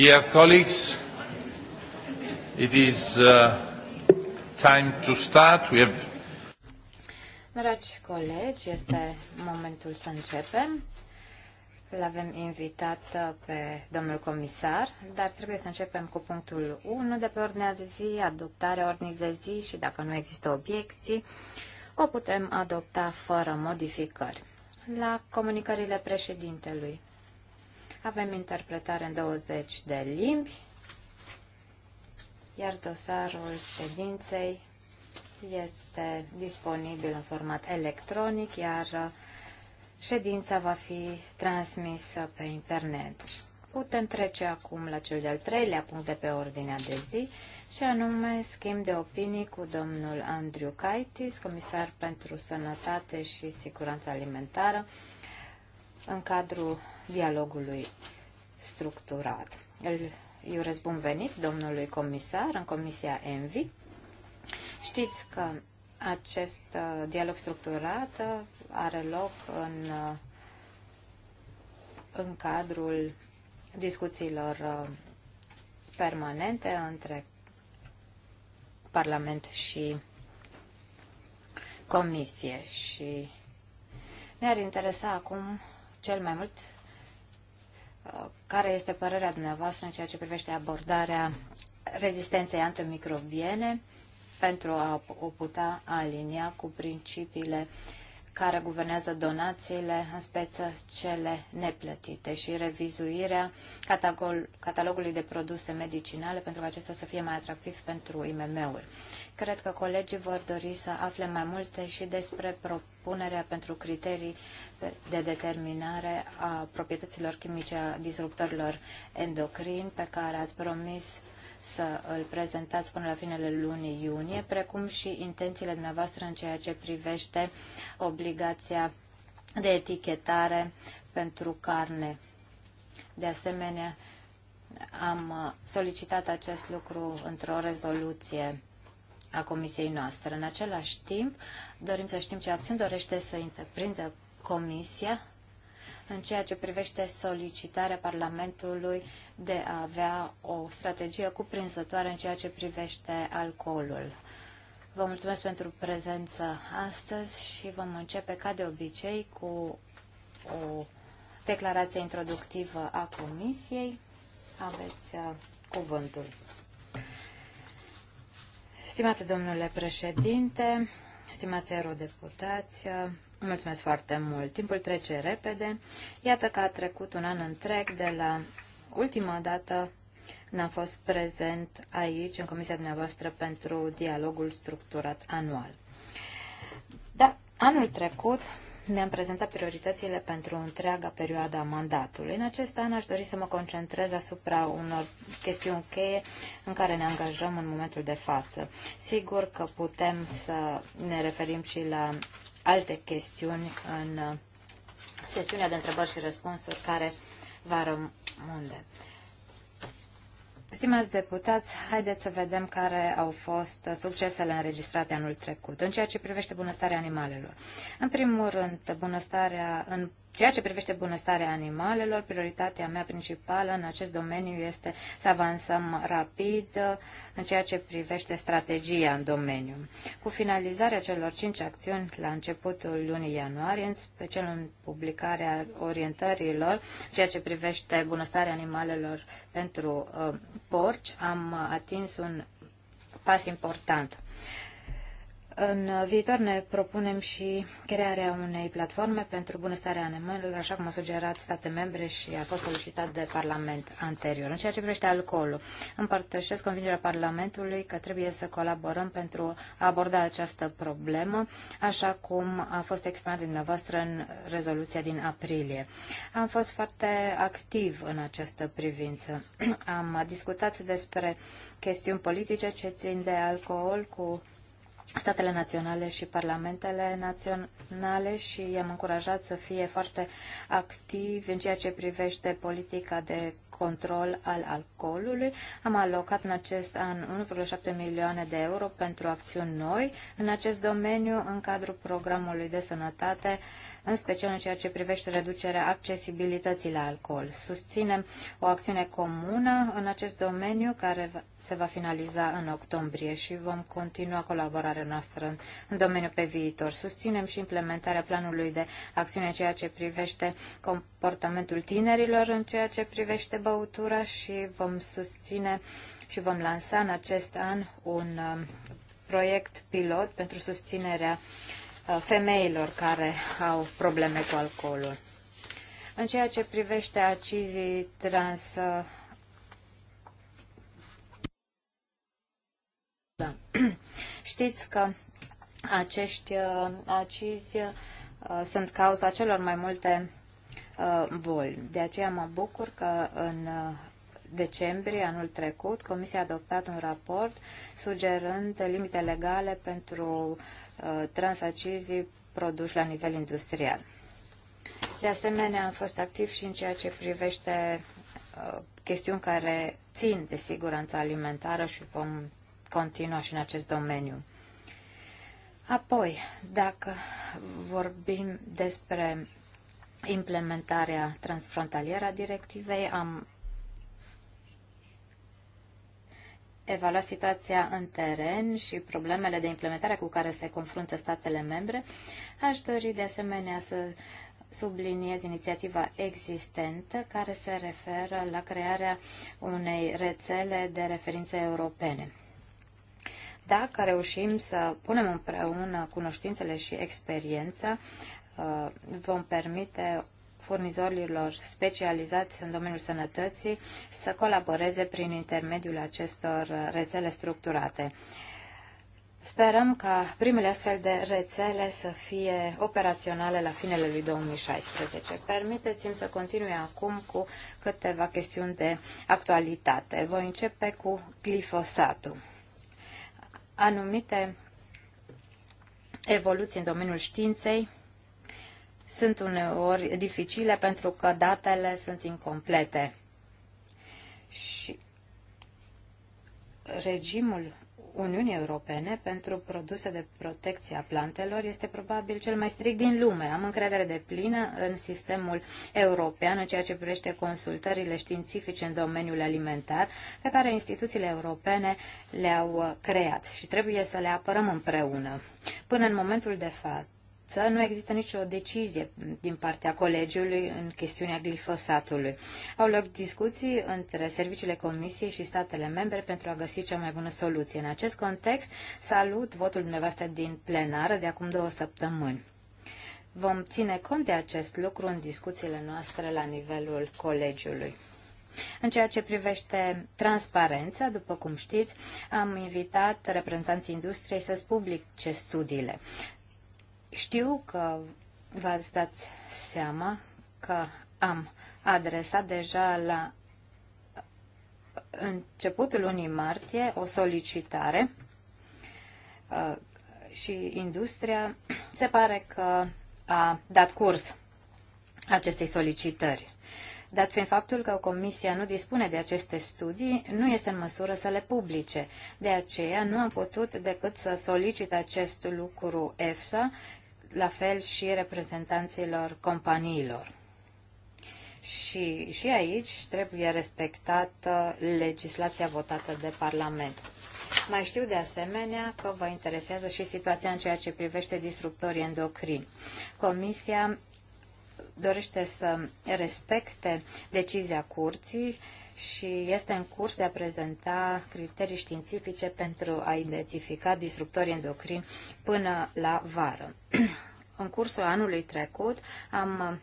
Dear colleagues, it is uh, time to start. We have Dragi colegi, este momentul să începem. l avem invitat uh, pe domnul comisar, dar trebuie să începem cu punctul 1 de pe ordinea de zi, adoptarea ordinii de zi și dacă nu există obiecții, o putem adopta fără modificări. La comunicările președintelui. Avem interpretare în 20 de limbi, iar dosarul ședinței este disponibil în format electronic, iar uh, ședința va fi transmisă pe internet. Putem trece acum la cel de-al treilea punct de pe ordinea de zi, și anume schimb de opinii cu domnul Andrew Kaitis, comisar pentru sănătate și siguranță alimentară, în cadrul dialogului structurat. Îi urez bun venit domnului comisar în Comisia ENVI. Știți că acest uh, dialog structurat uh, are loc în, uh, în cadrul discuțiilor permanente între Parlament și Comisie și ne-ar interesa acum cel mai mult care este părerea dumneavoastră în ceea ce privește abordarea rezistenței antimicrobiene pentru a o putea alinia cu principiile care guvernează donațiile, în speță cele neplătite și revizuirea catalogului de produse medicinale pentru că acesta să fie mai atractiv pentru IMM-uri. Cred că colegii vor dori să afle mai multe și despre propunerea pentru criterii de determinare a proprietăților chimice a disruptorilor endocrin pe care ați promis să îl prezentați până la finele lunii iunie, precum și intențiile dumneavoastră în ceea ce privește obligația de etichetare pentru carne. De asemenea, am solicitat acest lucru într-o rezoluție a comisiei noastre. În același timp, dorim să știm ce acțiuni dorește să întreprindă comisia în ceea ce privește solicitarea Parlamentului de a avea o strategie cuprinzătoare în ceea ce privește alcoolul. Vă mulțumesc pentru prezență astăzi și vom începe ca de obicei cu o declarație introductivă a Comisiei. Aveți uh, cuvântul. Stimate domnule președinte, stimați eurodeputați, mulțumesc foarte mult. Timpul trece repede. Iată că a trecut un an întreg de la ultima dată când am fost prezent aici, în Comisia dumneavoastră, pentru dialogul structurat anual. Da, anul trecut mi-am prezentat prioritățile pentru întreaga perioadă a mandatului. În acest an aș dori să mă concentrez asupra unor chestiuni cheie în care ne angajăm în momentul de față. Sigur că putem să ne referim și la alte chestiuni în sesiunea de întrebări și răspunsuri care va rămâne. Stimați deputați, haideți să vedem care au fost succesele înregistrate anul trecut în ceea ce privește bunăstarea animalelor. În primul rând, bunăstarea în ceea ce privește bunăstarea animalelor, prioritatea mea principală în acest domeniu este să avansăm rapid în ceea ce privește strategia în domeniu. Cu finalizarea celor cinci acțiuni la începutul lunii ianuarie, în special în publicarea orientărilor, ceea ce privește bunăstarea animalelor pentru uh, porci, am atins un pas important. Uh, în viitor ne propunem și crearea unei platforme pentru bunăstarea animalelor, așa cum a sugerat state membre și a fost solicitat de Parlament anterior. În ceea ce privește alcoolul, împărtășesc convingerea Parlamentului că trebuie să colaborăm pentru a aborda această problemă, așa cum a fost exprimat dumneavoastră în rezoluția din aprilie. Am fost foarte activ în această privință. Am discutat despre chestiuni politice ce țin de alcool cu statele naționale și parlamentele naționale și i-am încurajat să fie foarte activ în ceea ce privește politica de control al alcoolului. Am alocat în acest an 1,7 milioane de euro pentru acțiuni noi în acest domeniu în cadrul programului de sănătate, în special în ceea ce privește reducerea accesibilității la alcool. Susținem o acțiune comună în acest domeniu care se va finaliza în octombrie și vom continua colaborarea noastră în, în pe viitor. Susținem și implementarea planului de acțiune în ceea ce privește comportamentul tinerilor, în ceea ce privește băutura și vom susține și vom lansa în acest an un uh, proiect pilot pentru susținerea uh, femeilor care au probleme cu alcoolul. În ceea ce privește acizii trans uh, Da. Știți că acești uh, acizi uh, sunt cauza celor mai multe uh, boli. De aceea mă bucur că în decembrie anul trecut Comisia a adoptat un raport sugerând limite legale pentru transacizii produși la nivel industrial. De asemenea, am fost activ și în ceea ce privește chestiuni care țin de siguranța alimentară și vom continuă și în acest domeniu. Apoi, dacă vorbim despre implementarea transfrontalieră a directivei, am evaluat situația în teren și problemele de implementare cu care se confruntă statele membre, aș dori de asemenea să subliniez inițiativa existentă care se referă la crearea unei rețele de referințe europene dacă reușim să punem împreună cunoștințele și experiența, uh, vom permite furnizorilor specializați în domeniul sănătății să colaboreze prin intermediul acestor rețele structurate. Sperăm ca primele astfel de rețele să fie operaționale la finele lui 2016. Permiteți-mi să continui acum cu câteva chestiuni de actualitate. Voi începe cu glifosatul anumite evoluții în domeniul științei sunt uneori dificile pentru că datele sunt incomplete. Și regimul Uniunii Europene pentru produse de protecție a plantelor este probabil cel mai strict din lume. Am încredere de plină în sistemul european în ceea ce privește consultările științifice în domeniul alimentar pe care instituțiile europene le-au creat și trebuie să le apărăm împreună. Până în momentul de față, să nu există nicio decizie din partea colegiului în chestiunea glifosatului. Au loc discuții între serviciile Comisiei și statele membre pentru a găsi cea mai bună soluție. În acest context, salut votul dumneavoastră din plenară de acum două săptămâni. Vom ține cont de acest lucru în discuțiile noastre la nivelul colegiului. În ceea ce privește transparența, după cum știți, am invitat reprezentanții industriei să-ți publice studiile. Știu că v-ați dat seama că am adresat deja la începutul lunii martie o solicitare uh, și industria se pare că a dat curs acestei solicitări. Dat fiind faptul că Comisia nu dispune de aceste studii, nu este în măsură să le publice. De aceea nu am putut decât să solicit acest lucru EFSA la fel și reprezentanților companiilor. Și, și aici trebuie respectată legislația votată de Parlament. Mai știu de asemenea că vă interesează și situația în ceea ce privește disruptorii endocrini. Comisia dorește să respecte decizia curții și este în curs de a prezenta criterii științifice pentru a identifica disruptorii endocrini până la vară. în cursul anului trecut am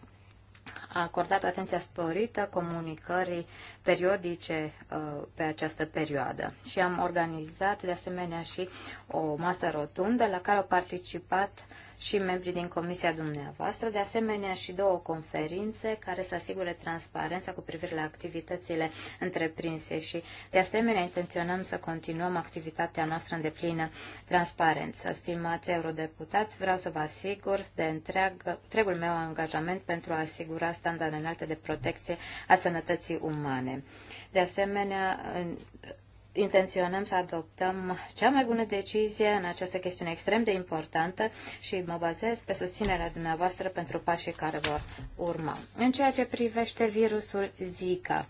acordat o atenție sporită comunicării periodice uh, pe această perioadă și am organizat de asemenea și o masă rotundă la care au participat uh, și membrii din comisia dumneavoastră, de asemenea și două conferințe care să asigure transparența cu privire la activitățile întreprinse și de asemenea intenționăm să continuăm activitatea noastră în deplină transparență. Stimați eurodeputați, vreau să vă asigur de întreag, întregul meu angajament pentru a asigura standarde înalte de protecție a sănătății umane. De asemenea, în, intenționăm să adoptăm cea mai bună decizie în această chestiune extrem de importantă și mă bazez pe susținerea dumneavoastră pentru pașii care vor urma. În ceea ce privește virusul Zika,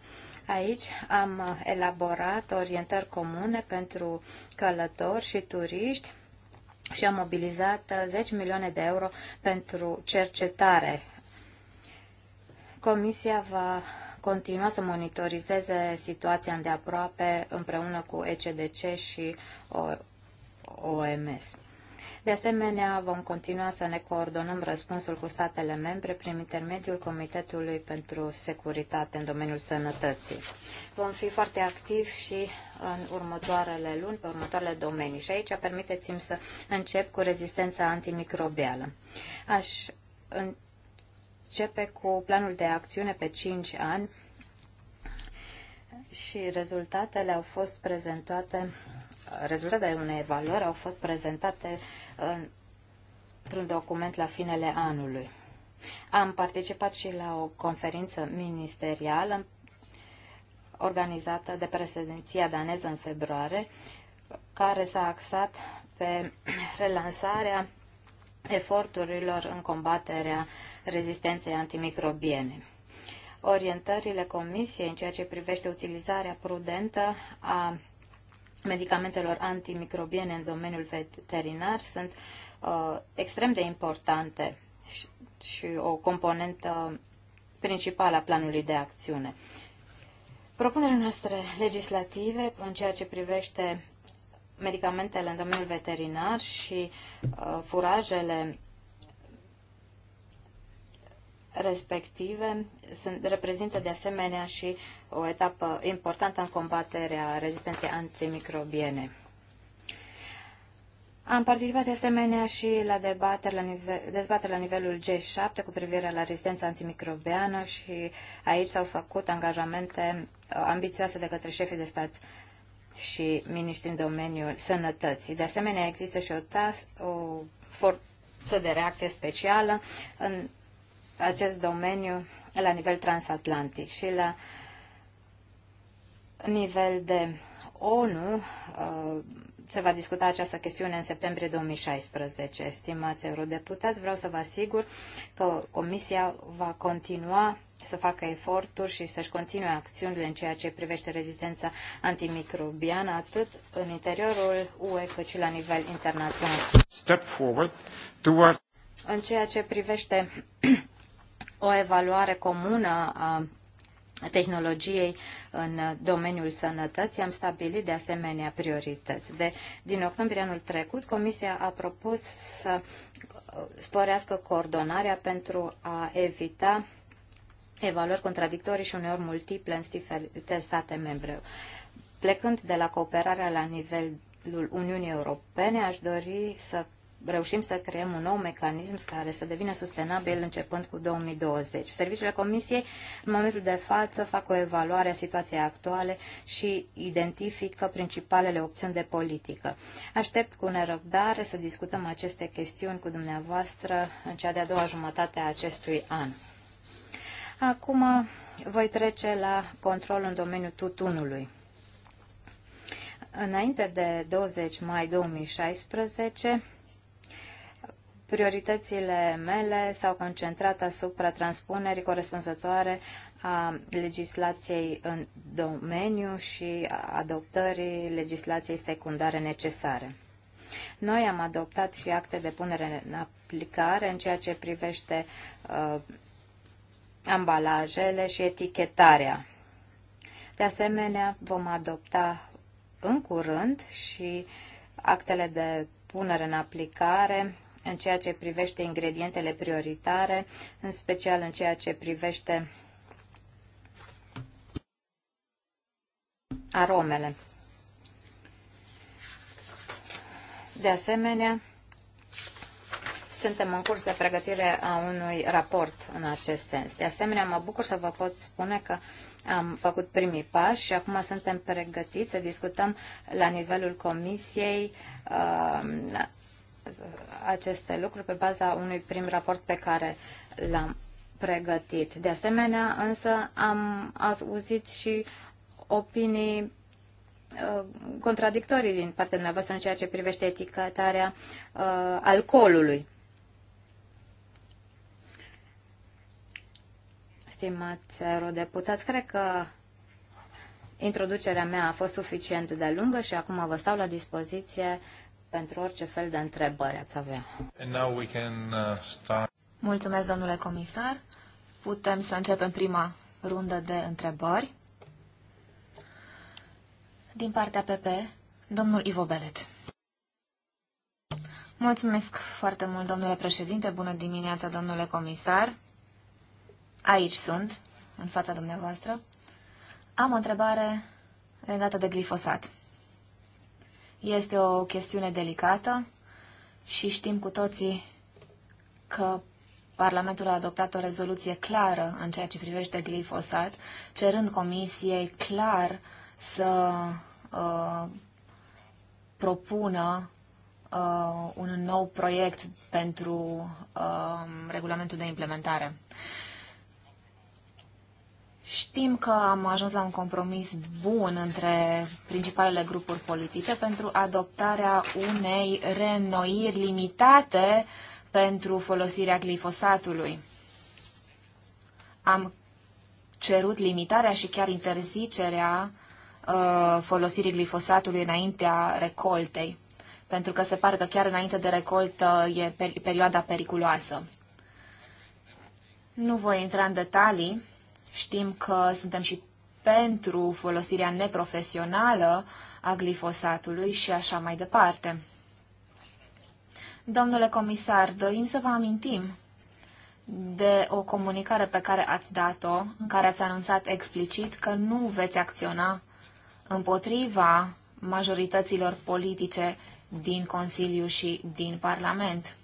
Aici am elaborat orientări comune pentru călători și turiști și am mobilizat 10 milioane de euro pentru cercetare. Comisia va continua să monitorizeze situația îndeaproape împreună cu ECDC și OMS. De asemenea, vom continua să ne coordonăm răspunsul cu statele membre prin intermediul Comitetului pentru Securitate în domeniul sănătății. Vom fi foarte activi și în următoarele luni, pe următoarele domenii. Și aici permiteți-mi să încep cu rezistența antimicrobială. Aș începe cu planul de acțiune pe 5 ani și rezultatele au fost prezentate, rezultatele unei evaluări au fost prezentate într-un document la finele anului. Am participat și la o conferință ministerială organizată de președinția daneză în februarie, care s-a axat pe relansarea eforturilor în combaterea rezistenței antimicrobiene. Orientările Comisiei în ceea ce privește utilizarea prudentă a medicamentelor antimicrobiene în domeniul veterinar sunt uh, extrem de importante și, și o componentă principală a planului de acțiune. Propunerile noastre legislative în ceea ce privește medicamentele în domeniul veterinar și uh, furajele respective sunt, reprezintă de asemenea și o etapă importantă în combaterea rezistenței antimicrobiene. Am participat de asemenea și la dezbateri la, nivel, dezbateri la nivelul G7 cu privire la rezistența antimicrobiană și aici s-au făcut angajamente uh, ambițioase de către șefii de stat și miniștri în domeniul sănătății. De asemenea, există și o, tas, o forță de reacție specială în acest domeniu la nivel transatlantic și la nivel de ONU uh, se va discuta această chestiune în septembrie 2016. Stimați eurodeputați, vreau să vă asigur că Comisia va continua să facă eforturi și să-și continue acțiunile în ceea ce privește rezistența antimicrobiană, atât în interiorul UE cât și la nivel internațional. Step forward towards. În ceea ce privește o evaluare comună a tehnologiei în domeniul sănătății, am stabilit de asemenea priorități. De, din octombrie anul trecut, Comisia a propus să sporească coordonarea pentru a evita evaluări contradictorii și uneori multiple în diferite state membre. Plecând de la cooperarea la nivelul Uniunii Europene, aș dori să reușim să creăm un nou mecanism care să devină sustenabil începând cu 2020. Serviciile Comisiei, în momentul de față, fac o evaluare a situației actuale și identifică principalele opțiuni de politică. Aștept cu nerăbdare să discutăm aceste chestiuni cu dumneavoastră în cea de-a doua jumătate a acestui an. Acum voi trece la control în domeniul tutunului. Înainte de 20 mai 2016, Prioritățile mele s-au concentrat asupra transpunerii corespunzătoare a legislației în domeniu și a adoptării legislației secundare necesare. Noi am adoptat și acte de punere în aplicare în ceea ce privește uh, ambalajele și etichetarea. De asemenea, vom adopta în curând și actele de punere în aplicare în ceea ce privește ingredientele prioritare, în special în ceea ce privește aromele. De asemenea, suntem în curs de pregătire a unui raport în acest sens. De asemenea, mă bucur să vă pot spune că am făcut primii pași și acum suntem pregătiți să discutăm la nivelul Comisiei uh, aceste lucruri pe baza unui prim raport pe care l-am pregătit. De asemenea, însă, am auzit și opinii uh, contradictorii din partea dumneavoastră în ceea ce privește etichetarea uh, alcoolului. Stimați eurodeputați, cred că introducerea mea a fost suficient de lungă și acum vă stau la dispoziție pentru orice fel de întrebări ați avea. Uh, Mulțumesc, domnule comisar. Putem să începem prima rundă de întrebări. Din partea PP, domnul Ivo Belet. Mulțumesc foarte mult, domnule președinte. Bună dimineața, domnule comisar. Aici sunt, în fața dumneavoastră. Am o întrebare legată de glifosat. Este o chestiune delicată și știm cu toții că Parlamentul a adoptat o rezoluție clară în ceea ce privește glifosat, cerând Comisiei clar să uh, propună uh, un nou proiect pentru uh, regulamentul de implementare. Știm că am ajuns la un compromis bun între principalele grupuri politice pentru adoptarea unei reînnoiri limitate pentru folosirea glifosatului. Am cerut limitarea și chiar interzicerea uh, folosirii glifosatului înaintea recoltei, pentru că se pare că chiar înainte de recoltă e perioada periculoasă. Nu voi intra în detalii Știm că suntem și pentru folosirea neprofesională a glifosatului și așa mai departe. Domnule comisar, dorim să vă amintim de o comunicare pe care ați dat-o, în care ați anunțat explicit că nu veți acționa împotriva majorităților politice din Consiliu și din Parlament.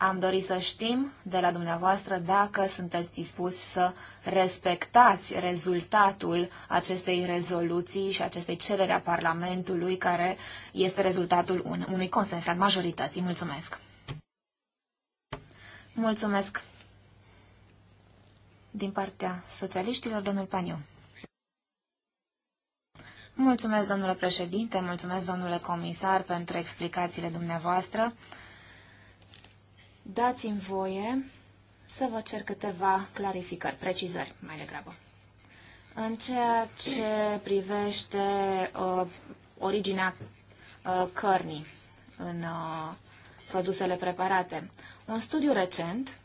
Am dorit să știm de la dumneavoastră dacă sunteți dispuși să respectați rezultatul acestei rezoluții și acestei cereri a Parlamentului, care este rezultatul unui consens al majorității. Mulțumesc! Mulțumesc! Din partea socialiștilor, domnul Paniu. Mulțumesc, domnule președinte, mulțumesc, domnule comisar, pentru explicațiile dumneavoastră. Dați-mi voie să vă cer câteva clarificări, precizări mai degrabă. În ceea ce privește uh, originea uh, cărnii în uh, produsele preparate, un studiu recent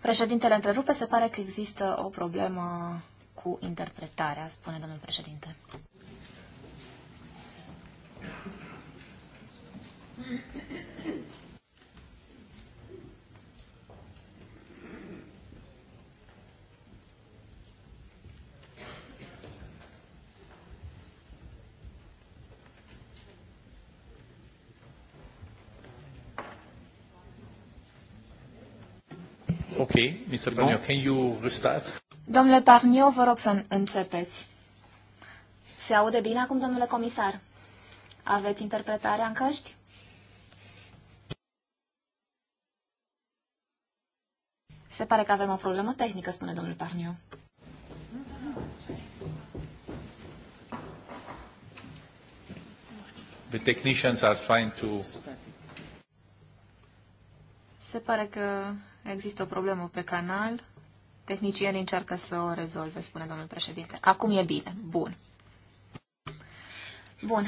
Președintele întrerupe, se pare că există o problemă cu interpretarea, spune domnul președinte. Okay, Mr. Bonio, can you restart? Domnule Parnio, vă rog să începeți. Se aude bine acum, domnule comisar? Aveți interpretarea în căști? Se pare că avem o problemă tehnică, spune domnul Parniu. The technicians are trying to... Se pare că există o problemă pe canal. Tehnicienii încearcă să o rezolve, spune domnul președinte. Acum e bine. Bun. Bun.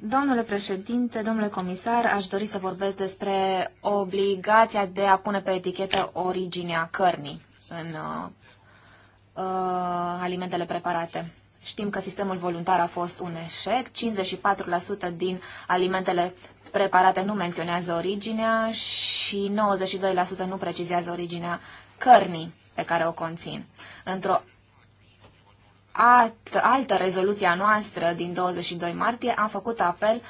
Domnule președinte, domnule comisar, aș dori să vorbesc despre obligația de a pune pe etichetă originea cărnii în uh, uh, alimentele preparate. Știm că sistemul voluntar a fost un eșec, 54% din alimentele preparate nu menționează originea și 92% nu precizează originea cărnii pe care o conțin. Într-o alt, altă rezoluție a noastră din 22 martie am făcut apel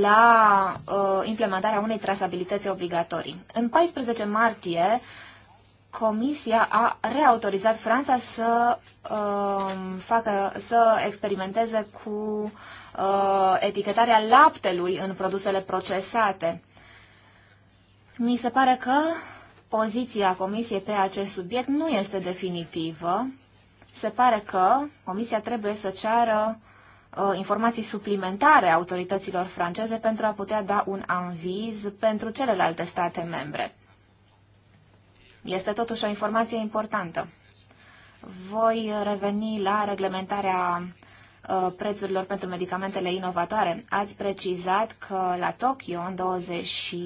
la uh, implementarea unei trasabilități obligatorii. În 14 martie, Comisia a reautorizat Franța să uh, facă, să experimenteze cu uh, etichetarea laptelui în produsele procesate. Mi se pare că poziția Comisiei pe acest subiect nu este definitivă. Se pare că Comisia trebuie să ceară uh, informații suplimentare autorităților franceze pentru a putea da un anviz pentru celelalte state membre. Este totuși o informație importantă. Voi reveni la reglementarea uh, prețurilor pentru medicamentele inovatoare. Ați precizat că la Tokyo, în 20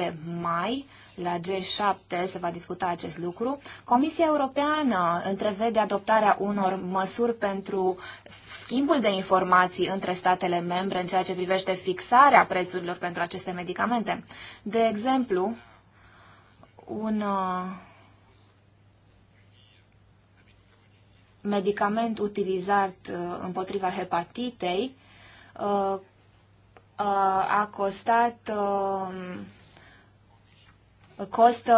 26-27 mai, la G7 se va discuta acest lucru. Comisia Europeană întrevede adoptarea unor măsuri pentru schimbul de informații între statele membre în ceea ce privește fixarea prețurilor pentru aceste medicamente. De exemplu, un uh, medicament utilizat uh, împotriva hepatitei uh, a costat uh, costă,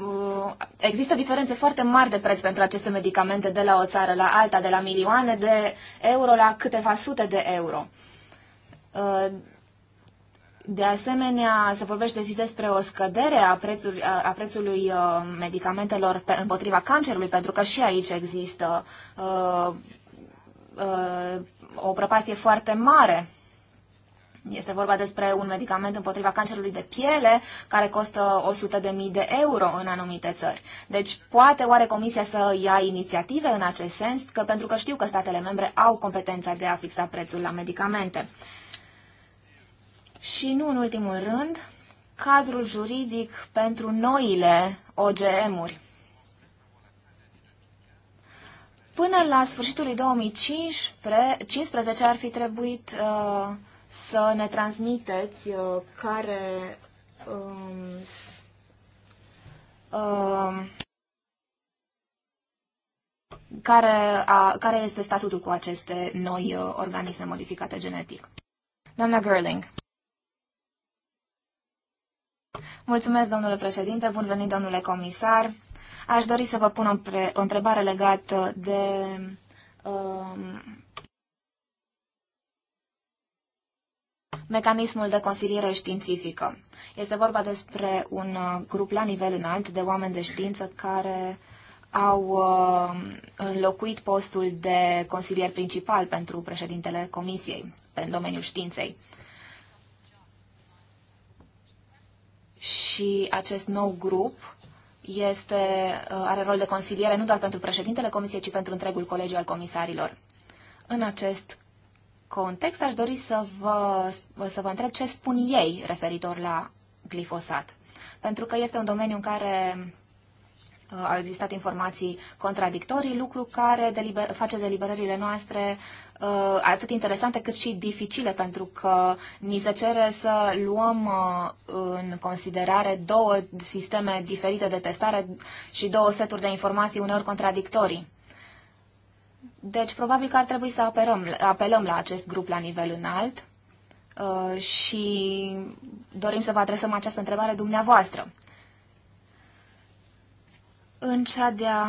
uh, există diferențe foarte mari de preț pentru aceste medicamente de la o țară la alta, de la milioane de euro la câteva sute de euro. Uh, de asemenea, se vorbește și despre o scădere a prețului, a prețului medicamentelor pe, împotriva cancerului, pentru că și aici există uh, uh, o prăpastie foarte mare este vorba despre un medicament împotriva cancerului de piele care costă 100.000 de euro în anumite țări. Deci poate oare Comisia să ia inițiative în acest sens, că, pentru că știu că statele membre au competența de a fixa prețul la medicamente. Și nu în ultimul rând, cadrul juridic pentru noile OGM-uri. Până la sfârșitul lui 2015 ar fi trebuit uh, să ne transmiteți uh, care um, um, care, a, care este statutul cu aceste noi uh, organisme modificate genetic. Doamna Gerling. Mulțumesc, domnule președinte, bun venit, domnule comisar. Aș dori să vă pun o, pre- o întrebare legată de Uh, mecanismul de consiliere științifică. Este vorba despre un uh, grup la nivel înalt de oameni de știință care au uh, înlocuit postul de consilier principal pentru președintele Comisiei pe domeniul științei. Și acest nou grup este, uh, are rol de consiliere nu doar pentru președintele Comisiei, ci pentru întregul colegiu al comisarilor. În acest context, aș dori să vă, să vă întreb ce spun ei referitor la glifosat. Pentru că este un domeniu în care uh, au existat informații contradictorii, lucru care deliber, face deliberările noastre uh, atât interesante cât și dificile, pentru că ni se cere să luăm uh, în considerare două sisteme diferite de testare și două seturi de informații uneori contradictorii. Deci, probabil că ar trebui să apelăm, apelăm la acest grup la nivel înalt uh, și dorim să vă adresăm această întrebare dumneavoastră. În cea de-a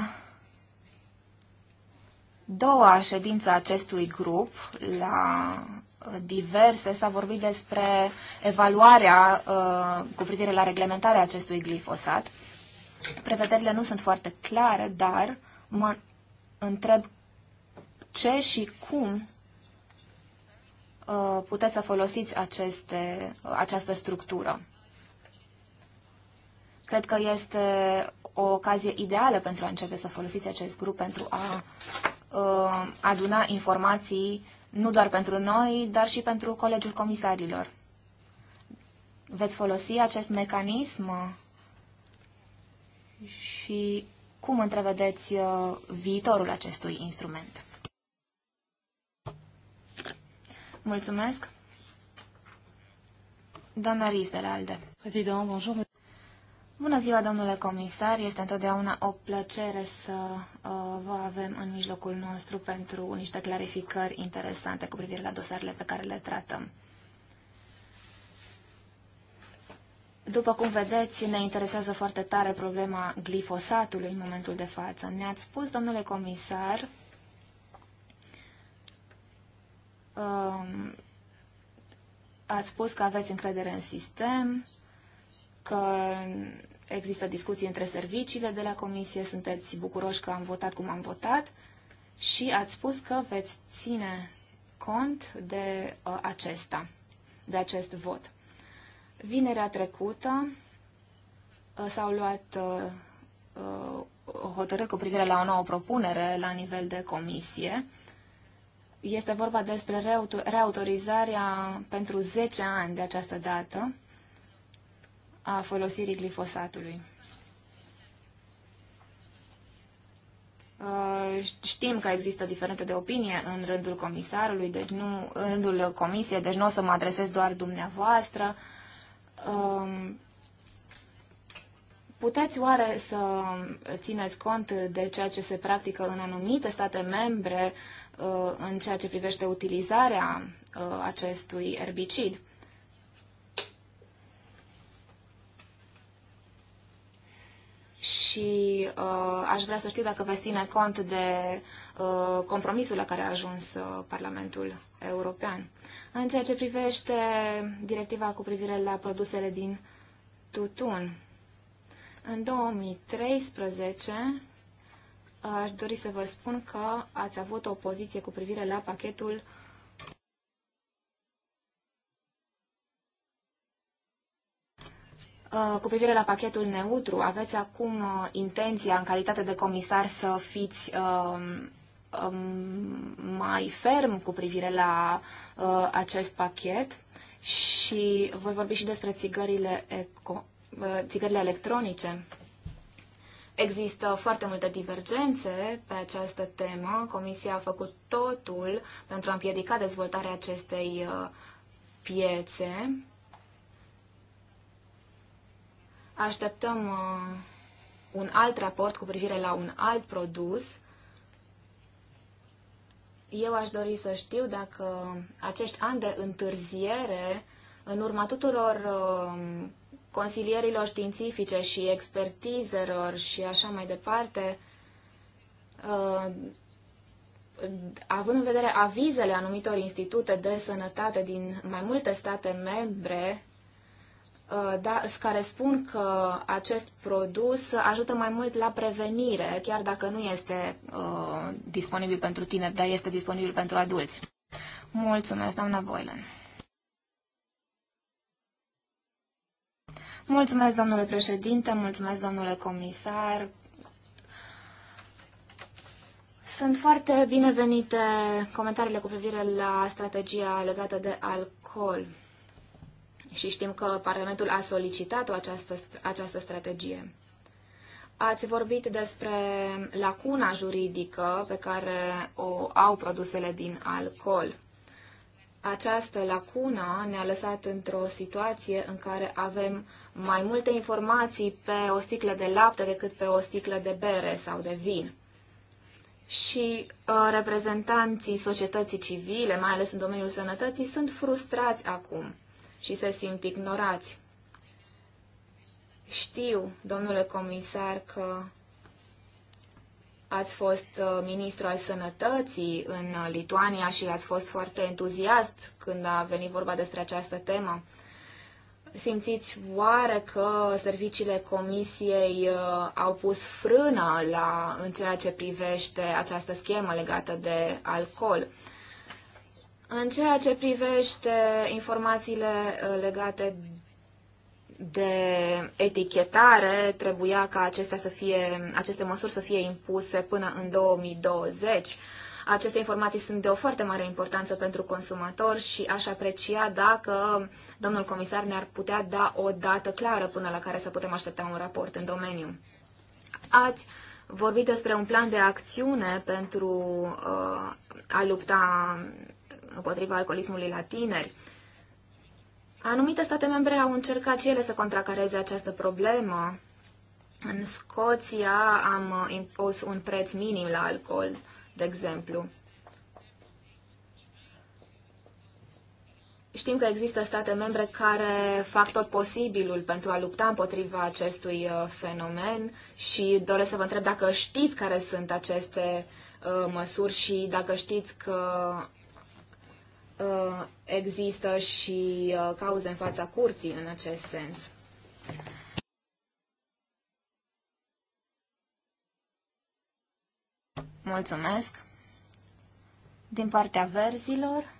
doua ședință acestui grup, la uh, diverse, s-a vorbit despre evaluarea uh, cu privire la reglementarea acestui glifosat. Prevederile nu sunt foarte clare, dar mă întreb ce și cum uh, puteți să folosiți aceste, uh, această structură. Cred că este o ocazie ideală pentru a începe să folosiți acest grup pentru a uh, aduna informații nu doar pentru noi, dar și pentru Colegiul Comisarilor. Veți folosi acest mecanism și cum întrevedeți uh, viitorul acestui instrument? Mulțumesc. Doamna Riz de la ALDE. Bună ziua, domnule comisar. Este întotdeauna o plăcere să uh, vă avem în mijlocul nostru pentru niște clarificări interesante cu privire la dosarele pe care le tratăm. După cum vedeți, ne interesează foarte tare problema glifosatului în momentul de față. Ne-ați spus, domnule comisar, Um, ați spus că aveți încredere în sistem, că există discuții între serviciile de la comisie, sunteți bucuroși că am votat cum am votat și ați spus că veți ține cont de uh, acesta, de acest vot. Vinerea trecută uh, s-au luat uh, uh hotărâri cu privire la o nouă propunere la nivel de comisie este vorba despre reautorizarea pentru 10 ani de această dată a folosirii glifosatului. Uh, știm că există diferente de opinie în rândul comisarului, deci nu, în rândul comisiei, deci nu o să mă adresez doar dumneavoastră. Um, puteți oare să țineți cont de ceea ce se practică în anumite state membre Uh, în ceea ce privește utilizarea uh, acestui erbicid. Și uh, aș vrea să știu dacă veți ține cont de uh, compromisul la care a ajuns uh, Parlamentul European. În ceea ce privește directiva cu privire la produsele din tutun, în 2013 aș dori să vă spun că ați avut o poziție cu privire la pachetul uh, Cu privire la pachetul neutru, aveți acum uh, intenția, în calitate de comisar, să fiți um, um, mai ferm cu privire la uh, acest pachet și voi vorbi și despre țigările, eco, uh, țigările electronice. Există foarte multe divergențe pe această temă. Comisia a făcut totul pentru a împiedica dezvoltarea acestei uh, piețe. Așteptăm uh, un alt raport cu privire la un alt produs. Eu aș dori să știu dacă acești ani de întârziere, în urma tuturor uh, consilierilor științifice și expertizelor și așa mai departe, uh, având în vedere avizele anumitor institute de sănătate din mai multe state membre, uh, da, care spun că acest produs ajută mai mult la prevenire, chiar dacă nu este uh, disponibil pentru tineri, dar este disponibil pentru adulți. Mulțumesc, doamna Boylan. Mulțumesc, domnule președinte, mulțumesc, domnule comisar. Sunt foarte binevenite comentariile cu privire la strategia legată de alcool. Și știm că Parlamentul a solicitat această, această strategie. Ați vorbit despre lacuna juridică pe care o au produsele din alcool această lacună ne-a lăsat într-o situație în care avem mai multe informații pe o sticlă de lapte decât pe o sticlă de bere sau de vin. Și uh, reprezentanții societății civile, mai ales în domeniul sănătății, sunt frustrați acum și se simt ignorați. Știu, domnule comisar, că ați fost uh, ministru al sănătății în uh, Lituania și ați fost foarte entuziast când a venit vorba despre această temă. Simțiți oare că serviciile comisiei uh, au pus frână la, în ceea ce privește această schemă legată de alcool? În ceea ce privește informațiile legate de etichetare trebuia ca acestea să fie, aceste măsuri să fie impuse până în 2020. Aceste informații sunt de o foarte mare importanță pentru consumator și aș aprecia dacă domnul comisar ne-ar putea da o dată clară până la care să putem aștepta un raport în domeniu. Ați vorbit despre un plan de acțiune pentru uh, a lupta împotriva alcoolismului la tineri. Uh, Anumite state membre au încercat și ele să contracareze această problemă. În Scoția am uh, impus un preț minim la alcool, de exemplu. Știm că există state membre care fac tot posibilul pentru a lupta împotriva acestui uh, fenomen și doresc să vă întreb dacă știți care sunt aceste uh, măsuri și dacă știți că Uh, există și uh, cauze în fața curții în acest sens. Mulțumesc. Din partea verzilor,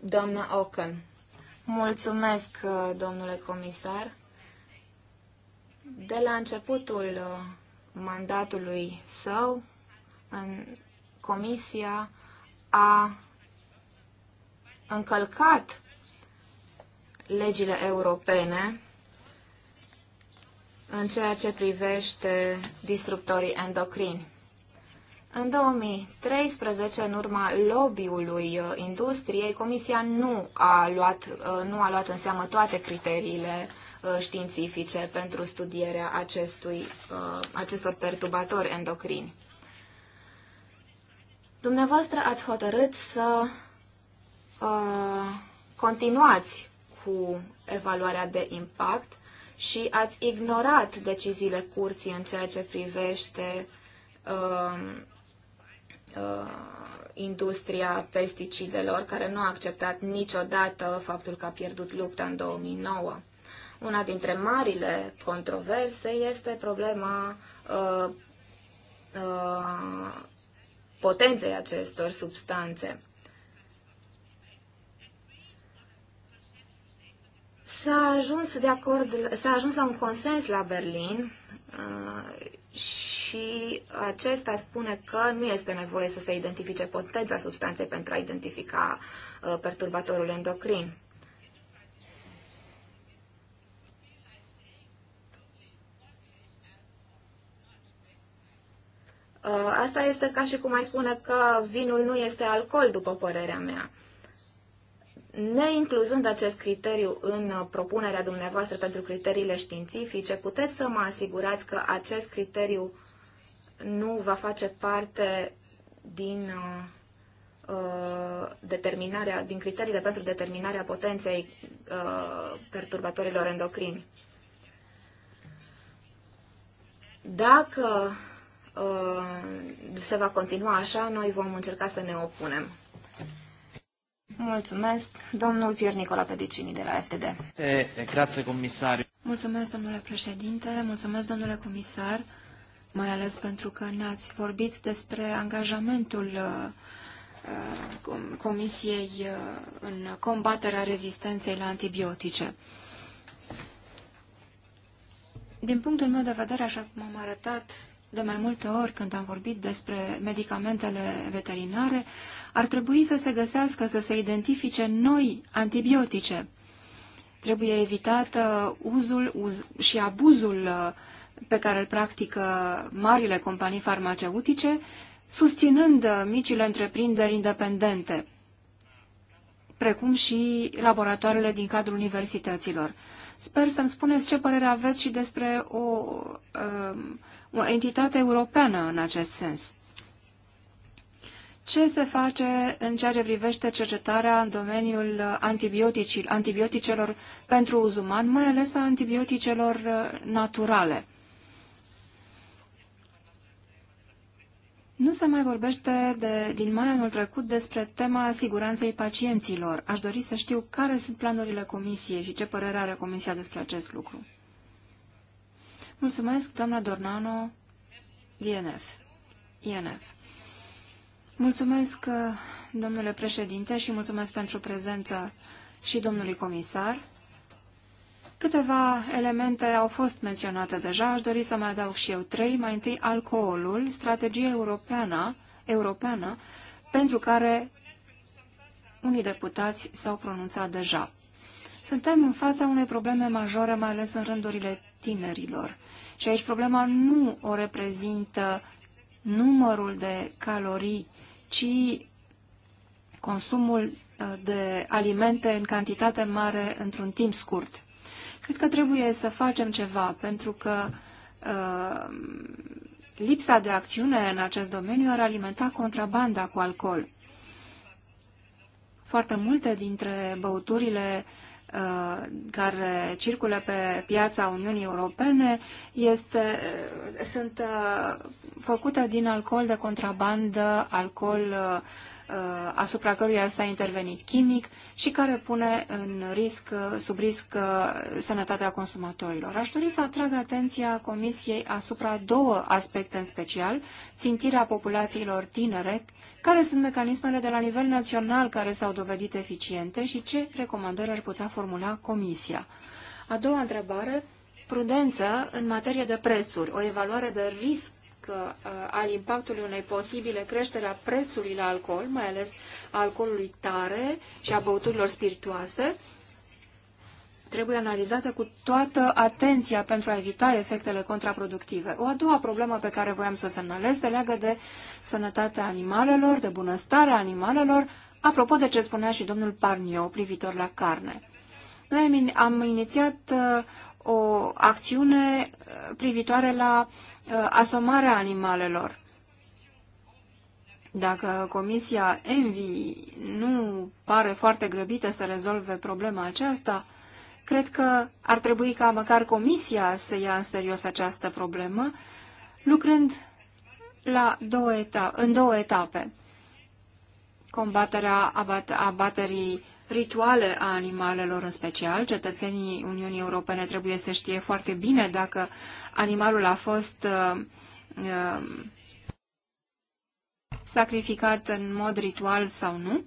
doamna Ocan. Mulțumesc, uh, domnule comisar. De la începutul mandatului său, în Comisia a încălcat legile europene în ceea ce privește disruptorii endocrini. În 2013, în urma lobby-ului uh, industriei, Comisia nu a, luat, uh, nu a luat în seamă toate criteriile uh, științifice pentru studierea acestui, acestor perturbatori endocrini. Dumneavoastră ați hotărât să uh, continuați cu evaluarea de impact și ați ignorat deciziile curții în ceea ce privește uh, uh, industria pesticidelor, care nu a acceptat niciodată faptul că a pierdut lupta în 2009. Una dintre marile controverse este problema uh, uh, potenței acestor substanțe. S-a ajuns, de acord, s-a ajuns la un consens la Berlin uh, și acesta spune că nu este nevoie să se identifice potența substanței pentru a identifica uh, perturbatorul endocrin. Uh, asta este ca și cum ai spune că vinul nu este alcool, după părerea mea. Neincluzând acest criteriu în uh, propunerea dumneavoastră pentru criteriile științifice, puteți să mă asigurați că acest criteriu nu va face parte din uh, uh determinarea, din criteriile pentru determinarea potenței uh, perturbatorilor endocrini. Dacă Uh, se va continua așa, noi vom încerca să ne opunem. Mulțumesc, domnul Pier Nicola Pedicini de la FTD. E, grație, comisar. Mulțumesc, domnule președinte, mulțumesc, domnule comisar, mai ales pentru că ne-ați vorbit despre angajamentul uh, Comisiei uh, în combaterea rezistenței la antibiotice. Din punctul meu de vedere, așa cum am arătat de mai multe ori când am vorbit despre medicamentele veterinare, ar trebui să se găsească, să se identifice noi antibiotice. Trebuie evitat uh, uzul uz, și abuzul uh, pe care îl practică marile companii farmaceutice, susținând uh, micile întreprinderi independente, precum și laboratoarele din cadrul universităților. Sper să-mi spuneți ce părere aveți și despre o Uh, o entitate europeană în acest sens. Ce se face în ceea ce privește cercetarea în domeniul antibioticelor pentru uz uman, mai ales a antibioticelor uh, naturale? Nu se mai vorbește de, din mai anul trecut despre tema siguranței pacienților. Aș dori să știu care sunt planurile comisiei și ce părere are comisia despre acest lucru. Mulțumesc, doamna Dornano, INF. INF. Mulțumesc, domnule președinte, și mulțumesc pentru prezență și domnului comisar. Câteva elemente au fost menționate deja, aș dori să mai adaug și eu trei. Mai întâi, alcoolul, strategia europeană, europeană pentru care unii deputați s-au pronunțat deja. Suntem în fața unei probleme majore, mai ales în rândurile tinerilor. Și aici problema nu o reprezintă numărul de calorii, ci consumul uh, de alimente în cantitate mare într-un timp scurt. Cred că trebuie să facem ceva, pentru că uh, lipsa de acțiune în acest domeniu ar alimenta contrabanda cu alcool. Foarte multe dintre băuturile uh, Uh, care circulă pe piața Uniunii Europene este, sunt uh, făcute din alcool de contrabandă, alcool uh, Uh, asupra căruia s-a intervenit chimic și care pune în risc, uh, sub risc uh, sănătatea consumatorilor. Aș dori să atrag atenția Comisiei asupra două aspecte în special, țintirea populațiilor tinere, care sunt mecanismele de la nivel național care s-au dovedit eficiente și ce recomandări ar putea formula Comisia. A doua întrebare, prudență în materie de prețuri, o evaluare de risc Uh, al impactului unei posibile creștere a prețului la alcool, mai ales a alcoolului tare și a băuturilor spiritoase, trebuie analizată cu toată atenția pentru a evita efectele contraproductive. O a doua problemă pe care voiam să o semnalez se leagă de sănătatea animalelor, de bunăstarea animalelor, apropo de ce spunea și domnul Parnio privitor la carne. Noi am inițiat uh, o acțiune eh, privitoare la eh, asomarea animalelor. Dacă Comisia Envi nu pare foarte grăbită să rezolve problema aceasta, cred că ar trebui ca măcar Comisia să ia în serios această problemă, lucrând la două eta în două etape. Combaterea abat abaterii rituale a animalelor în special. Cetățenii Uniunii Europene trebuie să știe foarte bine dacă animalul a fost uh, uh, sacrificat în mod ritual sau nu.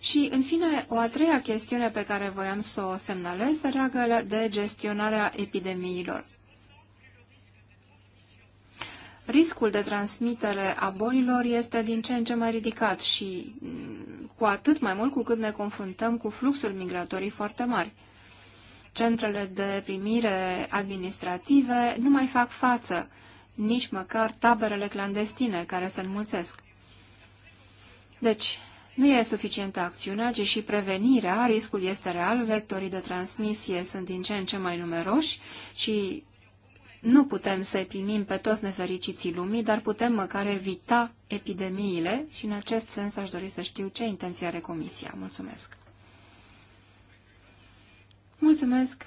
Și, în fine, o a treia chestiune pe care voiam să o semnalez se leagă de gestionarea epidemiilor. Riscul de transmitere a bolilor este din ce în ce mai ridicat și mm, cu atât mai mult cu cât ne confruntăm cu fluxuri migratorii foarte mari. Centrele de primire administrative nu mai fac față, nici măcar taberele clandestine care se înmulțesc. Deci, nu e suficientă acțiunea, ci și prevenirea, riscul este real, vectorii de transmisie sunt din ce în ce mai numeroși și nu putem să-i primim pe toți nefericiții lumii, dar putem măcar evita epidemiile și în acest sens aș dori să știu ce intenție are Comisia. Mulțumesc! Mulțumesc!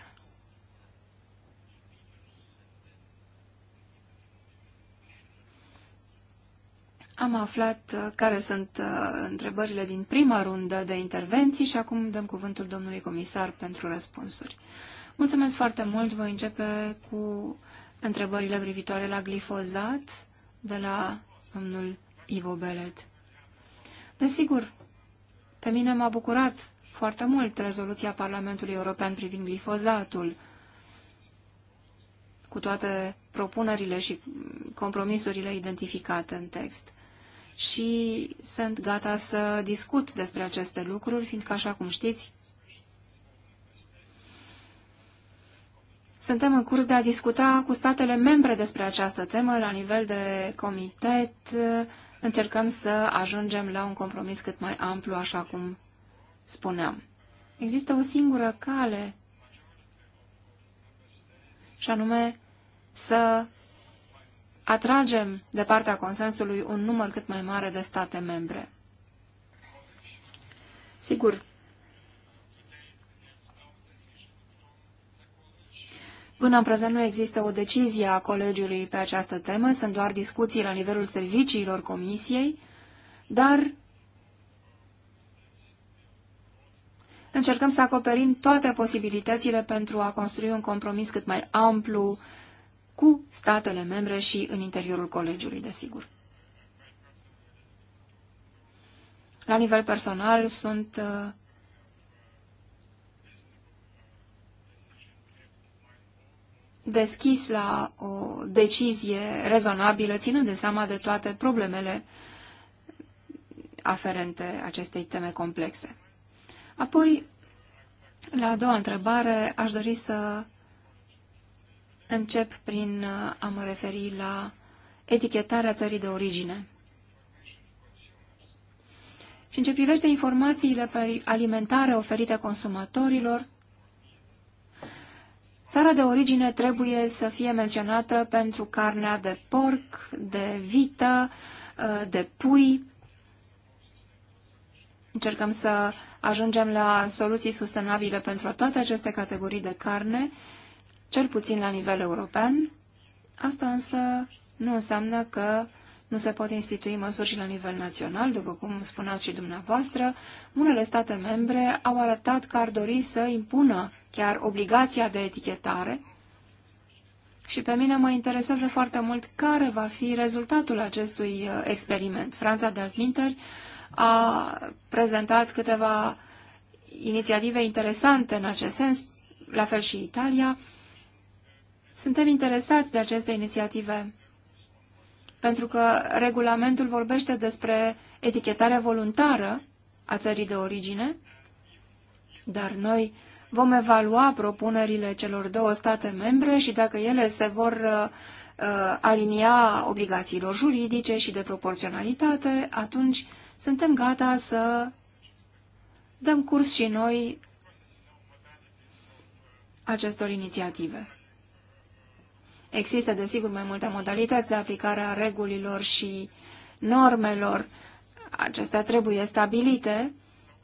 Am aflat uh, care sunt uh, întrebările din prima rundă de intervenții și acum dăm cuvântul domnului comisar pentru răspunsuri. Mulțumesc foarte mult. Voi începe cu întrebările privitoare la glifozat de la domnul Ivo Belet. Desigur, pe mine m-a bucurat foarte mult rezoluția Parlamentului European privind glifozatul, cu toate propunerile și compromisurile identificate în text. Și sunt gata să discut despre aceste lucruri, fiindcă, așa cum știți, Suntem în curs de a discuta cu statele membre despre această temă la nivel de comitet. Încercăm să ajungem la un compromis cât mai amplu, așa cum spuneam. Există o singură cale și anume să atragem de partea consensului un număr cât mai mare de state membre. Sigur, Până în prezent nu există o decizie a colegiului pe această temă, sunt doar discuții la nivelul serviciilor comisiei, dar încercăm să acoperim toate posibilitățile pentru a construi un compromis cât mai amplu cu statele membre și în interiorul colegiului, desigur. La nivel personal sunt uh, deschis la o decizie rezonabilă, ținând de seama de toate problemele aferente acestei teme complexe. Apoi, la a doua întrebare, aș dori să încep prin a mă referi la etichetarea țării de origine. Și în ce privește informațiile alimentare oferite consumatorilor, Țara de origine trebuie să fie menționată pentru carnea de porc, de vită, uh, de pui. Încercăm să ajungem la soluții sustenabile pentru toate aceste categorii de carne, cel puțin la nivel european. Asta însă nu înseamnă că nu se pot institui măsuri și la nivel național, după cum spuneați și dumneavoastră. Unele state membre au arătat că ar dori să impună chiar obligația de etichetare și pe mine mă interesează foarte mult care va fi rezultatul acestui uh, experiment. Franța de Altminteri a prezentat câteva inițiative interesante în acest sens, la fel și Italia. Suntem interesați de aceste inițiative pentru că regulamentul vorbește despre etichetarea voluntară a țării de origine, dar noi vom evalua propunerile celor două state membre și dacă ele se vor uh, uh alinia obligațiilor juridice și de proporționalitate, atunci suntem gata să dăm curs și noi acestor inițiative. Există, desigur, mai multe modalități de aplicare a regulilor și normelor. Acestea trebuie stabilite,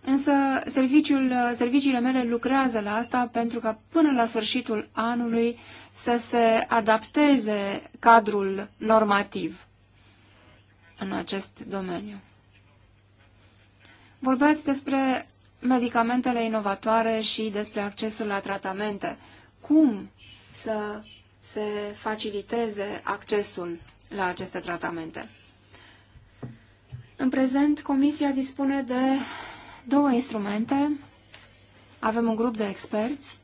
însă serviciul, serviciile mele lucrează la asta pentru ca până la sfârșitul anului să se adapteze cadrul normativ în acest domeniu. Vorbeați despre medicamentele inovatoare și despre accesul la tratamente. Cum să se faciliteze accesul la aceste tratamente. În prezent, Comisia dispune de două instrumente. Avem un grup de experți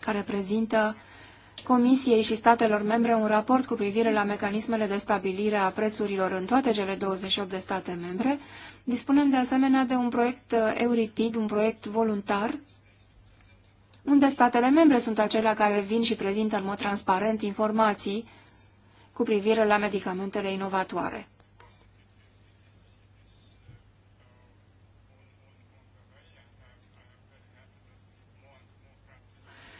care prezintă Comisiei și statelor membre un raport cu privire la mecanismele de stabilire a prețurilor în toate cele 28 de state membre. Dispunem de asemenea de un proiect uh, Euripid, un proiect voluntar unde statele membre sunt acelea care vin și prezintă în mod transparent informații cu privire la medicamentele inovatoare.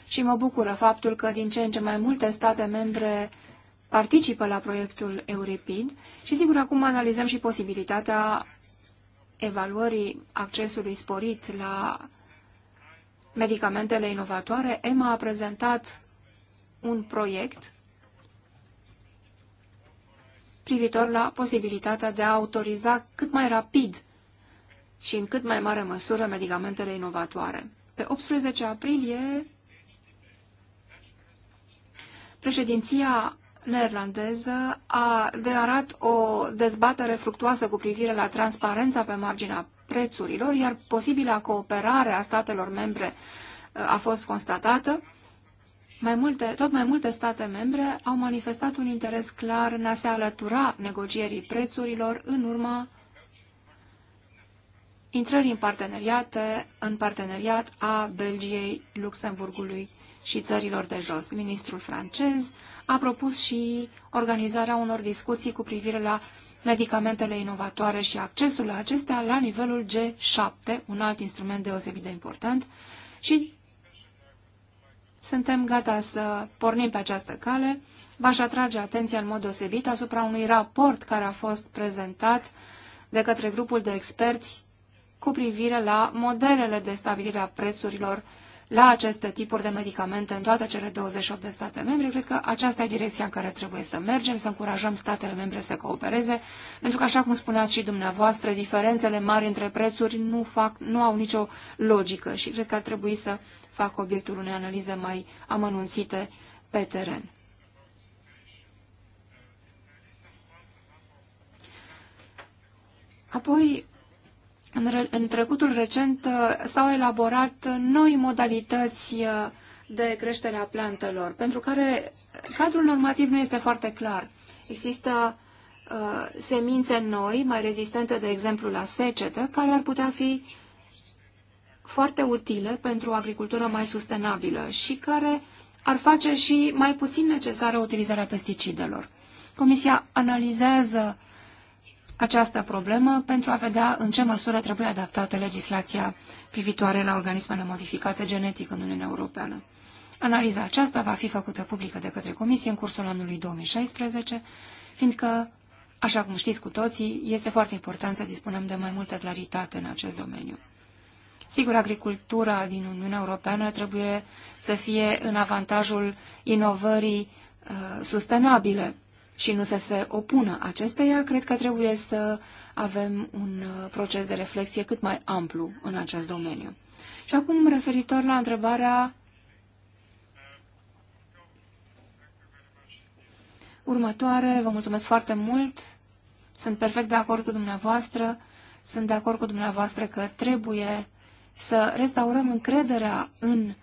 Și mă bucură faptul că din ce în ce mai multe state membre participă la proiectul Euripid și sigur acum analizăm și posibilitatea evaluării accesului sporit la medicamentele inovatoare, EMA a prezentat un proiect privitor la posibilitatea de a autoriza cât mai rapid și în cât mai mare măsură medicamentele inovatoare. Pe 18 aprilie, președinția neerlandeză a declarat o dezbatere fructuoasă cu privire la transparența pe marginea prețurilor, iar posibila cooperare a statelor membre uh, a fost constatată. Mai multe, tot mai multe state membre au manifestat un interes clar în a se alătura negocierii prețurilor în urma intrării în parteneriate, în parteneriat a Belgiei, Luxemburgului și țărilor de jos. Ministrul francez a propus și organizarea unor discuții cu privire la medicamentele inovatoare și accesul la acestea la nivelul G7, un alt instrument deosebit de important, și suntem gata să pornim pe această cale. V-aș atrage atenția în mod deosebit asupra unui raport care a fost prezentat de către grupul de experți cu privire la modelele de stabilire a prețurilor la aceste tipuri de medicamente în toate cele 28 de state membre. Cred că aceasta e direcția în care trebuie să mergem, să încurajăm statele membre să coopereze, pentru că, așa cum spuneați și dumneavoastră, diferențele mari între prețuri nu, fac, nu au nicio logică și cred că ar trebui să fac obiectul unei analize mai amănunțite pe teren. Apoi, în, în trecutul recent uh, s-au elaborat noi modalități uh, de creștere a plantelor, pentru care cadrul normativ nu este foarte clar. Există uh, semințe noi, mai rezistente, de exemplu, la secetă, care ar putea fi foarte utile pentru o agricultură mai sustenabilă și care ar face și mai puțin necesară utilizarea pesticidelor. Comisia analizează această problemă pentru a vedea în ce măsură trebuie adaptată legislația privitoare la organismele modificate genetic în Uniunea Europeană. Analiza aceasta va fi făcută publică de către Comisie în cursul anului 2016, fiindcă, așa cum știți cu toții, este foarte important să dispunem de mai multă claritate în acest domeniu. Sigur, agricultura din Uniunea Europeană trebuie să fie în avantajul inovării uh, sustenabile, și nu să se opună acesteia, cred că trebuie să avem un uh, proces de reflexie cât mai amplu în acest domeniu. Și acum, referitor la întrebarea următoare, vă mulțumesc foarte mult, sunt perfect de acord cu dumneavoastră, sunt de acord cu dumneavoastră că trebuie să restaurăm încrederea în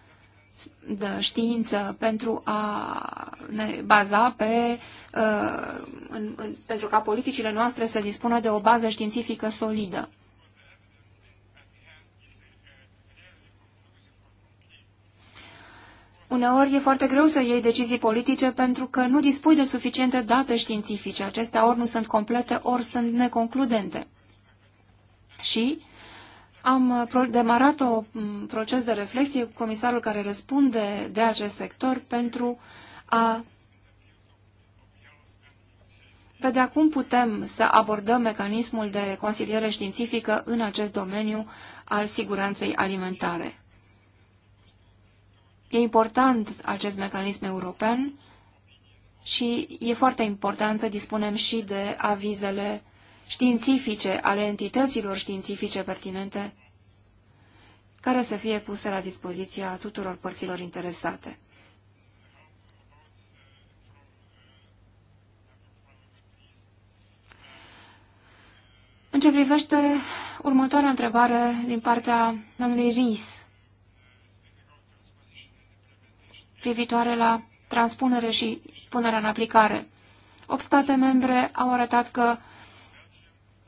de știință pentru a ne baza pe, uh, în, în, pentru ca politicile noastre să dispună de o bază științifică solidă. Uneori e foarte greu să iei decizii politice pentru că nu dispui de suficiente date științifice. Acestea ori nu sunt complete, ori sunt neconcludente. Și am uh, demarat un mm, proces de reflexie cu comisarul care răspunde de acest sector pentru a vedea cum putem să abordăm mecanismul de consiliere științifică în acest domeniu al siguranței alimentare. E important acest mecanism european și e foarte important să dispunem și de avizele științifice ale entităților științifice pertinente care să fie puse la dispoziția tuturor părților interesate. În ce privește următoarea întrebare din partea domnului Ris, privitoare la transpunere și punerea în aplicare. 8 state membre au arătat că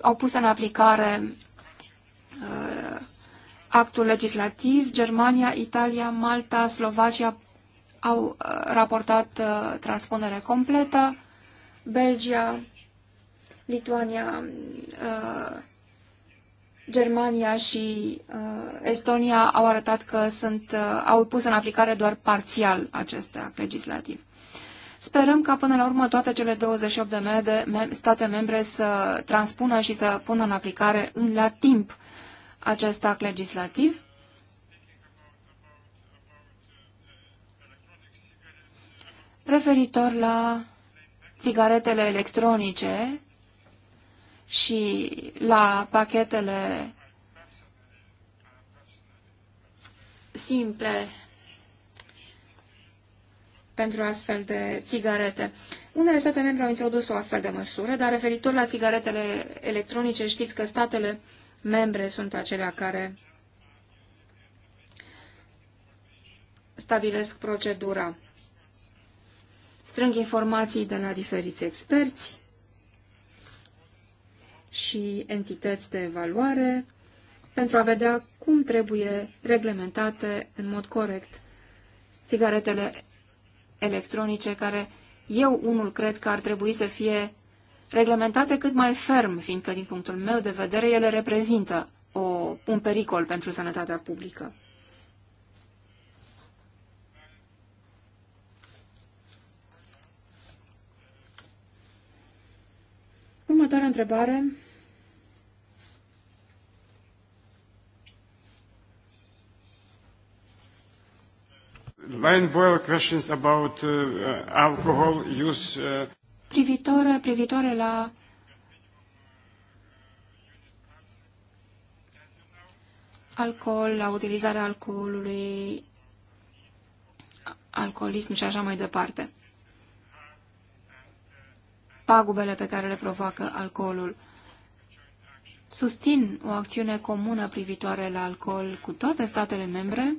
au pus în aplicare uh, actul legislativ. Germania, Italia, Malta, Slovacia au uh, raportat uh, transpunere completă. Belgia, Lituania, uh, Germania și uh, Estonia au arătat că sunt, uh, au pus în aplicare doar parțial acest act legislativ. Sperăm ca până la urmă toate cele 28 de state membre să transpună și să pună în aplicare în la timp acest act legislativ. Referitor la țigaretele electronice și la pachetele simple pentru astfel de țigarete. Unele state membre au introdus o astfel de măsură, dar referitor la țigaretele electronice, știți că statele membre sunt acelea care stabilesc procedura. Strâng informații de la diferiți experți și entități de evaluare pentru a vedea cum trebuie reglementate în mod corect țigaretele electronice care eu unul cred că ar trebui să fie reglementate cât mai ferm, fiindcă din punctul meu de vedere ele reprezintă o, un pericol pentru sănătatea publică. Următoarea întrebare mind-boil questions about uh, uh, alcohol use. Uh, privitoare la alcool, la utilizarea alcoolului, alcoolism și așa mai departe. Pagubele pe care le provoacă alcoolul. Susțin o acțiune comună privitoare la alcool cu toate statele membre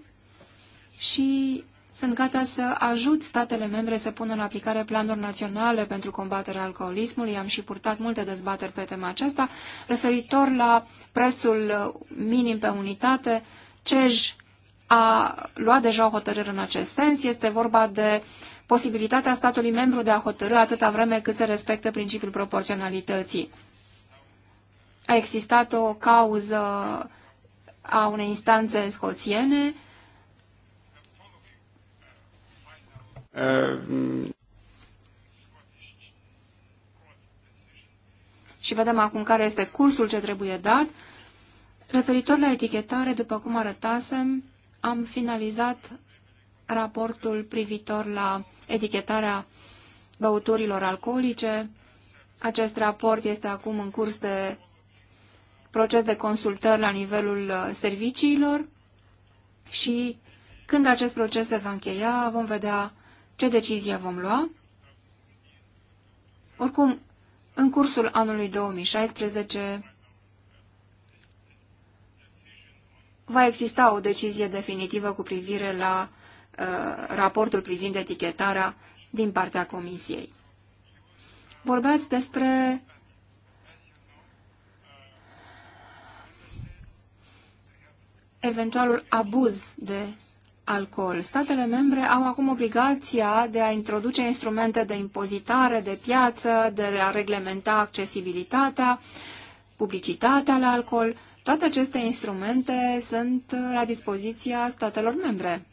și sunt gata să ajut statele membre să pună în aplicare planuri naționale pentru combaterea alcoolismului. Am și purtat multe dezbateri pe tema aceasta, referitor la prețul minim pe unitate. CEJ a luat deja o hotărâre în acest sens. Este vorba de posibilitatea statului membru de a hotărâ atâta vreme cât se respectă principiul proporționalității. A existat o cauză a unei instanțe scoțiene Și vedem acum care este cursul ce trebuie dat. Referitor la etichetare, după cum arătasem, am finalizat raportul privitor la etichetarea băuturilor alcoolice. Acest raport este acum în curs de proces de consultări la nivelul uh, serviciilor și când acest proces se va încheia, vom vedea ce decizie vom lua. Oricum, în cursul anului 2016 va exista o decizie definitivă cu privire la uh, raportul privind etichetarea din partea Comisiei. Vorbeați despre eventualul abuz de alcool. Statele membre au acum obligația de a introduce instrumente de impozitare, de piață, de a reglementa accesibilitatea, publicitatea la alcool. Toate aceste instrumente sunt la dispoziția statelor membre.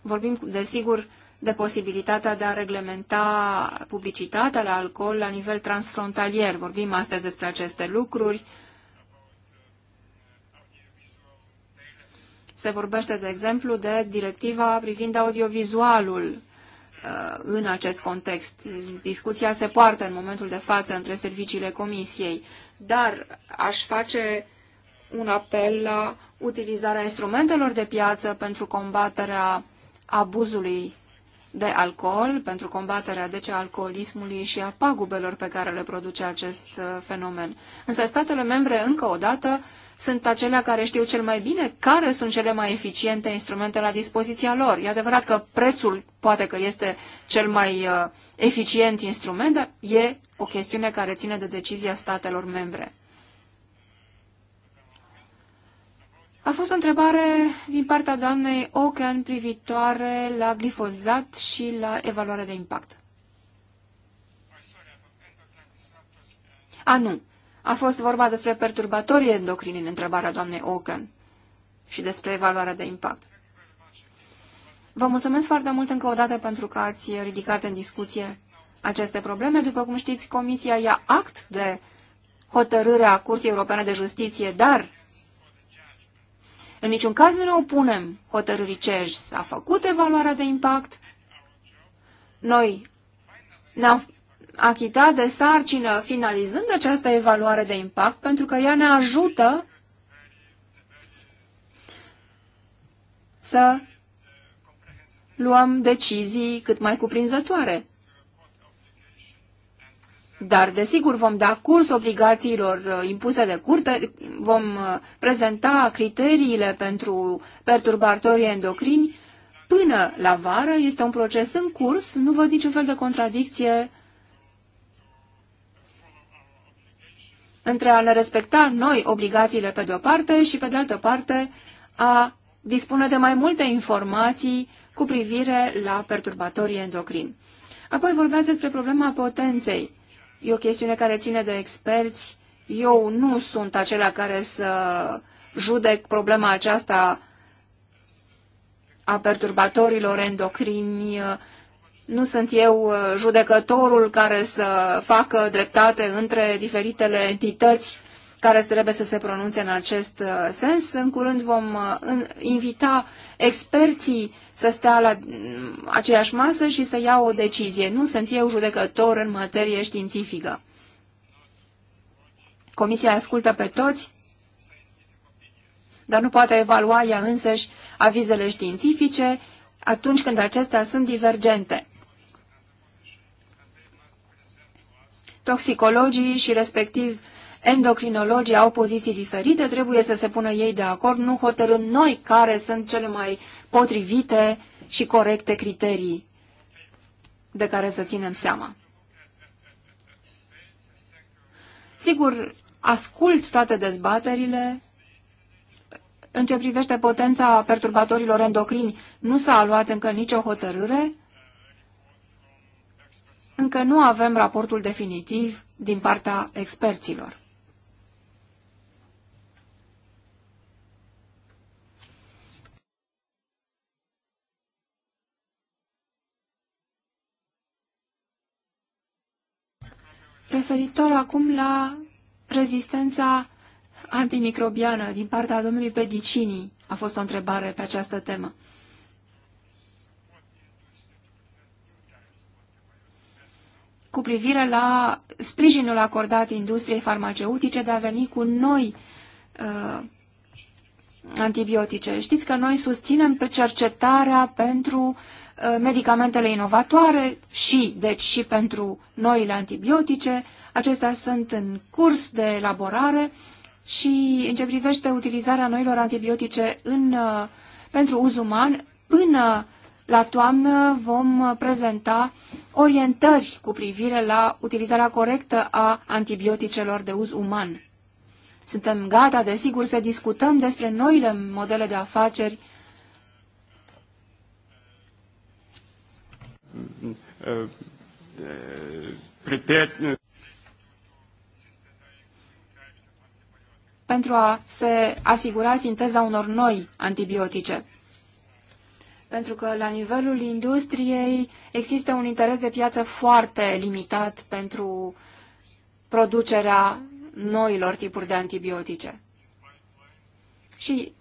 Vorbim, desigur, de posibilitatea de a reglementa publicitatea la alcool la nivel transfrontalier. Vorbim astăzi despre aceste lucruri. Se vorbește, de exemplu, de directiva privind audiovizualul uh, în acest context. Discuția se poartă în momentul de față între serviciile comisiei, dar aș face un apel la utilizarea instrumentelor de piață pentru combaterea abuzului de alcool, pentru combaterea deci alcoolismului și a pagubelor pe care le produce acest uh, fenomen. Însă statele membre, încă o dată, sunt acelea care știu cel mai bine care sunt cele mai eficiente instrumente la dispoziția lor. E adevărat că prețul poate că este cel mai uh, eficient instrument, dar e o chestiune care ține de decizia statelor membre. A fost o întrebare din partea doamnei Ocan privitoare la glifozat și la evaluarea de impact. A, nu. A fost vorba despre perturbatorii endocrini în întrebarea doamnei Oken și despre evaluarea de impact. Vă mulțumesc foarte mult încă o dată pentru că ați ridicat în discuție aceste probleme. După cum știți, Comisia ia act de hotărârea Curții Europene de Justiție, dar în niciun caz nu ne opunem hotărârii CEJ. S-a făcut evaluarea de impact. Noi ne-am achita de sarcină finalizând această evaluare de impact, pentru că ea ne ajută să luăm decizii cât mai cuprinzătoare. Dar, desigur, vom da curs obligațiilor uh, impuse de curte, vom uh, prezenta criteriile pentru perturbatorii endocrini până la vară. Este un proces în curs, nu văd niciun fel de contradicție între a ne respecta noi obligațiile pe de-o parte și pe de altă parte a dispune de mai multe informații cu privire la perturbatorii endocrini. Apoi vorbeați despre problema potenței. E o chestiune care ține de experți. Eu nu sunt acela care să judec problema aceasta a perturbatorilor endocrini nu sunt eu uh, judecătorul care să facă dreptate între diferitele entități care trebuie să se pronunțe în acest uh, sens. În curând vom uh, invita experții să stea la mm, aceeași masă și să ia o decizie. Nu sunt eu judecător în materie științifică. Comisia ascultă pe toți, dar nu poate evalua ea însăși avizele științifice atunci când acestea sunt divergente. Toxicologii și respectiv endocrinologii au poziții diferite, trebuie să se pună ei de acord, nu hotărâm noi care sunt cele mai potrivite și corecte criterii de care să ținem seama. Sigur, ascult toate dezbaterile, în ce privește potența perturbatorilor endocrini, nu s-a luat încă nicio hotărâre. Încă nu avem raportul definitiv din partea experților. referitor acum la rezistența antimicrobiană din partea domnului Pedicini a fost o întrebare pe această temă. Cu privire la sprijinul acordat industriei farmaceutice de a veni cu noi uh, antibiotice. Știți că noi susținem cercetarea pentru uh, medicamentele inovatoare și, deci, și pentru noile antibiotice. Acestea sunt în curs de elaborare și în ce privește utilizarea noilor antibiotice în, uh, pentru uz uman, până la toamnă vom prezenta orientări cu privire la utilizarea corectă a antibioticelor de uz uman. Suntem gata, desigur, să discutăm despre noile modele de afaceri uh, uh, pentru a se asigura sinteza unor noi antibiotice. Pentru că la nivelul industriei există un interes de piață foarte limitat pentru producerea noilor tipuri de antibiotice. Și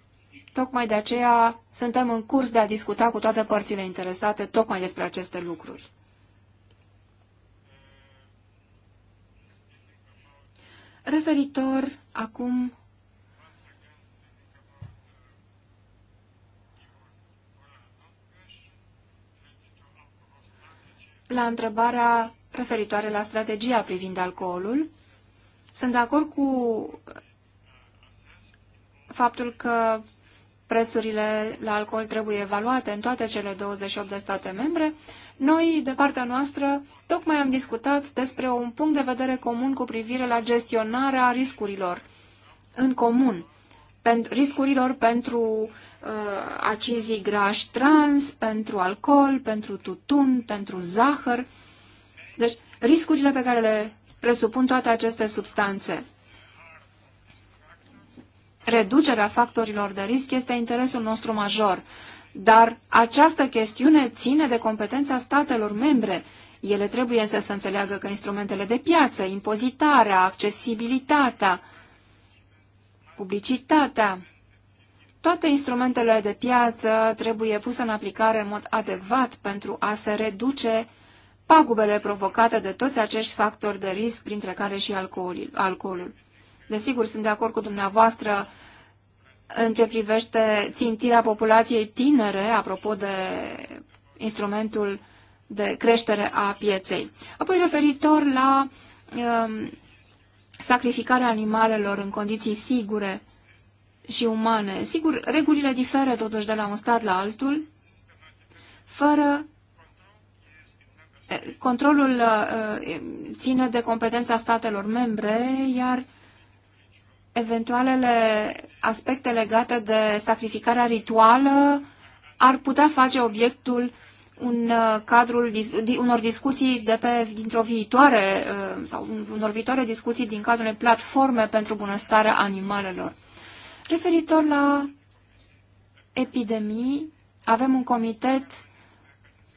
tocmai de aceea suntem în curs de a discuta cu toate părțile interesate tocmai despre aceste lucruri. Referitor acum la întrebarea referitoare la strategia privind alcoolul. Sunt de acord cu faptul că prețurile la alcool trebuie evaluate în toate cele 28 de state membre, noi, de partea noastră, tocmai am discutat despre un punct de vedere comun cu privire la gestionarea riscurilor în comun pentru, riscurilor pentru uh, acizii grași trans, pentru alcool, pentru tutun, pentru zahăr. Deci, riscurile pe care le presupun toate aceste substanțe. Reducerea factorilor de risc este interesul nostru major, dar această chestiune ține de competența statelor membre. Ele trebuie însă să înțeleagă că instrumentele de piață, impozitarea, accesibilitatea, publicitatea. Toate instrumentele de piață trebuie puse în aplicare în mod adecvat pentru a se reduce pagubele provocate de toți acești factori de risc, printre care și alcoolul. Desigur, sunt de acord cu dumneavoastră în ce privește țintirea populației tinere, apropo de instrumentul de creștere a pieței. Apoi, referitor la um, sacrificarea animalelor în condiții sigure și umane. Sigur, regulile diferă totuși de la un stat la altul, fără eh, controlul eh, ține de competența statelor membre, iar eventualele aspecte legate de sacrificarea rituală ar putea face obiectul în uh, cadrul unor discuții de pe, dintr-o viitoare uh, sau unor viitoare discuții din cadrul unei platforme pentru bunăstarea animalelor. Referitor la epidemii, avem un comitet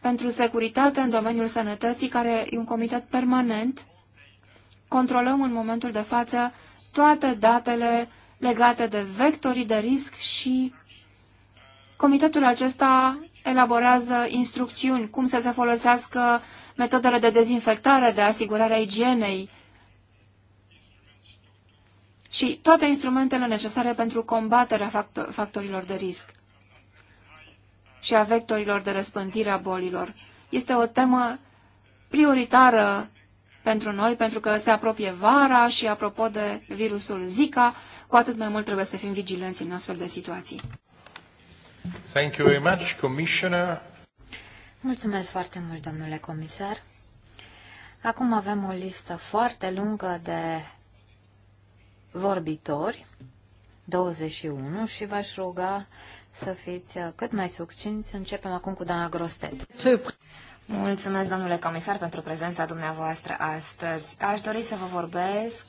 pentru securitate în domeniul sănătății, care e un comitet permanent. Controlăm în momentul de față toate datele legate de vectorii de risc și comitetul acesta elaborează instrucțiuni cum să se folosească metodele de dezinfectare, de asigurare a igienei și toate instrumentele necesare pentru combaterea factor factorilor de risc și a vectorilor de răspândire a bolilor. Este o temă prioritară pentru noi, pentru că se apropie vara și, apropo de virusul Zika, cu atât mai mult trebuie să fim vigilenți în astfel de situații. Thank you very much, Commissioner. Mulțumesc foarte mult, domnule comisar. Acum avem o listă foarte lungă de vorbitori, 21, și v-aș ruga să fiți cât mai succinți. Începem acum cu doamna Grostet. Mulțumesc, domnule comisar, pentru prezența dumneavoastră astăzi. Aș dori să vă vorbesc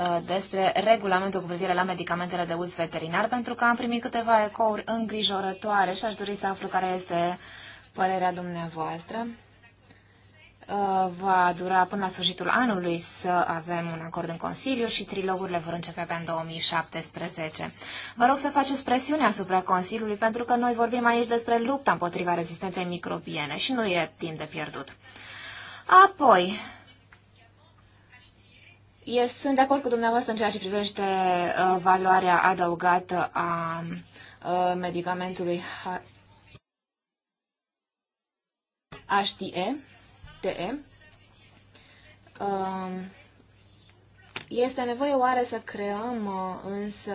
Uh, despre regulamentul cu privire la medicamentele de uz veterinar, pentru că am primit câteva ecouri îngrijorătoare și aș dori să aflu care este părerea dumneavoastră. Uh, va dura până la sfârșitul anului să avem un acord în Consiliu și trilogurile vor începe pe în 2017. Vă rog să faceți presiune asupra Consiliului pentru că noi vorbim aici despre lupta împotriva rezistenței microbiene și nu e timp de pierdut. Apoi, eu sunt de acord cu dumneavoastră în ceea ce privește uh, valoarea adăugată a uh, medicamentului HTE. TE. Uh, um, este nevoie oare să creăm uh, însă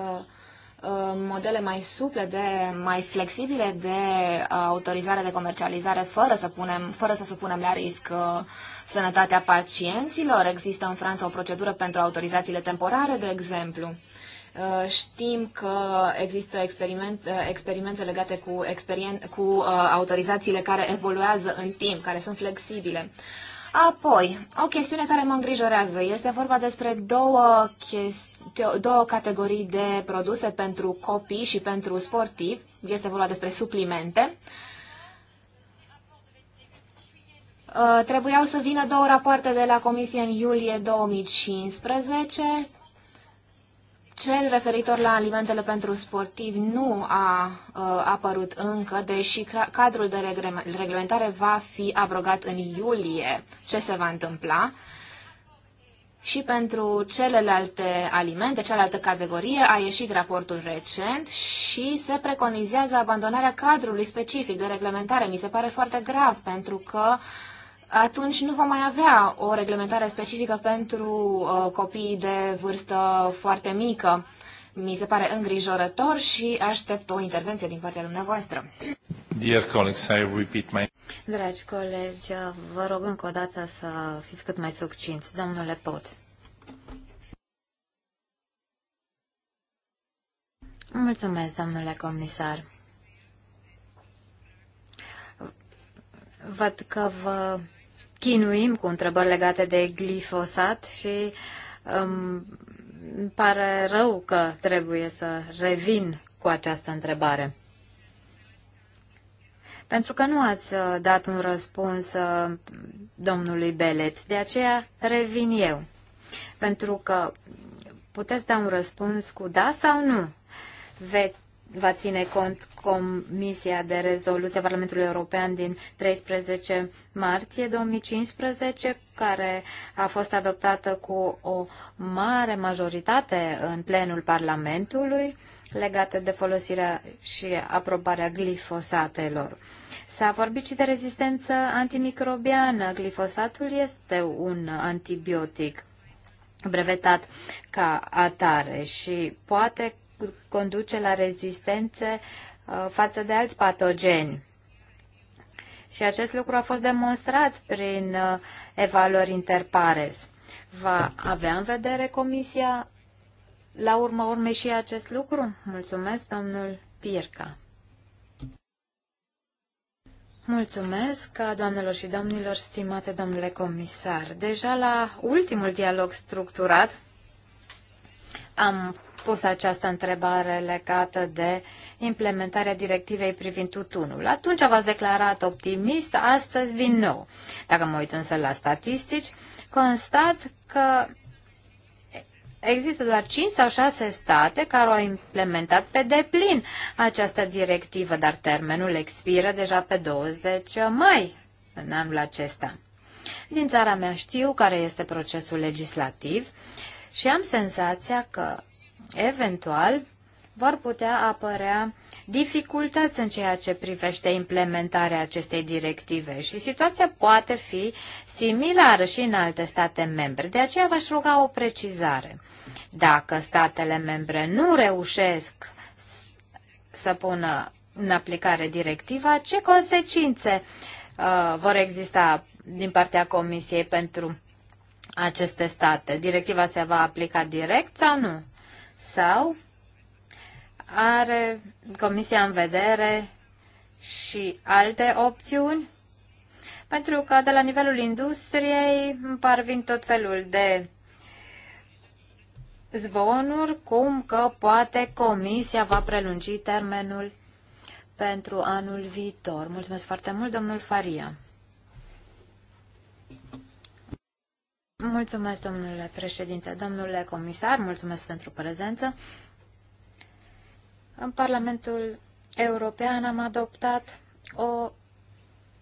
uh, modele mai suple, de, mai flexibile de uh, autorizare de comercializare fără să, punem, fără să supunem la risc uh, sănătatea pacienților. Există în Franța o procedură pentru autorizațiile temporare, de exemplu. Uh, știm că există experimente, uh, experimente legate cu, experien- cu uh, autorizațiile care evoluează în timp, care sunt flexibile. Apoi, o chestiune care mă îngrijorează este vorba despre două, chesti- două categorii de produse pentru copii și pentru sportivi. Este vorba despre suplimente. Uh, Uh, trebuiau să vină două rapoarte de la Comisie în iulie 2015. Cel referitor la alimentele pentru sportivi nu a uh, apărut încă, deși cadrul de reglementare va fi abrogat în iulie. Ce se va întâmpla? Și pentru celelalte alimente, cealaltă categorie, a ieșit raportul recent și se preconizează abandonarea cadrului specific de reglementare. Mi se pare foarte grav pentru că uh, atunci nu vom mai avea o reglementare specifică pentru uh, copiii de vârstă foarte mică. Mi se pare îngrijorător și aștept o intervenție din partea dumneavoastră. Dear colleagues, I repeat my... Dragi colegi, vă rog încă o dată să fiți cât mai succinți. Domnule Pot. Mulțumesc, domnule comisar. Văd că vă chinuim cu întrebări legate de glifosat și um, îmi pare rău că trebuie să revin cu această întrebare. Pentru că nu ați uh, dat un răspuns uh, domnului Belet, de aceea revin eu. Pentru că puteți da un răspuns cu da sau nu. Veți va ține cont Comisia de Rezoluție a Parlamentului European din 13 martie 2015, care a fost adoptată cu o mare majoritate în plenul Parlamentului legată de folosirea și aprobarea glifosatelor. S-a vorbit și de rezistență antimicrobiană. Glifosatul este un antibiotic brevetat ca atare și poate conduce la rezistențe uh, față de alți patogeni. Și acest lucru a fost demonstrat prin uh, evaluări interpares. Va avea în vedere Comisia la urmă urme și acest lucru? Mulțumesc, domnul Pirca. Mulțumesc, doamnelor și domnilor, stimate domnule comisar. Deja la ultimul dialog structurat, am pus această întrebare legată de implementarea directivei privind tutunul. Atunci v-ați declarat optimist, astăzi din nou. Dacă mă uit însă la statistici, constat că Există doar 5 sau 6 state care au implementat pe deplin această directivă, dar termenul expiră deja pe 20 mai în anul acesta. Din țara mea știu care este procesul legislativ și am senzația că, eventual, vor putea apărea dificultăți în ceea ce privește implementarea acestei directive și situația poate fi similară și în alte state membre. De aceea v-aș ruga o precizare. Dacă statele membre nu reușesc să pună în aplicare directiva, ce consecințe uh, vor exista din partea Comisiei pentru aceste state? Directiva se va aplica direct sau nu? Sau are Comisia în vedere și alte opțiuni? Pentru că de la nivelul industriei parvin tot felul de zvonuri cum că poate Comisia va prelungi termenul pentru anul viitor. Mulțumesc foarte mult, domnul Faria. Mulțumesc, domnule președinte. Domnule comisar, mulțumesc pentru prezență. În Parlamentul European am adoptat o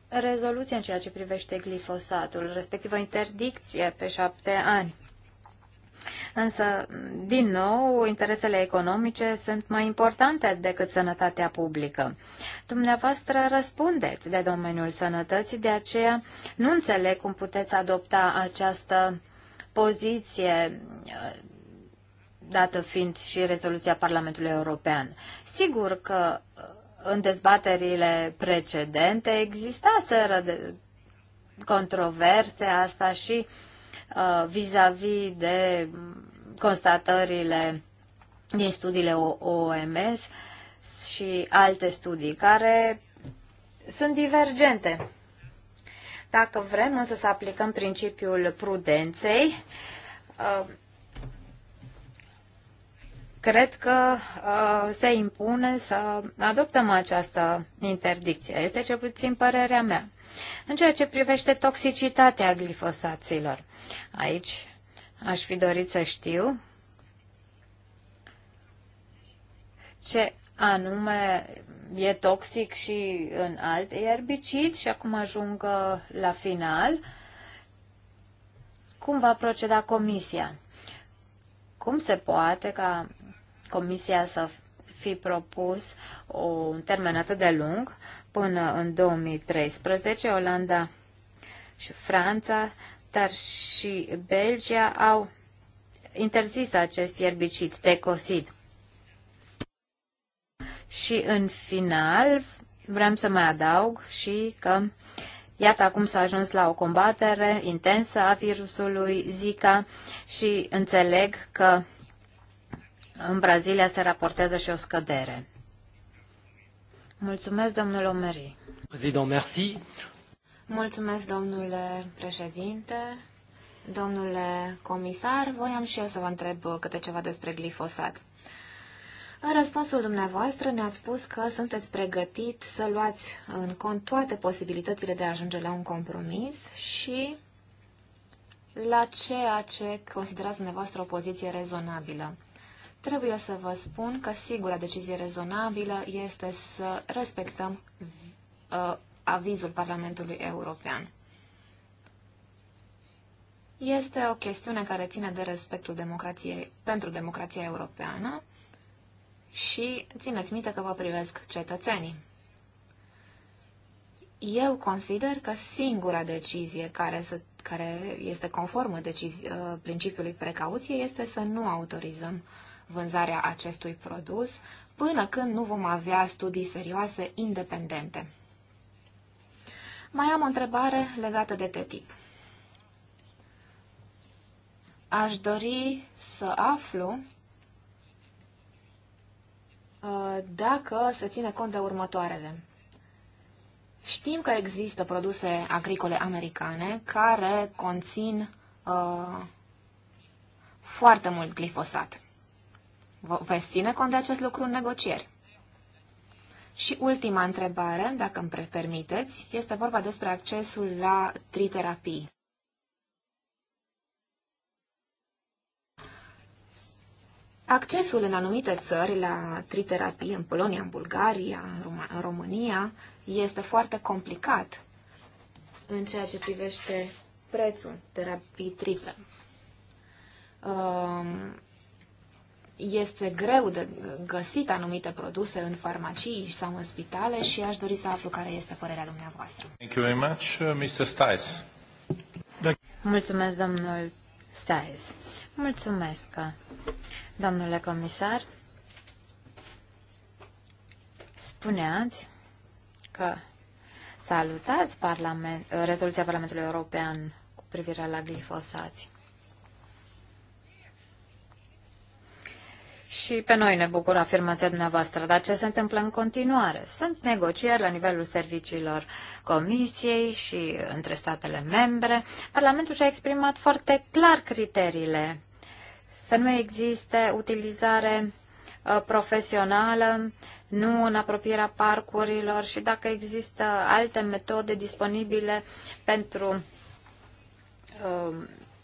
rezoluție în ceea ce privește glifosatul, respectiv o interdicție pe șapte ani. Însă, din nou, interesele economice sunt mai importante decât sănătatea publică. Dumneavoastră răspundeți de domeniul sănătății, de aceea nu înțeleg cum puteți adopta această poziție dată fiind și rezoluția Parlamentului European. Sigur că în dezbaterile precedente exista seră de controverse, asta și Uh, vis-a-vis -vis de constatările din studiile OMS și alte studii care sunt divergente. Dacă vrem însă să aplicăm principiul prudenței, uh, cred că uh, se impune să adoptăm această interdicție. Este cel puțin părerea mea. În ceea ce privește toxicitatea glifosaților, aici aș fi dorit să știu ce anume e toxic și în alt erbicid și acum ajung uh, la final. Cum va proceda comisia? Cum se poate ca comisia să fi propus un termen atât de lung până în 2013, Olanda și Franța, dar și Belgia au interzis acest erbicid, tecosid. Și în final, vrem să mai adaug și că Iată acum s-a ajuns la o combatere intensă a virusului Zika și înțeleg că în Brazilia se raportează și o scădere. Mulțumesc, domnul Omeri. Prezident, merci. Mulțumesc, domnule președinte. Domnule comisar, voiam și eu să vă întreb câte ceva despre glifosat. În răspunsul dumneavoastră ne-ați spus că sunteți pregătit să luați în cont toate posibilitățile de a ajunge la un compromis și la ceea ce considerați dumneavoastră o poziție rezonabilă. Trebuie să vă spun că singura decizie rezonabilă este să respectăm uh, avizul Parlamentului European. Este o chestiune care ține de respectul democrației, pentru democrația europeană și țineți minte că vă privesc cetățenii. Eu consider că singura decizie care, să, care este conformă decizi, uh, principiului precauție este să nu autorizăm uh, vânzarea acestui produs până când nu vom avea studii serioase independente. Mai am o întrebare legată de tip. Aș dori să aflu uh, dacă se ține cont de următoarele. Știm că există produse agricole americane care conțin uh, foarte mult glifosat. Veți ține cont de acest lucru în negocieri? Și ultima întrebare, dacă îmi permiteți, este vorba despre accesul la triterapii. Accesul în anumite țări la triterapie, în Polonia, în Bulgaria, în, Rom- în România, este foarte complicat în ceea ce privește prețul terapii triple. Um, este greu de găsit anumite produse în farmacii sau în spitale și aș dori să aflu care este părerea dumneavoastră. Thank you very much, uh, Mr. Stice. Da. Mulțumesc, domnul Stais. Mulțumesc, domnule comisar. Spuneați că salutați parlament, uh, rezoluția Parlamentului European cu privire la glifosați. și pe noi ne bucură afirmația dumneavoastră. Dar ce se întâmplă în continuare? Sunt negocieri la nivelul serviciilor Comisiei și între statele membre. Parlamentul și-a exprimat foarte clar criteriile. Să nu existe utilizare uh, profesională, nu în apropierea parcurilor și dacă există alte metode disponibile pentru uh,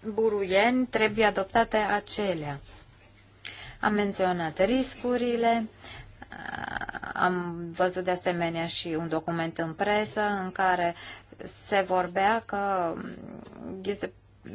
buruieni, trebuie adoptate acelea. Am menționat riscurile, am văzut de asemenea și un document în presă în care se vorbea că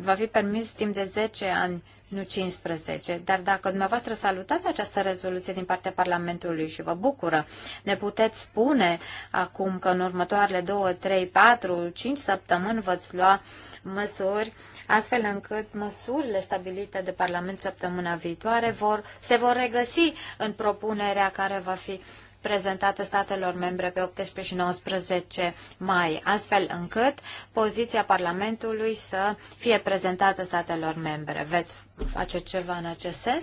va fi permis timp de 10 ani, nu 15. Dar dacă dumneavoastră salutați această rezoluție din partea Parlamentului și vă bucură, ne puteți spune acum că în următoarele 2, 3, 4, 5 săptămâni veți lua măsuri uh, astfel încât măsurile stabilite de Parlament săptămâna viitoare vor, se vor regăsi în propunerea care va fi prezentată statelor membre pe 18 și 19 mai, astfel încât poziția Parlamentului să fie prezentată statelor membre. Veți face ceva în acest sens?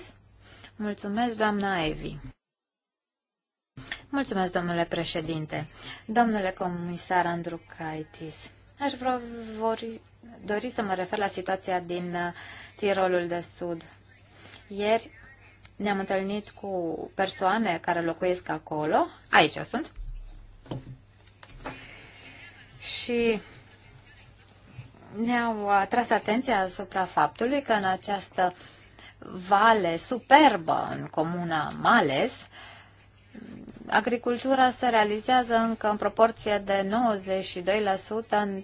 Mulțumesc, doamna Evi. Mulțumesc, domnule președinte. Domnule comisar Andrew Kaitis, aș vrea, vor, dori să mă refer la situația din uh, Tirolul de Sud. Ieri ne-am întâlnit cu persoane care locuiesc acolo, aici sunt, și ne-au atras atenția asupra faptului că în această vale superbă în comuna Males, agricultura se realizează încă în proporție de 92% în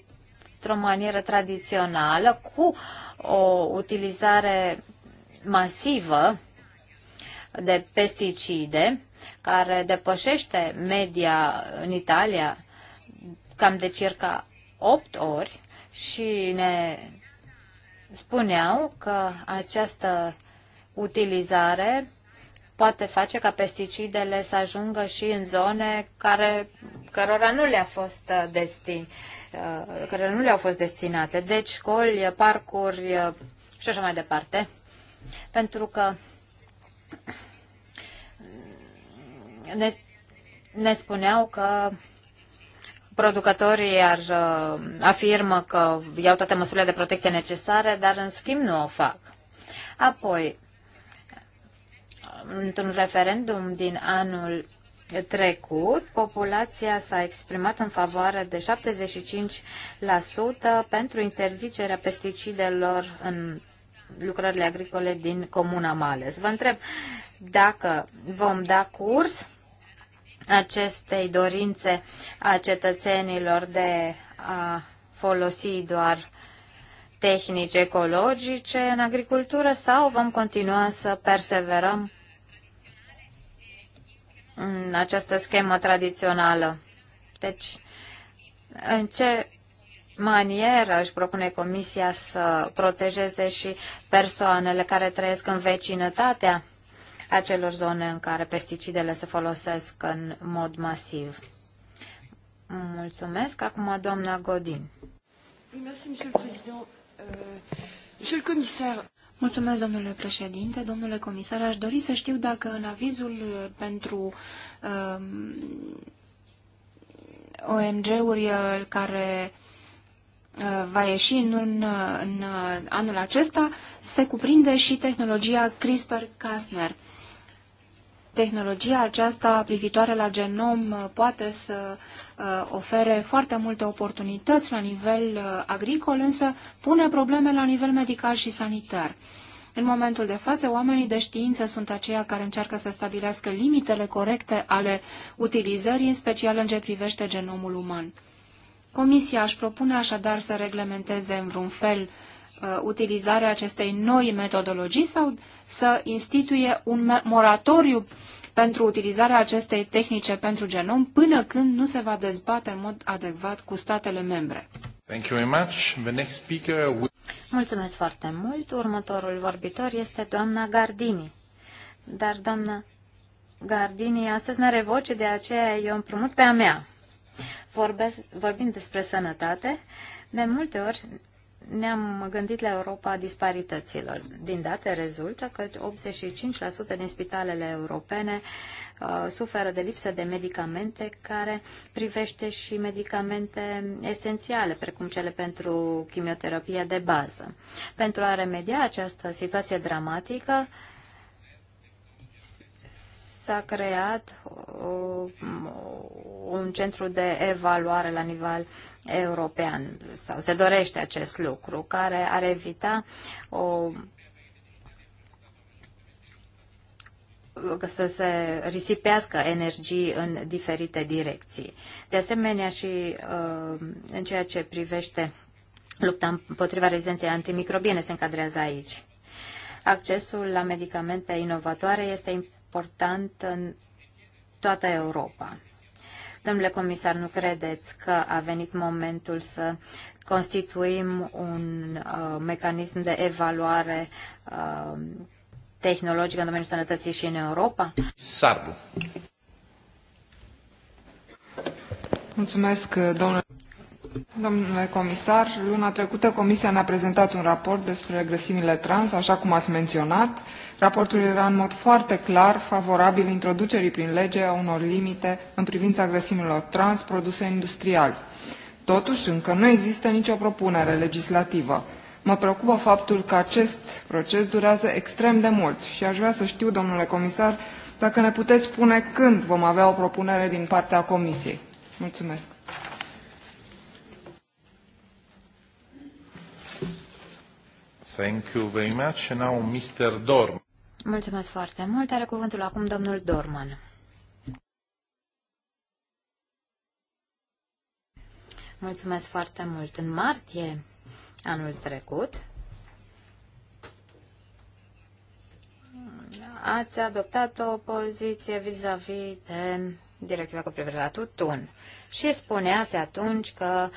într-o manieră tradițională cu o utilizare masivă de pesticide care depășește media în Italia cam de circa 8 ori și ne spuneau că această utilizare poate face ca pesticidele să ajungă și în zone care, cărora nu le-a fost uh, destin, uh, care nu le-au fost destinate, deci școli, parcuri uh, și așa mai departe. Pentru că ne, ne spuneau că producătorii ar afirmă că iau toate măsurile de protecție necesare, dar în schimb nu o fac. Apoi, într-un referendum din anul trecut, populația s-a exprimat în favoare de 75% pentru interzicerea pesticidelor în lucrările agricole din Comuna Males. Vă întreb dacă vom da curs acestei dorințe a cetățenilor de a folosi doar tehnici ecologice în agricultură sau vom continua să perseverăm în această schemă tradițională. Deci, în ce manieră își propune Comisia să protejeze și persoanele care trăiesc în vecinătatea acelor zone în care pesticidele se folosesc în mod masiv. Mulțumesc. Acum doamna Godin. Mulțumesc, domnule președinte. Euh, monsieur le commissaire, Mulțumesc, domnule președinte. Domnule comisar, aș dori să știu dacă în avizul uh, pentru um, OMG-uri uh, care uh, va ieși în, în, în anul acesta, se cuprinde și tehnologia CRISPR-Cas9 tehnologia aceasta privitoare la genom poate să uh, ofere foarte multe oportunități la nivel uh, agricol, însă pune probleme la nivel medical și sanitar. În momentul de față, oamenii de știință sunt aceia care încearcă să stabilească limitele corecte ale utilizării, în special în ce privește genomul uman. Comisia își propune așadar să reglementeze în vreun fel Uh, utilizarea acestei noi metodologii sau să instituie un moratoriu pentru utilizarea acestei tehnice pentru genom până când nu se va dezbate în mod adecvat cu statele membre. Thank you very much. The next speaker Mulțumesc foarte mult. Următorul vorbitor este doamna Gardini. Dar doamna Gardini astăzi nu are voce, de aceea eu împrumut pe a mea. Vorbesc, vorbind despre sănătate. De multe ori ne-am gândit la Europa disparităților. Din date rezultă că 85% din spitalele europene uh, suferă de lipsă de medicamente care privește și medicamente esențiale, precum cele pentru chimioterapia de bază. Pentru a remedia această situație dramatică, uh, s-a creat uh, un centru de evaluare la nivel european sau se dorește acest lucru care ar evita o să se risipească energii în diferite direcții. De asemenea și uh, în ceea ce privește lupta împotriva rezistenței antimicrobiene se încadrează aici. Accesul la medicamente inovatoare este important important în toată Europa. Domnule comisar, nu credeți că a venit momentul să constituim un uh, mecanism de evaluare uh, tehnologică în domeniul sănătății și în Europa? Sarbu. Mulțumesc, domnule. Domnule comisar, luna trecută Comisia ne-a prezentat un raport despre grăsimile trans, așa cum ați menționat. Uh, Raportul era în mod foarte clar favorabil introducerii prin lege a unor limite în privința grăsimilor trans produse industrial. Totuși, încă nu există nicio propunere legislativă. Mă preocupă faptul că acest proces durează extrem de mult și aș vrea să știu, domnule comisar, dacă ne puteți spune când vom avea o propunere din partea Comisiei. Mulțumesc. Thank you very much. Now, Mr. Dorn. Mulțumesc foarte mult. Are cuvântul acum domnul Dorman. Mulțumesc foarte mult. În martie anul trecut ați adoptat o poziție vis-a-vis -vis de directiva cu privire la tutun și spuneați atunci că uh,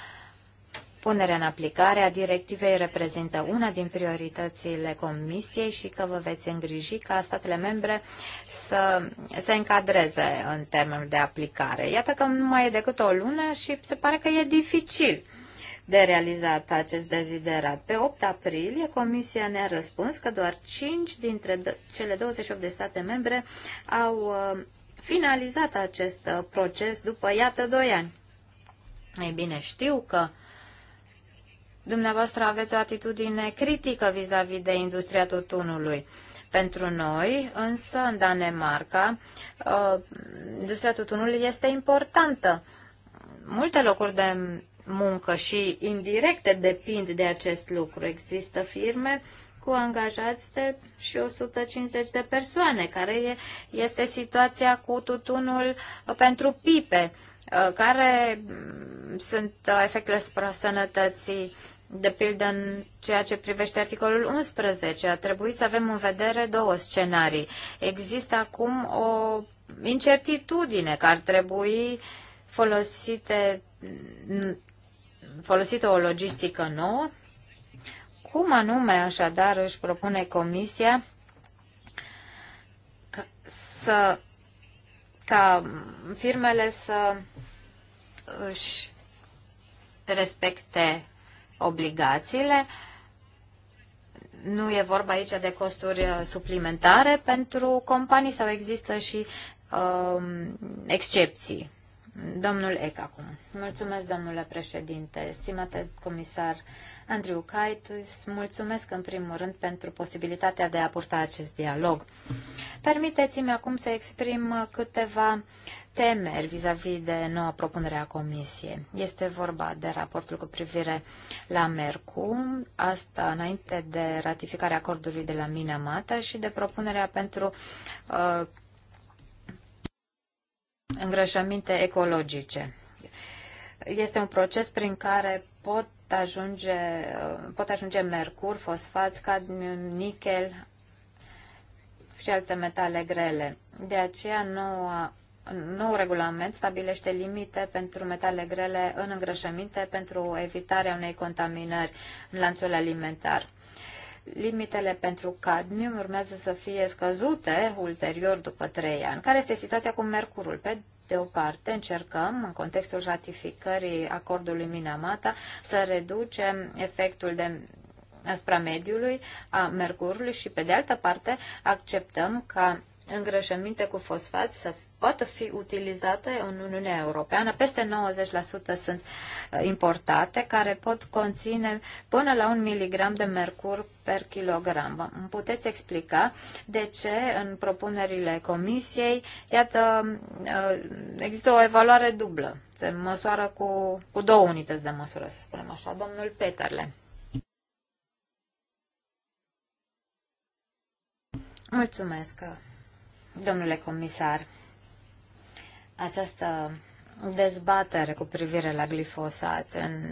punerea în aplicare a directivei reprezintă una din prioritățile Comisiei și că vă veți îngriji ca statele membre să se încadreze în termenul de aplicare. Iată că nu mai e decât o lună și se pare că e dificil de realizat acest deziderat. Pe 8 aprilie, Comisia ne-a răspuns că doar 5 dintre cele 28 de state membre au uh, finalizat acest uh, proces după, iată, 2 ani. Ei bine, știu că dumneavoastră aveți o atitudine critică vis-a-vis -vis de industria tutunului. Pentru noi, însă, în Danemarca, uh, industria tutunului este importantă. Multe locuri de muncă și indirecte depind de acest lucru. Există firme cu angajați de și 150 de persoane, care e, este situația cu tutunul pentru pipe, uh, care mm, sunt efectele spre sănătății de pildă, în ceea ce privește articolul 11, a trebuit să avem în vedere două scenarii. Există acum o incertitudine că ar trebui folosite, folosită o logistică nouă. Cum anume, așadar, își propune Comisia să, ca firmele să își respecte obligațiile. Nu e vorba aici de costuri uh, suplimentare pentru companii sau există și um, excepții. Domnul Ec acum. Mulțumesc, domnule președinte, stimate comisar Andriu Caitus, mulțumesc în primul rând pentru posibilitatea de a purta acest dialog. Permiteți-mi acum să exprim câteva uh, temeri vis-a-vis de noua propunere a Comisiei. Este vorba de raportul cu privire la Mercu, asta înainte de ratificarea acordului de la Minamata și de propunerea pentru uh, îngrășăminte ecologice. Este un proces prin care pot ajunge, uh, pot ajunge mercur, fosfat, cadmiu, nichel și alte metale grele. De aceea noua Noul regulament stabilește limite pentru metale grele în îngrășăminte pentru evitarea unei contaminări în lanțul alimentar. Limitele pentru cadmium urmează să fie scăzute ulterior după trei ani. Care este situația cu mercurul? Pe de o parte, încercăm, în contextul ratificării acordului Minamata, să reducem efectul de asupra mediului a mercurului și, pe de altă parte, acceptăm ca îngrășăminte cu fosfat să poată fi utilizate în Uniunea Europeană. Peste 90% sunt uh, importate, care pot conține până la un miligram de mercur per kilogram. Îmi puteți explica de ce în propunerile comisiei, iată, uh, există o evaluare dublă. Se măsoară cu, cu două unități de măsură, să spunem așa. Domnul Peterle. Mulțumesc, domnule comisar această dezbatere cu privire la glifosat în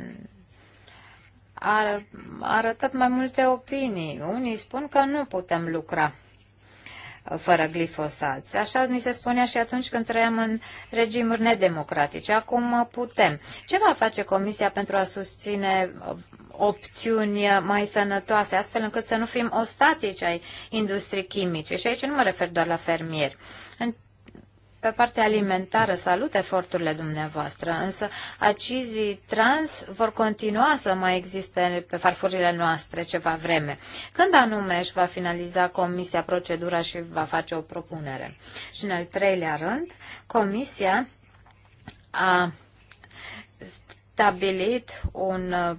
a arătat mai multe opinii. Unii spun că nu putem lucra fără glifosat. Așa mi se spunea și atunci când trăiam în regimuri nedemocratice. Acum putem. Ce va face Comisia pentru a susține uh, opțiuni mai sănătoase, astfel încât să nu fim ostatici ai industriei chimice? Și aici nu mă refer doar la fermieri. În pe partea alimentară salut eforturile dumneavoastră, însă acizii trans vor continua să mai existe pe farfurile noastre ceva vreme. Când anume își va finaliza Comisia procedura și va face o propunere? Și în al treilea rând, Comisia a stabilit un uh,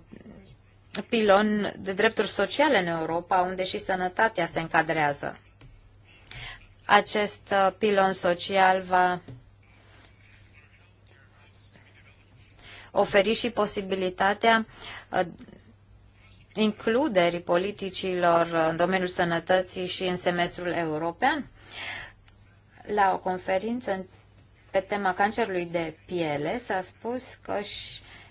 pilon de drepturi sociale în Europa, unde și sănătatea se încadrează acest uh, pilon social va oferi și posibilitatea uh, includerii politicilor în domeniul sănătății și în semestrul european. La o conferință pe tema cancerului de piele s-a spus că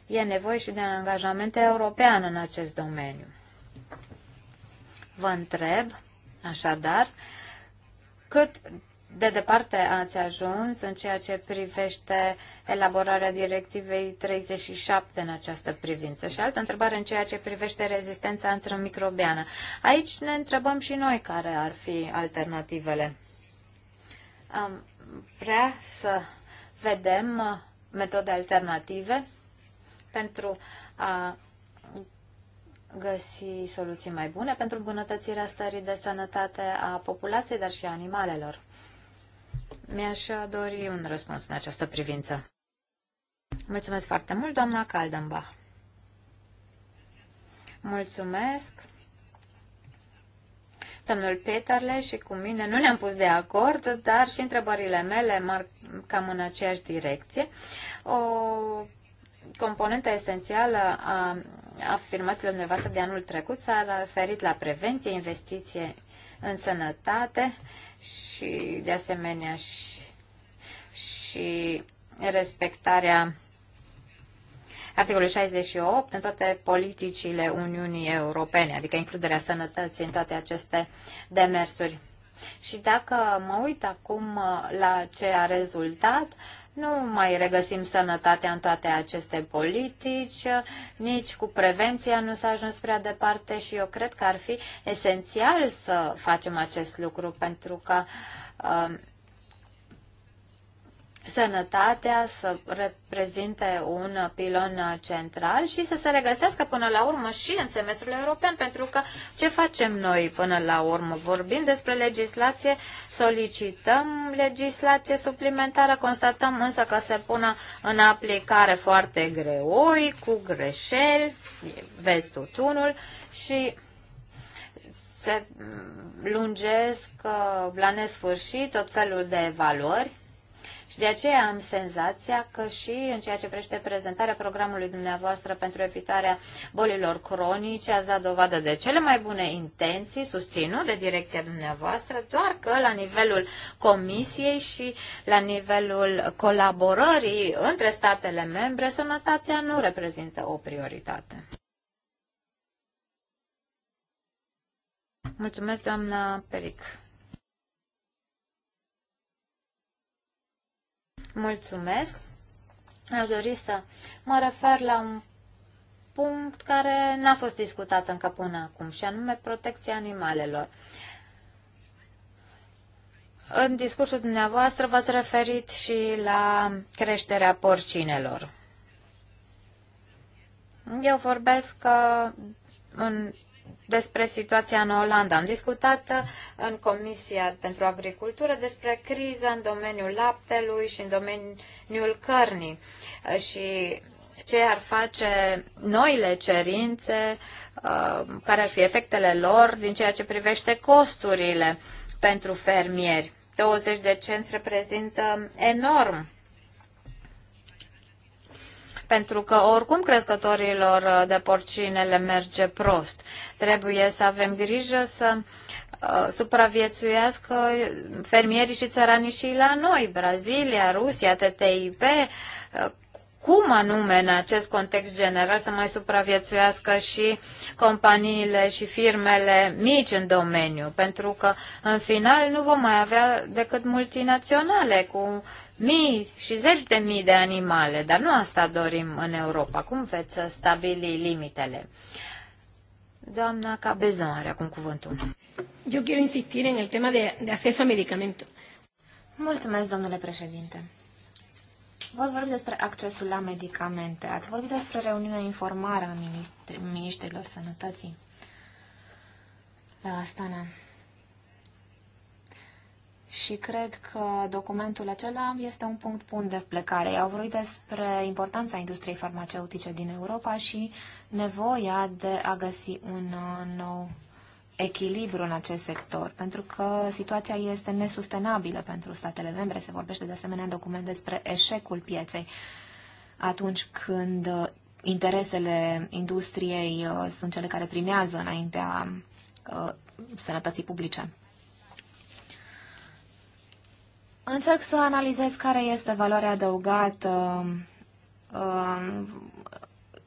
e nevoie și de un angajament european în acest domeniu. Vă întreb, așadar, uh, cât de departe ați ajuns în ceea ce privește elaborarea directivei 37 în această privință? Și altă întrebare în ceea ce privește rezistența antimicrobiană. Aici ne întrebăm și noi care ar fi alternativele. Am vrea să vedem metode alternative pentru a găsi soluții mai bune pentru îmbunătățirea stării de sănătate a populației, dar și a animalelor. Mi-aș dori un răspuns în această privință. Mulțumesc foarte mult, doamna Caldenbach. Mulțumesc. Domnul Peterle și cu mine nu ne-am pus de acord, dar și întrebările mele merg cam în aceeași direcție. O componentă esențială a afirmațiile dumneavoastră de anul trecut s-a referit la prevenție, investiție în sănătate și de asemenea și, și respectarea articolului 68 în toate politicile Uniunii Europene, adică includerea sănătății în toate aceste demersuri. Și dacă mă uit acum la ce a rezultat, nu mai regăsim sănătatea în toate aceste politici, nici cu prevenția nu s-a ajuns prea departe și eu cred că ar fi esențial să facem acest lucru pentru că uh, sănătatea să reprezinte un pilon central și să se regăsească până la urmă și în semestrul european, pentru că ce facem noi până la urmă? Vorbim despre legislație, solicităm legislație suplimentară, constatăm însă că se pună în aplicare foarte greoi, cu greșeli, vezi tutunul și se lungesc uh, la nesfârșit tot felul de evaluări și de aceea am senzația că și în ceea ce privește prezentarea programului dumneavoastră pentru evitarea bolilor cronice, ați dat dovadă de cele mai bune intenții, susținut de direcția dumneavoastră, doar că la nivelul comisiei și la nivelul colaborării între statele membre, sănătatea nu reprezintă o prioritate. Mulțumesc, doamna Peric. Mulțumesc. Aș dori să mă refer la un punct care n-a fost discutat încă până acum, și anume protecția animalelor. În discursul dumneavoastră v-ați referit și la creșterea porcinelor. Eu vorbesc că uh, în despre situația în Olanda. Am discutat uh, în Comisia pentru Agricultură despre criza în domeniul laptelui și în domeniul cărnii uh, și ce ar face noile cerințe, uh, care ar fi efectele lor din ceea ce privește costurile pentru fermieri. 20 de cenți reprezintă enorm pentru că oricum crescătorilor uh, de porcine le merge prost. Trebuie să avem grijă să uh, supraviețuiască fermierii și țăranii și la noi, Brazilia, Rusia, TTIP, uh, cum anume în acest context general să mai supraviețuiască și companiile și firmele mici în domeniu, pentru că în final nu vom mai avea decât multinaționale cu mii și zeci de mii de animale, dar nu asta dorim în Europa. Cum veți să stabili limitele? Doamna Cabezon are acum cuvântul. Eu quiero insistir en el tema de, de acceso a medicamento. Mulțumesc, domnule președinte. Vă vorbi despre accesul la medicamente. Ați vorbit despre reuniunea informară a Ministrilor Sănătății la Astana și cred că documentul acela este un punct bun de plecare. Au vorbit despre importanța industriei farmaceutice din Europa și nevoia de a găsi un uh, nou echilibru în acest sector, pentru că situația este nesustenabilă pentru statele membre. Se vorbește de asemenea în document despre eșecul pieței atunci când uh, interesele industriei uh, sunt cele care primează înaintea sănătății publice. Încerc să analizez care este valoarea adăugată. Um,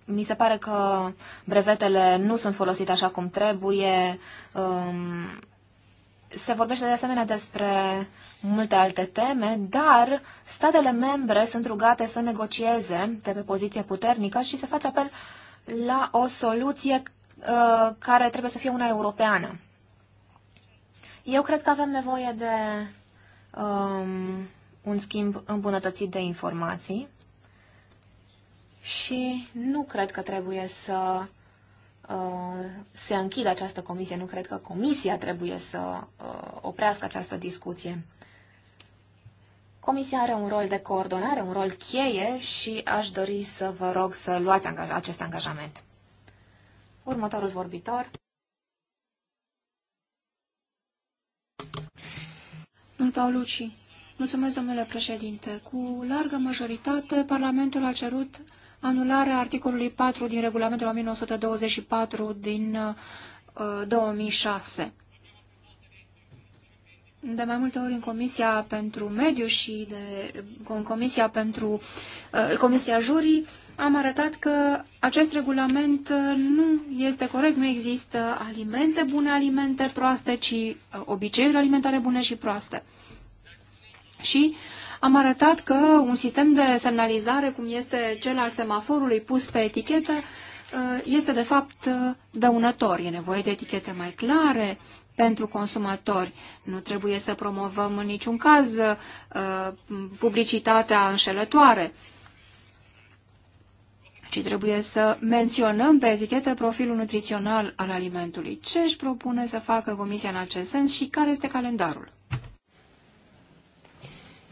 mi se pare că brevetele nu sunt folosite așa cum trebuie. Um, se vorbește de asemenea despre multe alte teme, dar statele membre sunt rugate să negocieze de pe poziție puternică și se face apel la o soluție uh, care trebuie să fie una europeană. Eu cred că avem nevoie de um, un schimb îmbunătățit de informații și nu cred că trebuie să uh, se închidă această comisie, nu cred că comisia trebuie să uh, oprească această discuție. Comisia are un rol de coordonare, un rol cheie și aș dori să vă rog să luați acest angajament. Următorul vorbitor. Domnul Paulucci, mulțumesc, domnule președinte. Cu largă majoritate, Parlamentul a cerut anularea articolului 4 din regulamentul 1924 din uh, 2006 de mai multe ori în Comisia pentru Mediu și de, în Comisia pentru uh, Comisia Jurii am arătat că acest regulament uh, nu este corect, nu există alimente bune, alimente proaste, ci uh, obiceiuri alimentare bune și proaste. Și am arătat că un sistem de semnalizare, cum este cel al semaforului pus pe etichetă, este de fapt dăunător. E nevoie de etichete mai clare, pentru consumatori. Nu trebuie să promovăm în niciun caz uh, publicitatea înșelătoare, ci trebuie să menționăm pe etichetă profilul nutrițional al alimentului. Ce își propune să facă Comisia în acest sens și care este calendarul?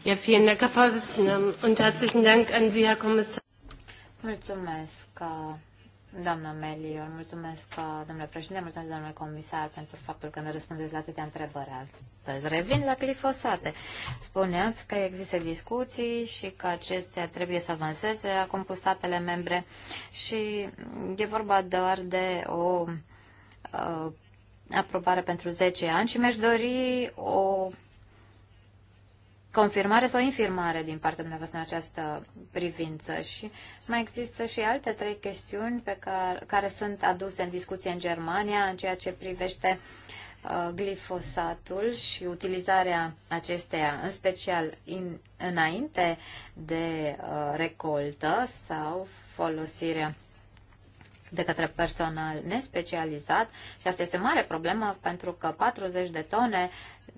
Ja, vielen Dank, und herzlichen Dank an Sie, Herr Kommissar. Mulțumesc, uh, Doamna Melior, mulțumesc, uh, domnule președinte, mulțumesc, domnule comisar, pentru faptul că ne răspundeți la atâtea întrebări astăzi. Revin la glifosate. Spuneați că există discuții și că acestea trebuie să avanseze acum cu statele membre și e vorba doar de o uh, aprobare pentru 10 ani și mi-aș dori o confirmare sau infirmare din partea dumneavoastră în această privință. Și mai există și alte trei chestiuni pe care, care sunt aduse în discuție în Germania în ceea ce privește uh, glifosatul și utilizarea acesteia, în special in, înainte de uh, recoltă sau folosirea de către personal nespecializat și asta este o mare problemă pentru că 40 de tone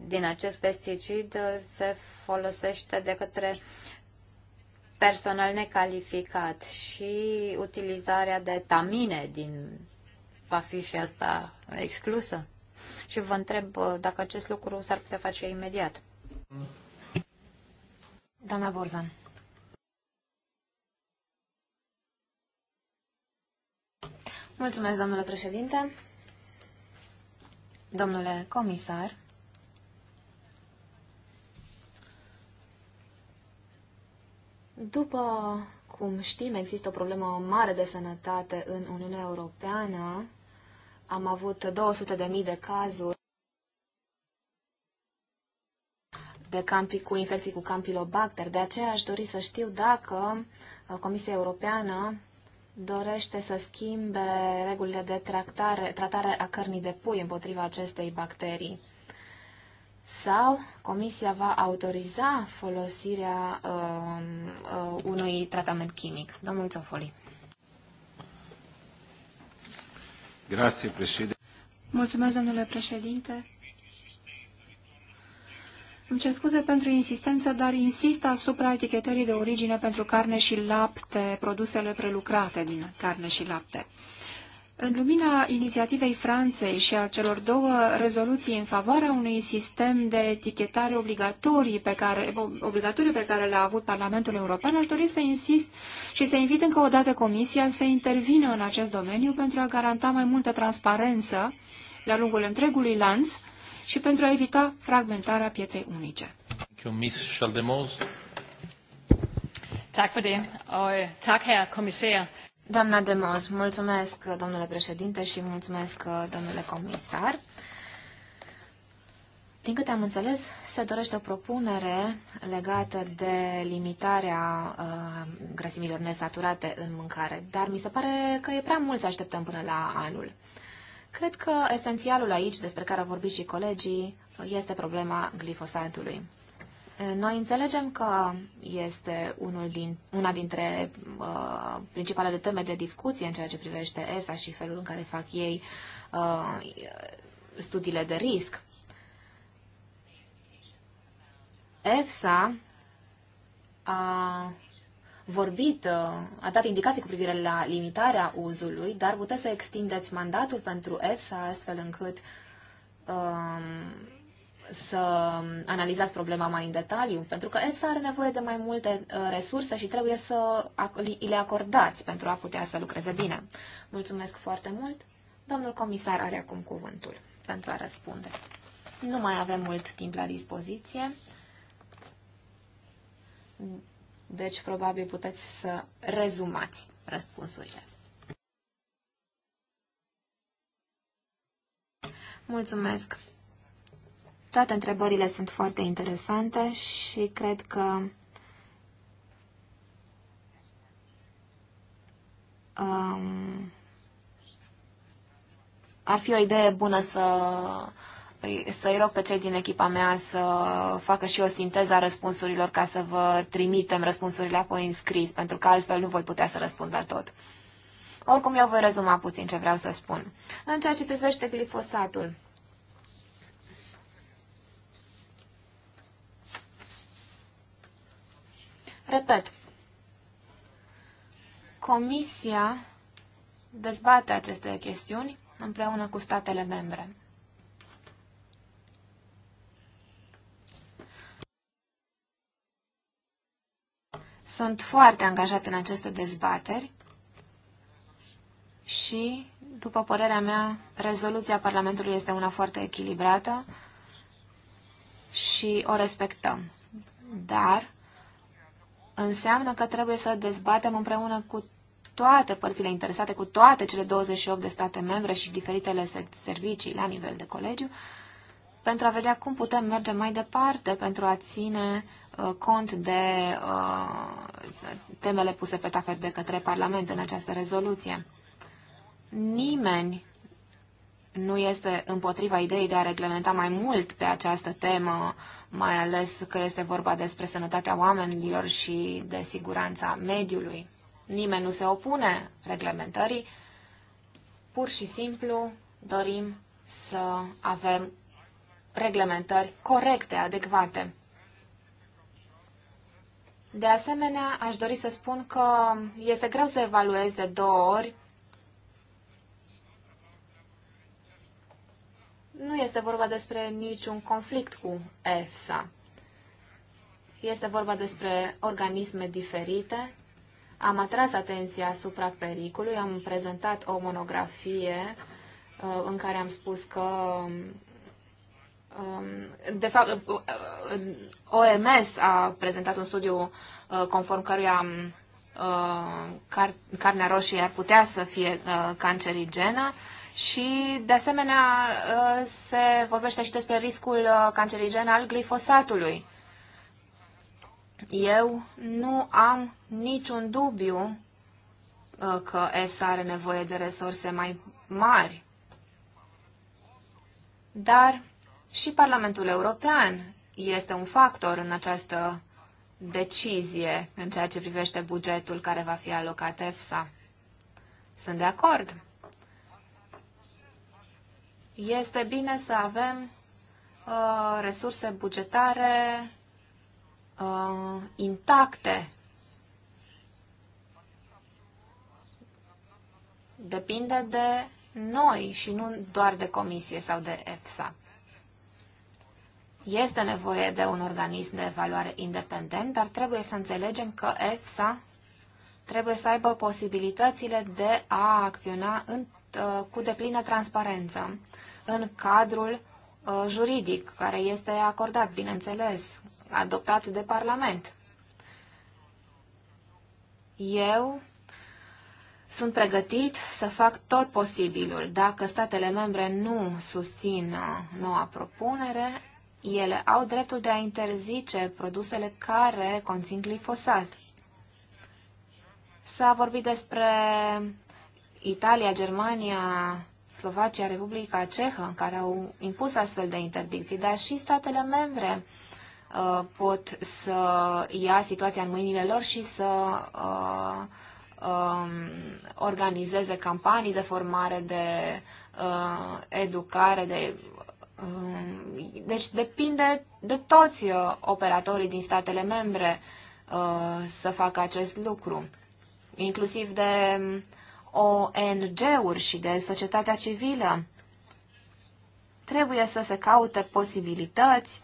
din acest pesticid se folosește de către personal necalificat și utilizarea de tamine din va fi și asta exclusă. Și vă întreb uh, dacă acest lucru s-ar putea face imediat. Doamna Borzan. Mulțumesc, domnule președinte. Domnule comisar. După cum știm, există o problemă mare de sănătate în Uniunea Europeană. Am avut 200.000 de cazuri de campi, cu infecții cu campilobacter. De aceea aș dori să știu dacă Comisia Europeană dorește să schimbe regulile de tractare, tratare a cărnii de pui împotriva acestei bacterii. Sau comisia va autoriza folosirea uh, uh, unui tratament chimic. Domnul Țofoli. Grazie, președinte. Mulțumesc, domnule președinte. Îmi cer scuze pentru insistență, dar insist asupra etichetării de origine pentru carne și lapte, produsele prelucrate din carne și lapte. În lumina inițiativei Franței și a celor două rezoluții în favoarea unui sistem de etichetare obligatorii pe care, obligatoriu pe care le-a avut Parlamentul European, aș dori să insist și să invit încă o dată Comisia să intervină în acest domeniu pentru a garanta mai multă transparență de-a lungul întregului lanț și pentru a evita fragmentarea pieței unice. Øh, Doamna Demos, mulțumesc, domnule președinte, și mulțumesc, uh, domnule comisar. Din câte am înțeles, se dorește o propunere legată de limitarea uh, grăsimilor nesaturate în mâncare, dar mi se pare că e prea mult să așteptăm până la anul. Uh, Cred că esențialul aici, despre care au vorbit și colegii, este problema glifosatului. Eh, noi înțelegem că este unul din, una dintre uh, principalele teme de discuție în ceea ce privește ESA și felul în care fac ei uh, studiile de risc. EFSA a vorbit, uh, a dat indicații cu privire la limitarea uzului, dar puteți să extindeți mandatul pentru EFSA astfel încât um, să analizați problema mai în detaliu, pentru că EFSA are nevoie de mai multe uh, resurse și trebuie să le acordați pentru a putea să lucreze bine. Mulțumesc foarte mult. Domnul comisar are acum cuvântul pentru a răspunde. Nu mai avem mult timp la dispoziție. Deci, probabil puteți să rezumați răspunsurile. Mulțumesc! Toate întrebările sunt foarte interesante și cred că um, ar fi o idee bună să Păi, să-i rog pe cei din echipa mea să facă și o sinteză a răspunsurilor ca să vă trimitem răspunsurile apoi în scris, pentru că altfel nu voi putea să răspund la tot. Oricum, eu voi rezuma puțin ce vreau să spun. În ceea ce privește glifosatul, Repet, Comisia dezbate aceste chestiuni împreună cu statele membre. sunt foarte angajat în aceste dezbateri și, după părerea mea, rezoluția Parlamentului este una foarte echilibrată și o respectăm. Dar înseamnă că trebuie să dezbatem împreună cu toate părțile interesate, cu toate cele 28 de state membre și diferitele servicii la nivel de colegiu, pentru a vedea cum putem merge mai departe pentru a ține Uh, cont de uh, temele puse pe tafet de către Parlament în această rezoluție. Nimeni nu este împotriva ideii de a reglementa mai mult pe această temă, mai ales că este vorba despre sănătatea oamenilor și de siguranța mediului. Nimeni nu se opune reglementării, pur și simplu dorim să avem reglementări corecte, adecvate. De asemenea, aș dori să spun că este greu să evaluez de două ori. Nu este vorba despre niciun conflict cu EFSA. Este vorba despre organisme diferite. Am atras atenția asupra pericolului. am prezentat o monografie uh, în care am spus că Um, de fapt, uh, uh, OMS a prezentat un studiu uh, conform căruia um, carnea roșie ar putea să fie cancerigenă și, de asemenea, se vorbește și despre riscul cancerigen al glifosatului. Eu nu am niciun dubiu că EFSA are nevoie de resurse mai mari. Dar și Parlamentul European este un factor în această decizie în ceea ce privește bugetul care va fi alocat EFSA. Sunt de acord. Este bine să avem uh, resurse bugetare uh, intacte. Depinde de noi și nu doar de comisie sau de EFSA. Este nevoie de un organism de evaluare independent, dar trebuie să înțelegem că EFSA trebuie să aibă posibilitățile de a acționa în, uh, cu deplină transparență în cadrul uh, juridic care este acordat, bineînțeles, adoptat de Parlament. Eu sunt pregătit să fac tot posibilul. Dacă statele membre nu susțin uh, noua propunere, ele au dreptul de a interzice produsele care conțin glifosat. S-a vorbit despre Italia, Germania, Slovacia, Republica Cehă, care au impus astfel de interdicții, dar și statele membre uh, pot să ia situația în mâinile lor și să uh, uh, organizeze campanii de formare, de uh, educare, de Um, deci depinde de toți uh, operatorii din statele membre uh, să facă acest lucru, inclusiv de um, ONG-uri și de societatea civilă. Trebuie să se caute posibilități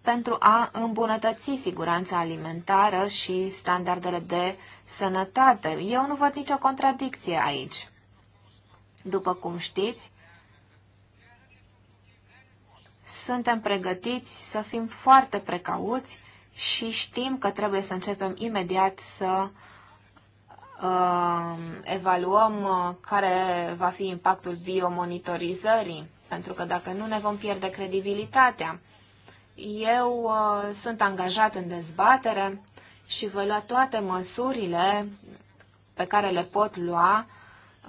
pentru a îmbunătăți siguranța alimentară și standardele de sănătate. Eu nu văd nicio contradicție aici. După cum știți, suntem pregătiți să fim foarte precauți și știm că trebuie să începem imediat să uh, evaluăm uh, care va fi impactul biomonitorizării, pentru că dacă nu ne vom pierde credibilitatea. Eu uh, sunt angajat în dezbatere și voi lua toate măsurile pe care le pot lua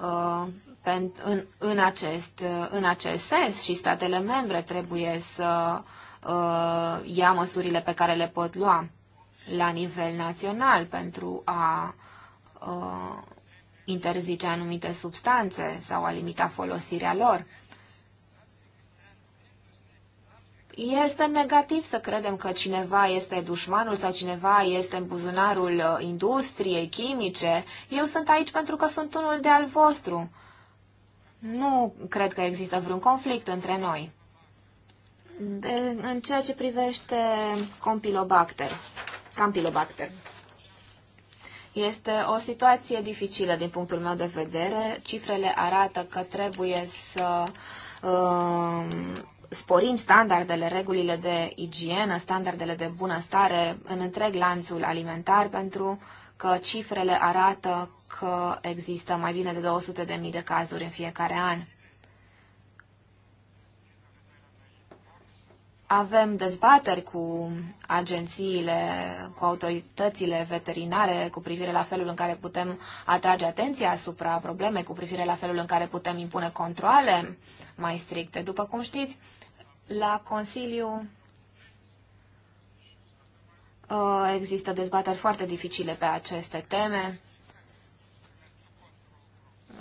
uh, în, în, acest, în acest sens și statele membre trebuie să uh, ia măsurile pe care le pot lua la nivel național pentru a uh, interzice anumite substanțe sau a limita folosirea lor. Este negativ să credem că cineva este dușmanul sau cineva este în buzunarul uh, industriei chimice. Eu sunt aici pentru că sunt unul de al vostru nu cred că există vreun conflict între noi. De, în ceea ce privește Campylobacter, Campylobacter, este o situație dificilă din punctul meu de vedere. Cifrele arată că trebuie să uh, sporim standardele, regulile de igienă, standardele de bunăstare în întreg lanțul alimentar pentru uh, că cifrele arată că există mai bine de 200.000 de cazuri în fiecare an. Avem dezbateri cu agențiile, cu autoritățile veterinare cu privire la felul în care putem atrage atenția asupra problemei, cu privire la felul în care putem impune controle mai stricte. După cum știți, la Consiliu Uh, există dezbateri foarte dificile pe aceste teme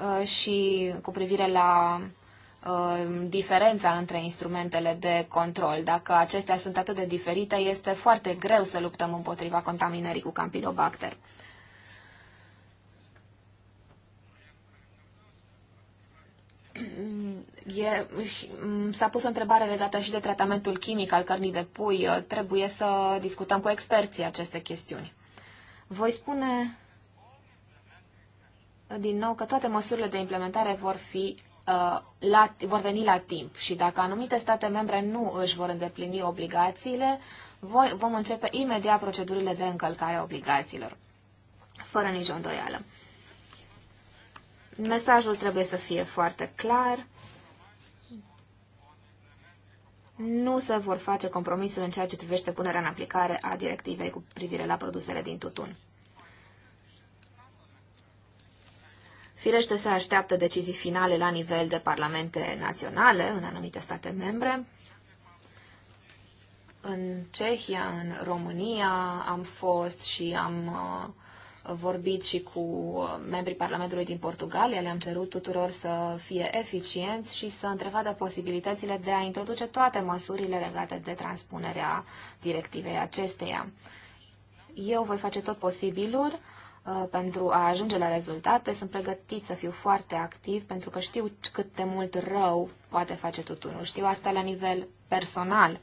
uh, și cu privire la uh, diferența între instrumentele de control. Dacă acestea sunt atât de diferite, este foarte greu să luptăm împotriva contaminării cu Campylobacter s-a pus o întrebare legată și de tratamentul chimic al cărnii de pui. Trebuie să discutăm cu experții aceste chestiuni. Voi spune din nou că toate măsurile de implementare vor fi la, vor veni la timp și dacă anumite state membre nu își vor îndeplini obligațiile, voi, vom începe imediat procedurile de încălcare a obligațiilor, fără nicio îndoială. Mesajul trebuie să fie foarte clar nu se vor face compromisuri în ceea ce privește punerea în aplicare a directivei cu privire la produsele din tutun. Firește se așteaptă decizii finale la nivel de parlamente naționale în anumite state membre. În Cehia, în România am fost și am uh, vorbit și cu membrii Parlamentului din Portugalia, le-am cerut tuturor să fie eficienți și să întrevadă posibilitățile de a introduce toate măsurile legate de transpunerea directivei acesteia. Eu voi face tot posibilul uh, pentru a ajunge la rezultate. Sunt pregătit să fiu foarte activ pentru că știu cât de mult rău poate face tutunul. Știu asta la nivel personal.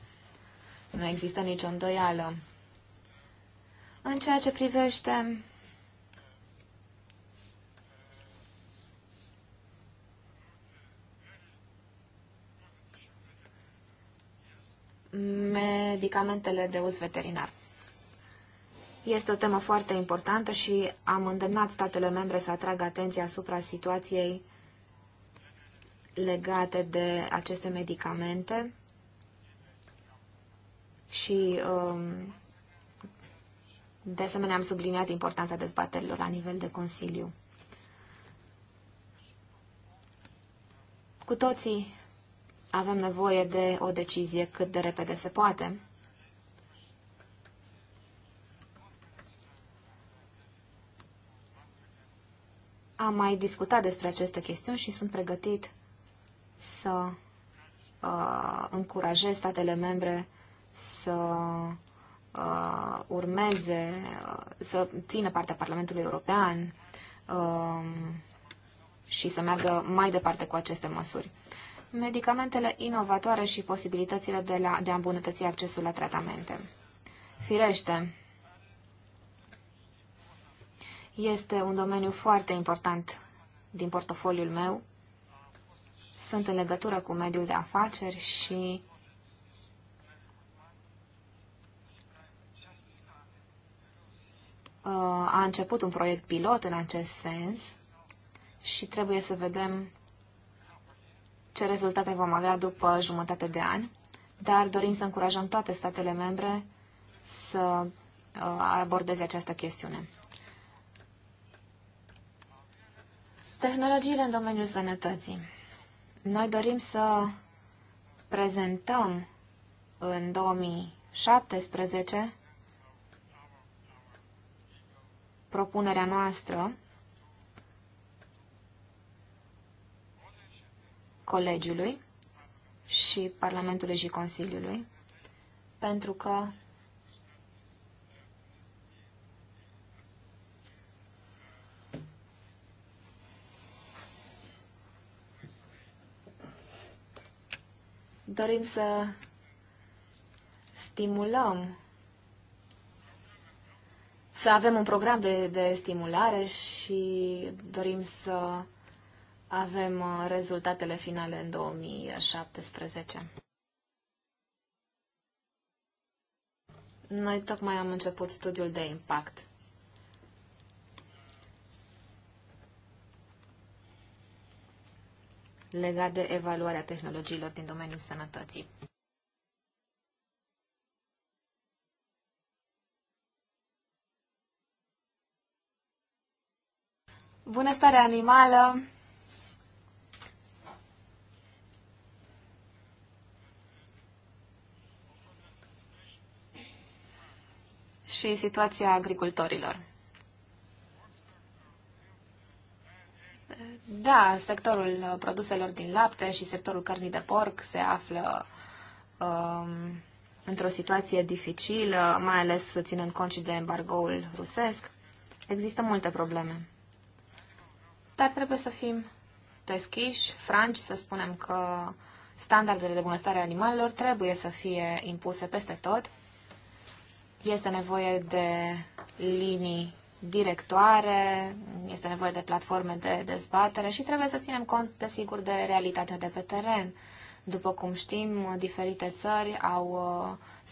Nu există nicio îndoială. În ceea ce privește medicamentele de uz veterinar. Este o temă foarte importantă și am îndemnat statele membre să atragă atenția asupra situației legate de aceste medicamente și um, de asemenea am subliniat importanța dezbaterilor la nivel de Consiliu. Cu toții avem nevoie de o decizie cât de repede se poate. Am mai discutat despre aceste chestiuni și sunt pregătit să uh, încurajez statele membre să uh, urmeze, uh, să țină partea Parlamentului European uh, și să meargă mai departe cu aceste măsuri medicamentele inovatoare și posibilitățile de, la, de a îmbunătăți accesul la tratamente. Firește, este un domeniu foarte important din portofoliul meu. Sunt în legătură cu mediul de afaceri și uh, a început un proiect pilot în acest sens și trebuie să vedem ce rezultate vom avea după jumătate de an, dar dorim să încurajăm toate statele membre să uh, abordeze această chestiune. Tehnologiile în domeniul sănătății. Noi dorim să prezentăm în 2017 propunerea noastră Colegiului și Parlamentului și Consiliului, pentru că dorim să stimulăm, să avem un program de, de stimulare și dorim să avem uh, rezultatele finale în 2017. Noi tocmai am început studiul de impact. legat de evaluarea tehnologiilor din domeniul sănătății. Bunăstarea animală și situația agricultorilor. Da, sectorul produselor din lapte și sectorul cărnii de porc se află um, într-o situație dificilă, mai ales ținând cont și de embargoul rusesc. Există multe probleme. Dar trebuie să fim deschiși, franci, să spunem că standardele de bunăstare a animalelor trebuie să fie impuse peste tot este nevoie de linii directoare, este nevoie de platforme de dezbatere și trebuie să ținem cont, desigur, de realitatea de pe teren. După cum știm, diferite țări au,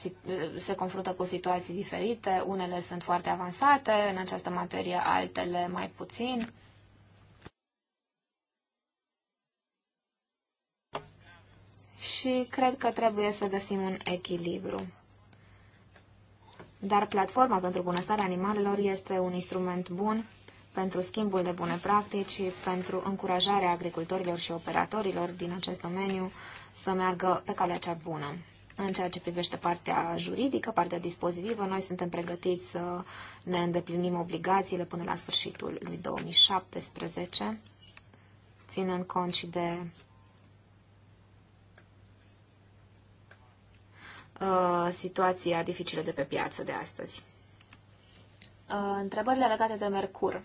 uh, uh, se confruntă cu situații diferite, unele sunt foarte avansate în această materie, altele mai puțin. Și cred că trebuie să găsim un echilibru. Dar platforma pentru bunăstarea animalelor este un instrument bun pentru schimbul de bune practici și pentru încurajarea agricultorilor și operatorilor din acest domeniu să meargă pe calea cea bună. În ceea ce privește partea juridică, partea dispozitivă, noi suntem pregătiți să ne îndeplinim obligațiile până la sfârșitul lui 2017, ținând cont și de Uh, situația dificilă de pe piață de astăzi. Uh, întrebările legate de Mercur.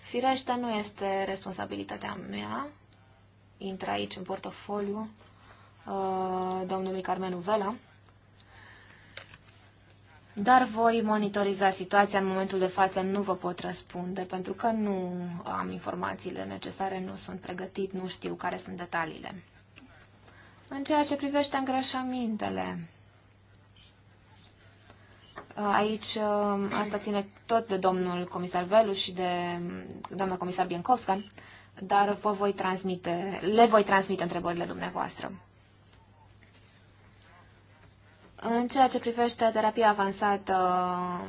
Firește, nu este responsabilitatea mea. Intră aici în portofoliu uh, domnului Carmenu Vela. Dar voi monitoriza situația în momentul de față, nu vă pot răspunde, pentru că nu am informațiile necesare, nu sunt pregătit, nu știu care sunt detaliile. În ceea ce privește îngrășămintele, aici ă, asta ține tot de domnul comisar Velu și de doamna comisar Biencovska, dar vă voi transmite, le voi transmite întrebările dumneavoastră. În ceea ce privește terapia avansată ă,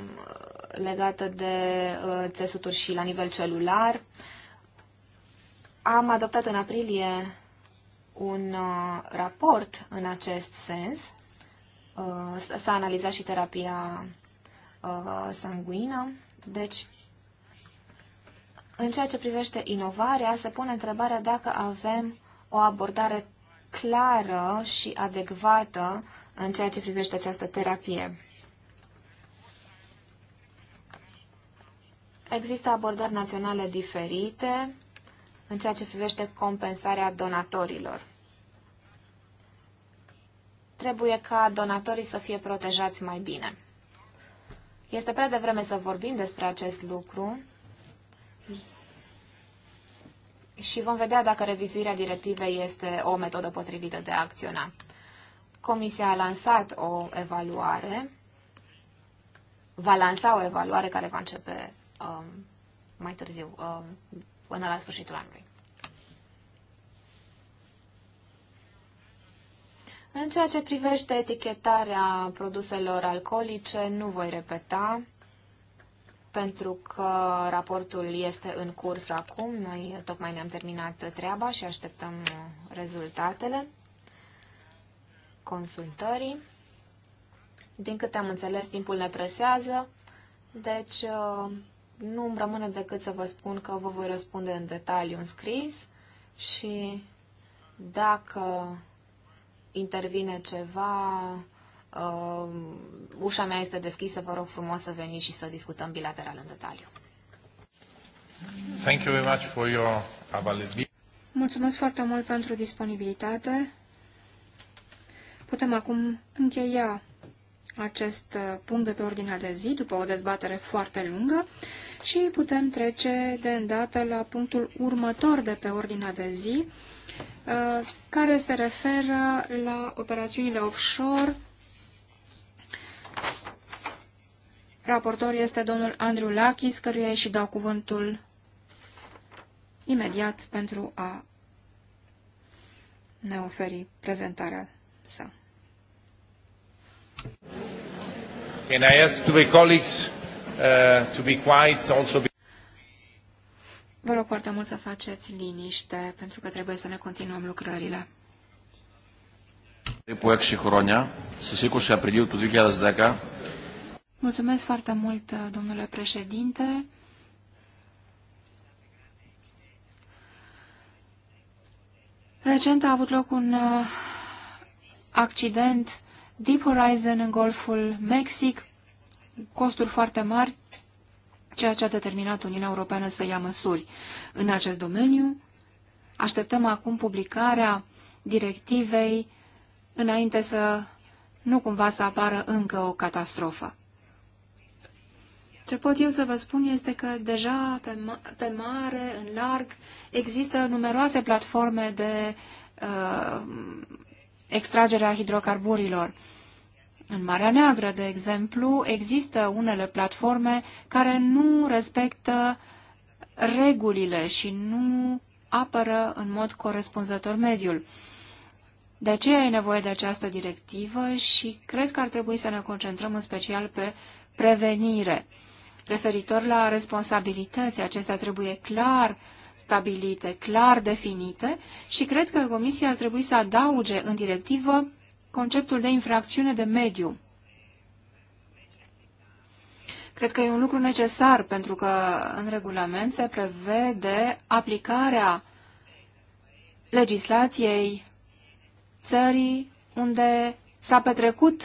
legată de ă, țesuturi și la nivel celular, am adoptat în aprilie un uh, raport în acest sens. Uh, s-a analizat și terapia uh, sanguină. Deci, în ceea ce privește inovarea, se pune întrebarea dacă avem o abordare clară și adecvată în ceea ce privește această terapie. Există abordări naționale diferite în ceea ce privește compensarea donatorilor. Trebuie ca donatorii să fie protejați mai bine. Este prea devreme să vorbim despre acest lucru și vom vedea dacă revizuirea directivei este o metodă potrivită de a acționa. Comisia a lansat o evaluare, va lansa o evaluare care va începe um, mai târziu, um, până la sfârșitul anului. În ceea ce privește etichetarea produselor alcoolice, nu voi repeta, pentru că raportul este în curs acum. Noi tocmai ne-am terminat treaba și așteptăm rezultatele consultării. Din câte am înțeles, timpul ne presează, deci uh, nu îmi rămâne decât să vă spun că vă voi răspunde în detaliu în scris și dacă intervine ceva, uh, ușa mea este deschisă, vă rog frumos să veniți și să discutăm bilateral în detaliu. Thank you very much for your Mulțumesc foarte mult pentru disponibilitate. Putem acum încheia acest punct de pe ordinea de zi după o dezbatere foarte lungă și putem trece de îndată la punctul următor de pe ordinea de zi, Uh, care se referă la operațiunile offshore. Raportor este domnul Andrew Lachis, căruia și dau cuvântul imediat pentru a ne oferi prezentarea sa. Can I ask to the colleagues uh, to be quiet also? Vă rog foarte mult să faceți liniște, pentru că trebuie să ne continuăm lucrările. Περίπου 6 χρόνια, στις 20 aprilie 2010. Mulțumesc foarte mult, domnule președinte. Recent a avut loc un uh, accident Deep Horizon în Golful Mexic, costuri foarte mari, ceea ce a determinat Uniunea Europeană să ia măsuri în acest domeniu. Așteptăm acum publicarea directivei înainte să nu cumva să apară încă o catastrofă. Ce pot eu să vă spun este că deja pe, ma pe mare, în larg, există numeroase platforme de uh, extragere a hidrocarburilor. Uh, în Marea Neagră, de exemplu, există unele platforme care nu respectă regulile și nu apără în mod corespunzător mediul. De aceea e nevoie de această directivă și cred că ar trebui să ne concentrăm în special pe prevenire. Referitor la responsabilități, acestea trebuie clar stabilite, clar definite și cred că Comisia ar trebui să adauge în directivă conceptul de infracțiune de mediu. Cred că e un lucru necesar pentru că în regulament se prevede aplicarea legislației țării unde s-a petrecut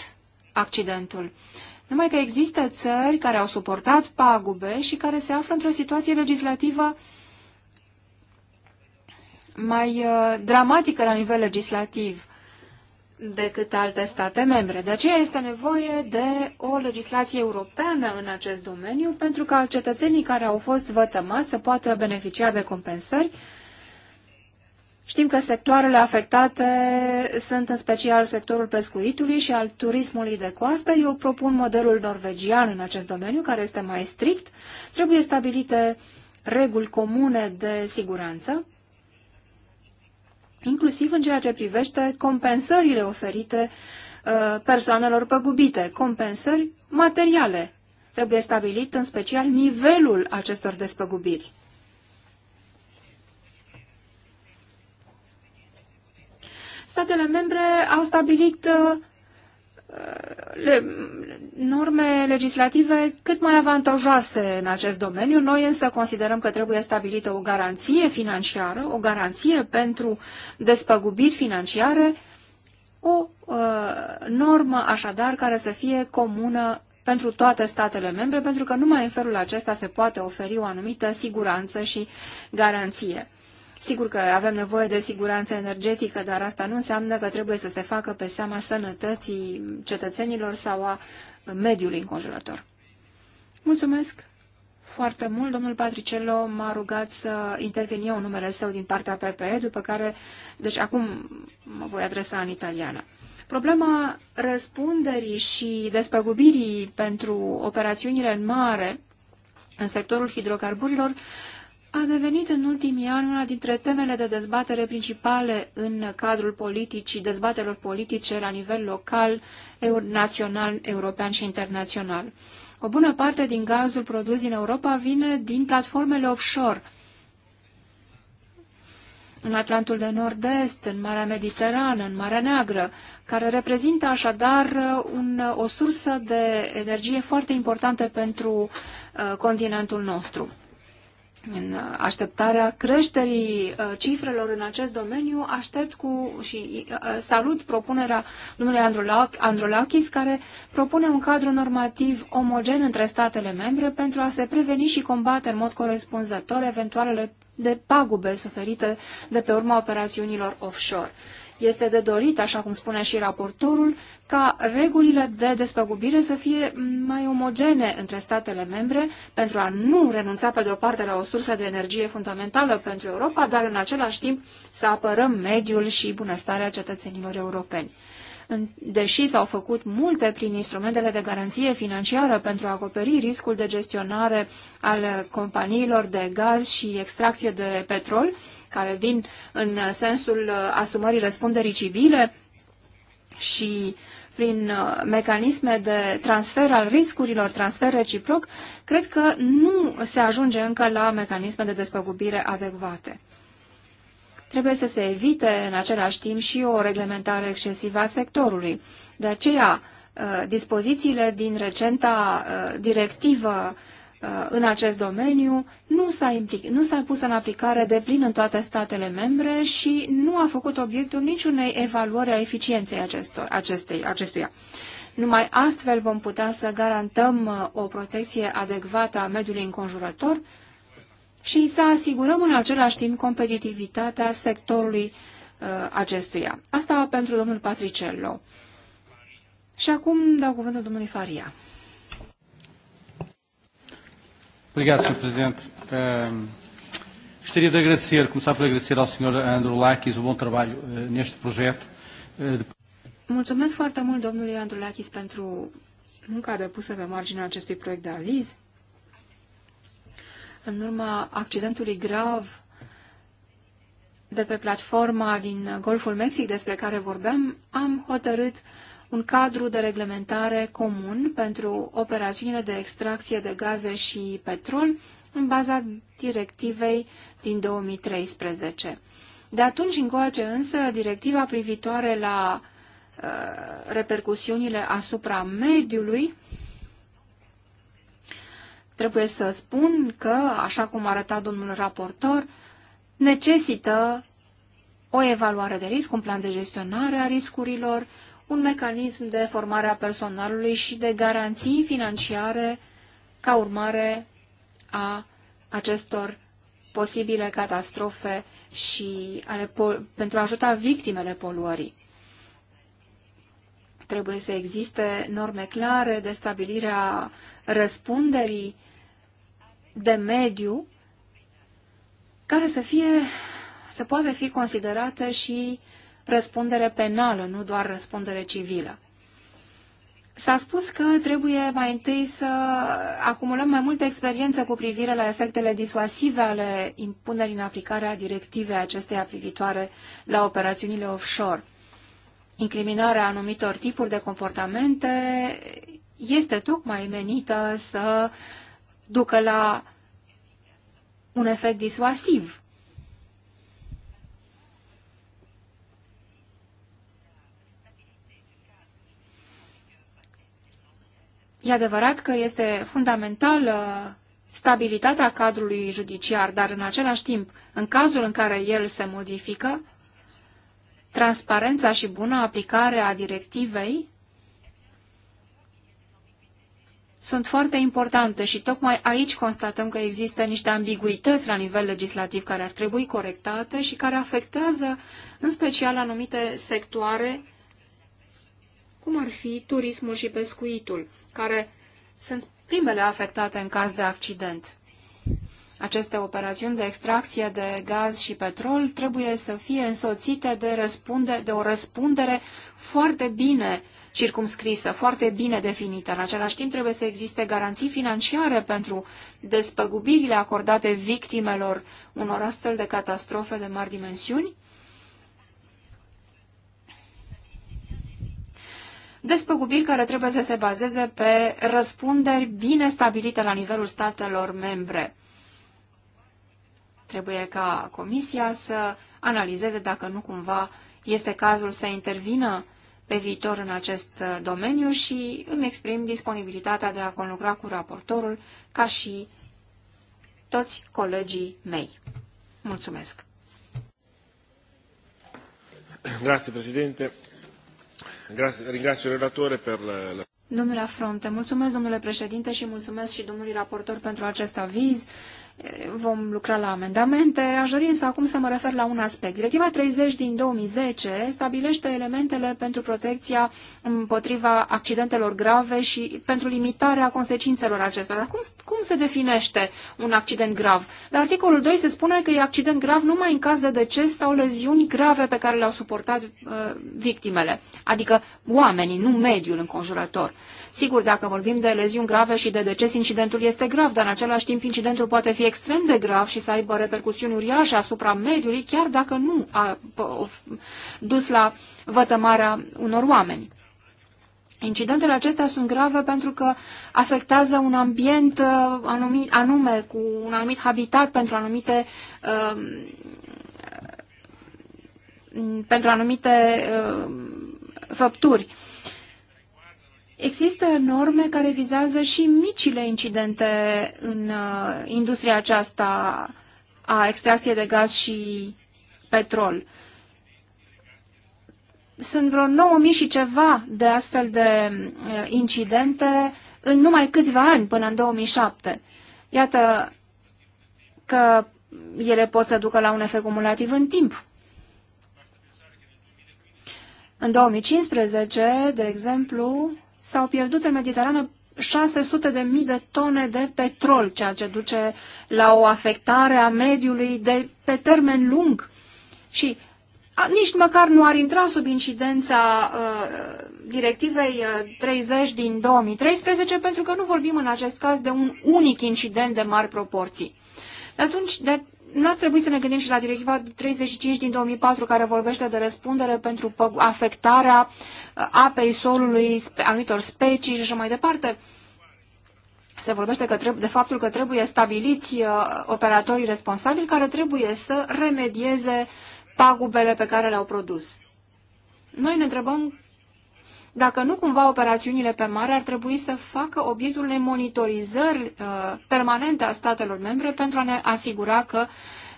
accidentul. Numai că există țări care au suportat pagube și care se află într-o situație legislativă mai uh, dramatică la nivel legislativ decât alte state membre. De aceea este nevoie de o legislație europeană în acest domeniu pentru ca cetățenii care au fost vătămați să poată beneficia de compensări. Știm că sectoarele afectate sunt în special sectorul pescuitului și al turismului de coastă. Eu propun modelul norvegian în acest domeniu, care este mai strict. Trebuie stabilite reguli comune de siguranță inclusiv în ceea ce privește compensările oferite uh, persoanelor păgubite, compensări materiale. Trebuie stabilit în special nivelul acestor despăgubiri. Statele membre au stabilit uh, le, norme legislative cât mai avantajoase în acest domeniu. Noi însă considerăm că trebuie stabilită o garanție financiară, o garanție pentru despăgubiri financiare, o uh, normă așadar care să fie comună pentru toate statele membre, pentru că numai în felul acesta se poate oferi o anumită siguranță și garanție. Sigur că avem nevoie de siguranță energetică, dar asta nu înseamnă că trebuie să se facă pe seama sănătății cetățenilor sau a mediului înconjurător. Mulțumesc foarte mult. Domnul Patricello m-a rugat să intervin eu în numele său din partea PPE, după care, deci acum mă voi adresa în italiană. Problema răspunderii și despăgubirii pentru operațiunile în mare în sectorul hidrocarburilor a devenit în ultimii ani una dintre temele de dezbatere principale în cadrul politicii, dezbaterilor politice la nivel local, național, european și internațional. O bună parte din gazul produs din Europa vine din platformele offshore, în Atlantul de Nord-Est, în Marea Mediterană, în Marea Neagră, care reprezintă așadar un, o sursă de energie foarte importantă pentru uh, continentul nostru în așteptarea creșterii uh, cifrelor în acest domeniu, aștept cu și uh, salut propunerea domnului Androlac, Androlachis, care propune un cadru normativ omogen între statele membre pentru a se preveni și combate în mod corespunzător eventualele de pagube suferite de pe urma operațiunilor offshore. Este de dorit, așa cum spune și raportorul, ca regulile de despăgubire să fie mai omogene între statele membre pentru a nu renunța pe de o parte la o sursă de energie fundamentală pentru Europa, dar în același timp să apărăm mediul și bunăstarea cetățenilor europeni deși s-au făcut multe prin instrumentele de garanție financiară pentru a acoperi riscul de gestionare al companiilor de gaz și extracție de petrol, care vin în sensul uh, asumării răspunderii civile și prin uh, mecanisme de transfer al riscurilor, transfer reciproc, cred că nu se ajunge încă la mecanisme de despăgubire adecvate. Trebuie să se evite în același timp și o reglementare excesivă a sectorului. De aceea, uh, dispozițiile din recenta directivă Uh, în acest domeniu nu s-a, implic, nu s-a pus în aplicare de plin în toate statele membre și nu a făcut obiectul niciunei evaluări a eficienței acestor, acestei, acestuia. Numai astfel vom putea să garantăm uh, o protecție adecvată a mediului înconjurător și să asigurăm în același timp competitivitatea sectorului uh, acestuia. Asta pentru domnul Patricello. Și acum dau cuvântul domnului Faria. Obrigado, Sr. Presidente. Um, gostaria de agradecer, começar por agradecer ao Sr. Andrew Lakis o bom trabalho uh, neste projeto. Uh, de... Mulțumesc foarte mult domnului Andrew Lakis pentru munca depusă pe marginea acestui proiect de aviz. În urma accidentului grav de pe platforma din Golful Mexic despre care vorbeam, am hotărât uh, un cadru de reglementare comun pentru operațiunile de extracție de gaze și petrol în baza directivei din 2013. De atunci încoace însă, directiva privitoare la uh, repercusiunile asupra mediului trebuie să spun că, așa cum arăta domnul raportor, necesită o evaluare de risc, un plan de gestionare a riscurilor, un mecanism de formare a personalului și de garanții financiare ca urmare a acestor posibile catastrofe și ale pentru a ajuta victimele poluării. Trebuie să existe norme clare de stabilire a răspunderii de mediu care să fie să poate fi considerate și răspundere penală, nu doar răspundere civilă. S-a spus că trebuie mai întâi să acumulăm mai multă experiență cu privire la efectele disuasive ale impunerii în aplicare a directivei acesteia privitoare la operațiunile offshore. Incriminarea anumitor tipuri de comportamente este tocmai menită să ducă la un efect disuasiv E adevărat că este fundamentală uh, stabilitatea cadrului judiciar, dar în același timp, în cazul în care el se modifică, transparența și bună aplicare a directivei sunt foarte importante și tocmai aici constatăm că există niște ambiguități la nivel legislativ care ar trebui corectate și care afectează în special anumite sectoare cum ar fi turismul și pescuitul, care sunt primele afectate în caz de accident. Aceste operațiuni de extracție de gaz și petrol trebuie să fie însoțite de, răspunde, de o răspundere foarte bine circumscrisă, foarte bine definită. În același timp trebuie să existe garanții financiare pentru despăgubirile acordate victimelor unor astfel de catastrofe de mari dimensiuni despăgubiri care trebuie să se bazeze pe răspunderi bine stabilite la nivelul statelor membre. Trebuie ca Comisia să analizeze dacă nu cumva este cazul să intervină pe viitor în acest domeniu și îmi exprim disponibilitatea de a conlucra cu raportorul ca și toți colegii mei. Mulțumesc! Grazie, Presidente. Ringrazio relatore per la... Domnule Afronte, mulțumesc domnule președinte și mulțumesc și domnului raportor pentru acest aviz vom lucra la amendamente. Aș dori însă acum să mă refer la un aspect. Directiva 30 din 2010 stabilește elementele pentru protecția împotriva accidentelor grave și pentru limitarea consecințelor acestora. Cum, cum se definește un accident grav? La articolul 2 se spune că e accident grav numai în caz de deces sau leziuni grave pe care le-au suportat uh, victimele, adică oamenii, nu mediul înconjurător. Sigur, dacă vorbim de leziuni grave și de deces, incidentul este grav, dar în același timp incidentul poate fi extrem de grav și să aibă repercusiuni uriașe asupra mediului, chiar dacă nu a dus la vătămarea unor oameni. Incidentele acestea sunt grave pentru că afectează un ambient uh, anumit, anume, cu un anumit habitat pentru anumite uh, pentru anumite uh, făpturi. Uh, Există norme care vizează și micile incidente în uh, industria aceasta a extracției de gaz și petrol. Sunt vreo 9000 și ceva de astfel de uh, incidente în numai câțiva ani, până în 2007. Iată că ele pot să ducă la un efect cumulativ în timp. În 2015, de exemplu, s-au pierdut în Mediterană 600 de mii de tone de petrol, ceea ce duce la o afectare a mediului de, pe termen lung. Și a, nici măcar nu ar intra sub incidența uh, directivei uh, 30 din 2013, pentru că nu vorbim în acest caz de un unic incident de mari proporții. De atunci, de, nu ar trebui să ne gândim și la directiva 35 din 2004 care vorbește de răspundere pentru afectarea uh, apei, solului, anumitor specii și așa mai departe. Se vorbește că trebuie, de faptul că trebuie stabiliți uh, operatorii responsabili care trebuie să remedieze pagubele pe care le-au produs. Noi ne întrebăm dacă nu cumva operațiunile pe mare ar trebui să facă obiectul unei monitorizări uh, permanente a statelor membre pentru a ne asigura că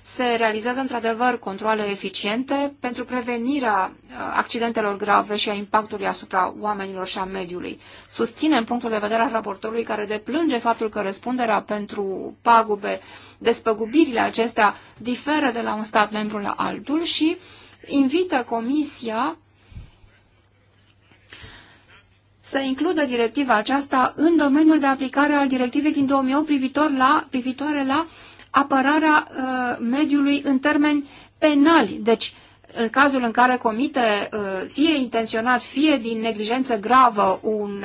se realizează într-adevăr controle eficiente pentru prevenirea uh, accidentelor grave și a impactului asupra oamenilor și a mediului. Susținem punctul de vedere al raportorului care deplânge faptul că răspunderea pentru pagube, despăgubirile acestea diferă de la un stat membru la altul și invită Comisia să includă directiva aceasta în domeniul de aplicare al directivei din 2008 privitor la, privitoare la apărarea uh, mediului în termeni penali. Deci, în cazul în care comite, uh, fie intenționat, fie din neglijență gravă, un,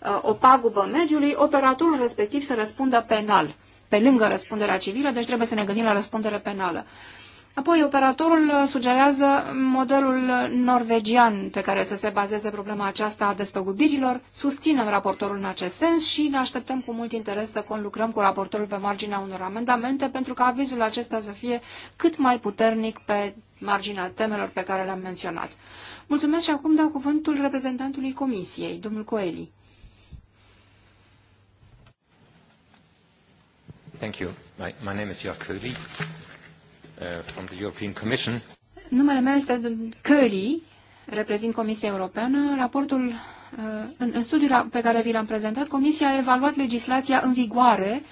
uh, o pagubă mediului, operatorul respectiv să răspundă penal, pe lângă răspunderea civilă, deci trebuie să ne gândim la răspundere penală. Uh, Apoi, operatorul sugerează modelul norvegian pe care să se bazeze problema aceasta a despăgubirilor. Susținem raportorul în acest sens și ne așteptăm cu mult interes să conlucrăm cu raportorul pe marginea unor amendamente pentru ca avizul acesta să fie cât mai puternic pe marginea temelor pe care le-am menționat. Mulțumesc și acum dau cuvântul reprezentantului Comisiei, domnul Coeli. Thank you. My, my name is Jörg Coeli. Uh, from the European Commission. Numele meu este Curry, reprezint Comisia Europeană. Raportul, uh, în, în studiul pe care vi l-am prezentat, Comisia a evaluat legislația în vigoare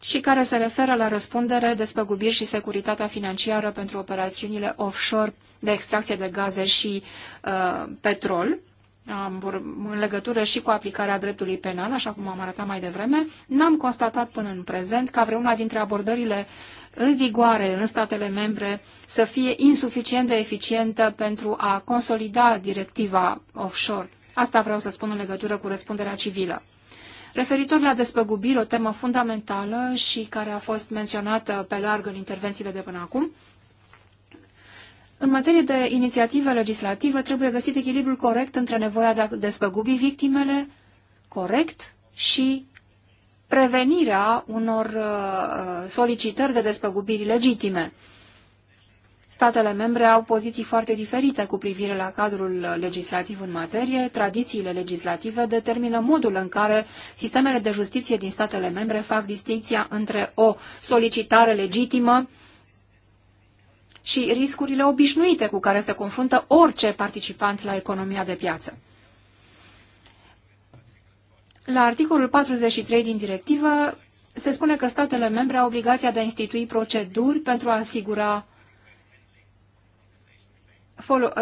și care se referă la răspundere, despăgubiri și securitatea financiară pentru operațiunile offshore de extracție de gaze și uh, petrol, în legătură și cu aplicarea dreptului penal, așa cum am arătat mai devreme. N-am constatat până în prezent că vreuna dintre abordările uh, în vigoare în statele membre să fie insuficient de eficientă pentru a consolida directiva offshore. Asta vreau să spun în legătură cu răspunderea civilă. Referitor la despăgubiri, o temă fundamentală și care a fost menționată pe larg în intervențiile de până acum, în materie de inițiativă legislativă trebuie găsit echilibrul corect între nevoia de a despăgubi victimele corect și prevenirea unor uh, solicitări de despăgubiri legitime. Statele membre au poziții foarte diferite cu privire la cadrul legislativ în materie. Tradițiile legislative determină modul în care sistemele de justiție din statele membre fac distinția între o solicitare legitimă și riscurile obișnuite cu care se confruntă orice participant la economia de piață. La articolul 43 din directivă se spune că statele membre au obligația de a institui proceduri pentru a asigura ă, ă,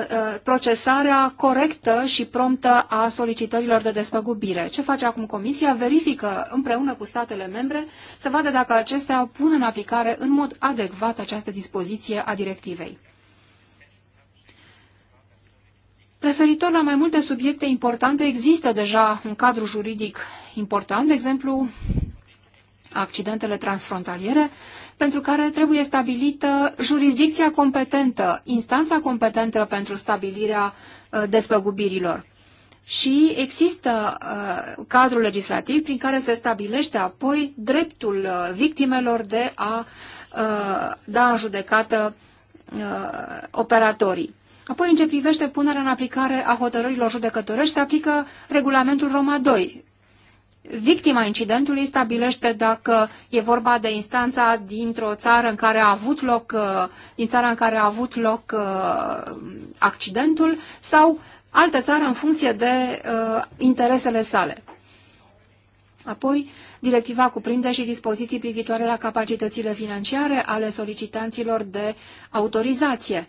procesarea corectă și promptă a solicitărilor de despăgubire. Ce face acum Comisia? Verifică împreună cu statele membre să vadă dacă acestea pun în aplicare în mod adecvat această dispoziție a directivei. Referitor la mai multe subiecte importante, există deja un cadru juridic important, de exemplu, accidentele transfrontaliere, pentru care trebuie stabilită jurisdicția competentă, instanța competentă pentru stabilirea uh, despăgubirilor. Și există uh, cadrul legislativ prin care se stabilește apoi dreptul uh, victimelor de a da în judecată operatorii. Apoi, în ce privește punerea în aplicare a hotărârilor judecătorești, se aplică regulamentul Roma 2. Victima incidentului stabilește dacă e vorba de instanța dintr-o țară în care a avut loc, uh, din țara în care a avut loc uh, accidentul sau altă țară în funcție de uh, interesele sale. Apoi, directiva cuprinde și dispoziții privitoare la capacitățile financiare ale solicitanților de autorizație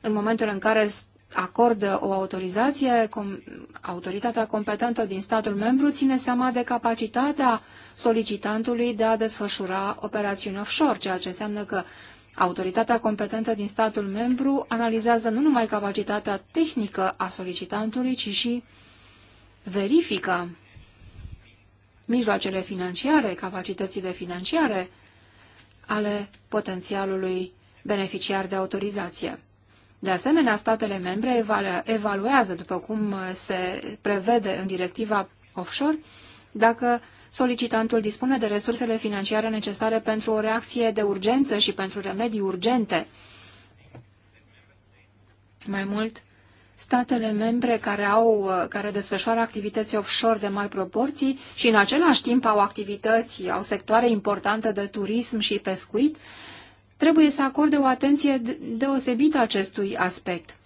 în momentul în care acordă o autorizație, autoritatea competentă din statul membru ține seama de capacitatea solicitantului de a desfășura operațiuni offshore, ceea ce înseamnă că autoritatea competentă din statul membru analizează nu numai capacitatea tehnică a solicitantului, ci și verifică mijloacele financiare, capacitățile financiare ale potențialului beneficiar de autorizație. De asemenea, statele membre evaluează, după cum se prevede în directiva offshore, dacă solicitantul dispune de resursele financiare necesare pentru o reacție de urgență și pentru remedii urgente. Mai mult, statele membre care, au, care desfășoară activități offshore de mari proporții și în același timp au activități, au sectoare importante de turism și pescuit, trebuie să acorde o atenție deosebită acestui aspect.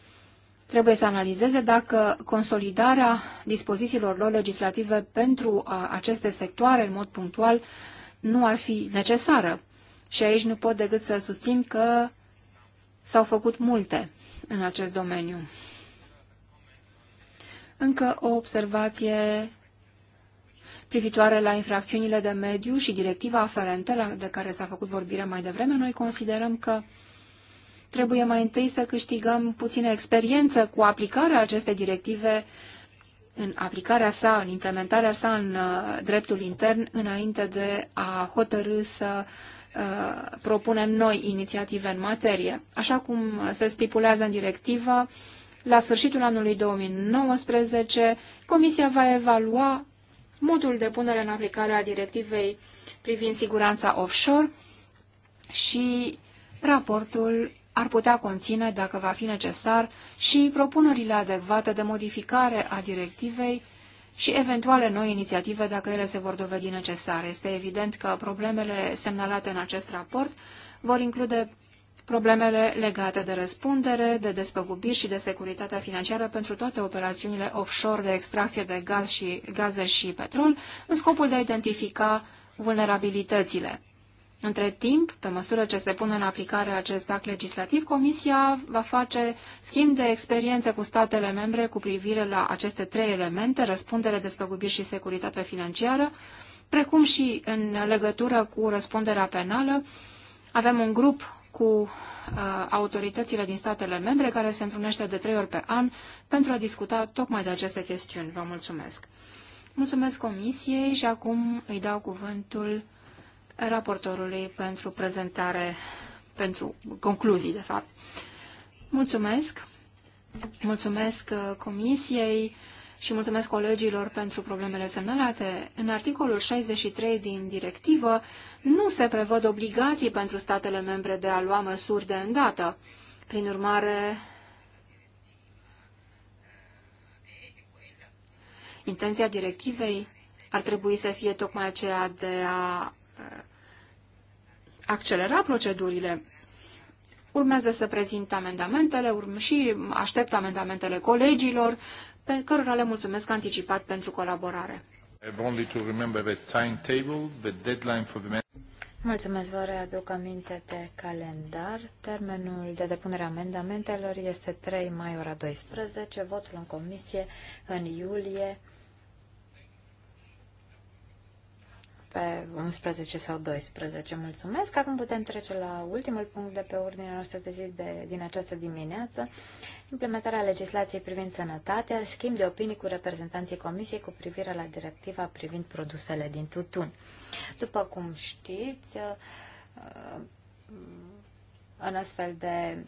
Trebuie să analizeze dacă consolidarea dispozițiilor lor legislative pentru aceste sectoare în mod punctual nu ar fi necesară. Și aici nu pot decât să susțin că s-au făcut multe în acest domeniu. Încă o observație privitoare la infracțiunile de mediu și directiva aferentă de care s-a făcut vorbire mai devreme, noi considerăm că trebuie mai întâi să câștigăm puțină experiență cu aplicarea acestei directive în aplicarea sa, în implementarea sa în uh, dreptul intern, înainte de a hotărâ să uh, propunem noi inițiative în materie. Așa cum se stipulează în directivă, la sfârșitul anului 2019, Comisia va evalua modul de punere în aplicare a directivei privind siguranța offshore și raportul ar putea conține, dacă va fi necesar, și propunerile adecvate de modificare a directivei și eventuale noi inițiative dacă ele se vor dovedi necesare. Este evident că problemele semnalate în acest raport vor include problemele legate de răspundere, de despăgubiri și de securitatea financiară pentru toate operațiunile offshore de extracție de gaz și, gaze și petrol, în scopul de a identifica vulnerabilitățile. Între timp, pe măsură ce se pune în aplicare acest act legislativ, Comisia va face schimb de experiențe cu statele membre cu privire la aceste trei elemente, răspundere, despăgubiri și securitate financiară, precum și în legătură cu răspunderea penală, avem un grup cu uh, autoritățile din statele membre, care se întrunește de trei ori pe an pentru a discuta tocmai de aceste chestiuni. Vă mulțumesc! Mulțumesc Comisiei și acum îi dau cuvântul raportorului pentru prezentare, pentru concluzii, de fapt. Mulțumesc! Mulțumesc uh, Comisiei și mulțumesc colegilor pentru problemele semnalate. În articolul 63 din directivă nu se prevăd obligații pentru statele membre de a lua măsuri de îndată. Prin urmare, intenția directivei ar trebui să fie tocmai aceea de a eh, accelera procedurile. Urmează să prezint amendamentele și aștept amendamentele colegilor, pe cărora le mulțumesc anticipat pentru colaborare. Mulțumesc, vă readuc aminte de calendar. Termenul de depunere a amendamentelor este 3 mai ora 12, votul în comisie în iulie pe 11 sau 12. Mulțumesc! Acum putem trece la ultimul punct de pe ordinea noastră de zi de, din această dimineață. Implementarea legislației privind sănătatea, schimb de opinii cu reprezentanții Comisiei cu privire la directiva privind produsele din tutun. După cum știți, în astfel de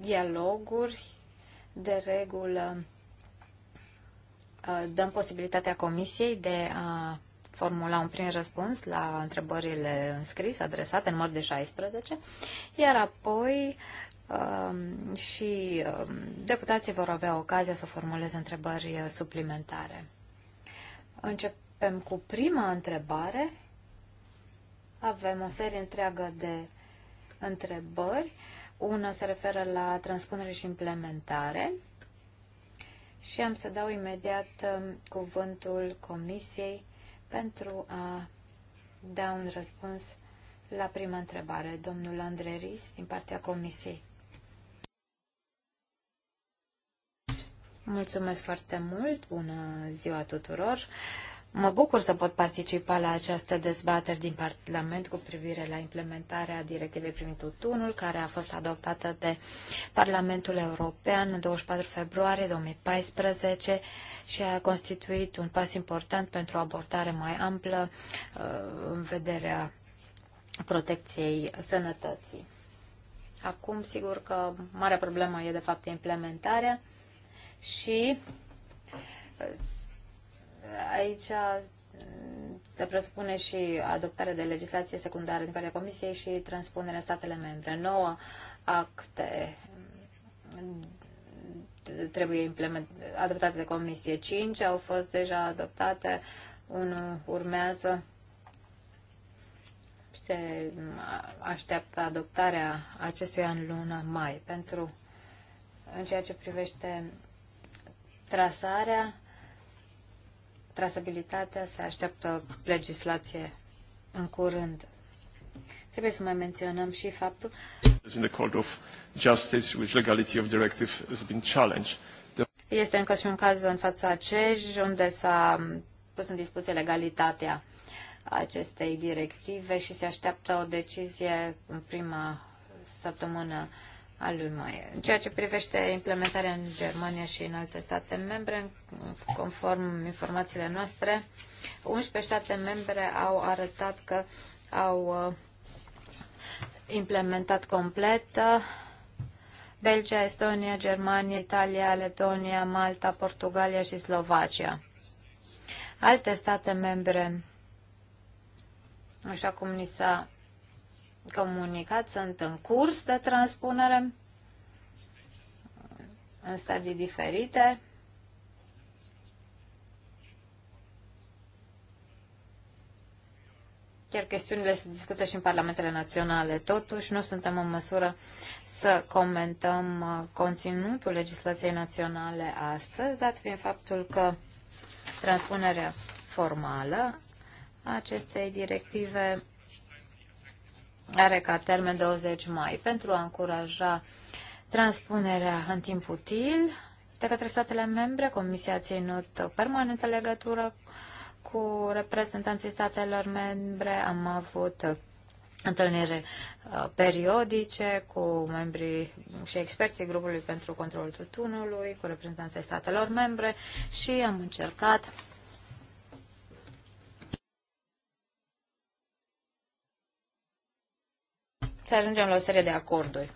dialoguri, de regulă, dăm posibilitatea Comisiei de a formula un prim răspuns la întrebările înscris, adresate în număr de 16, iar apoi um, și um, deputații vor avea ocazia să formuleze întrebări suplimentare. Începem cu prima întrebare. Avem o serie întreagă de întrebări. Una se referă la transpunere și implementare și am să dau imediat um, cuvântul Comisiei pentru a da un răspuns la prima întrebare. Domnul Andreris, din partea Comisiei. Mulțumesc foarte mult, bună ziua tuturor! Uh, Mă bucur să pot participa la această dezbatere din Parlament cu privire la implementarea directivei privind tutunul, care a fost adoptată de Parlamentul European în 24 februarie 2014 și a constituit un pas important pentru o abordare mai amplă uh, în vederea protecției sănătății. Acum, sigur că marea problemă e, de fapt, implementarea și uh, aici mm, se presupune și adoptarea de legislație secundară din partea Comisiei și transpunerea statele membre. Noua acte mm, trebuie adoptate de Comisie. Cinci au fost deja adoptate, unul urmează se așteaptă adoptarea acestui an luna mai pentru în ceea ce privește trasarea trasabilitatea se așteaptă legislație în curând. Trebuie să mai menționăm și faptul in the Court of Justice, which legality of directive has been challenged. Este încă și un caz în fața CEJ, unde s-a pus în discuție legalitatea acestei directive și se așteaptă o decizie în prima săptămână al lui Maier. În ceea ce privește implementarea în Germania și în alte state membre, conform informațiile noastre, 11 state membre au arătat că au uh, implementat complet uh, Belgia, Estonia, Germania, Italia, Letonia, Malta, Portugalia și Slovacia. Alte state membre, așa cum ni s-a comunicat sunt în curs de transpunere în stadii diferite. Chiar chestiunile se discută și în parlamentele naționale. Totuși, nu suntem în măsură să comentăm uh, conținutul legislației naționale astăzi, dat fiind faptul că transpunerea formală a acestei directive are ca termen 20 mai pentru a încuraja transpunerea în timp util de către statele membre. Comisia a ținut permanentă legătură cu reprezentanții statelor membre. Am avut întâlniri uh, periodice cu membrii și experții grupului pentru controlul tutunului, cu reprezentanții statelor membre și am încercat să ajungem la o serie de acorduri.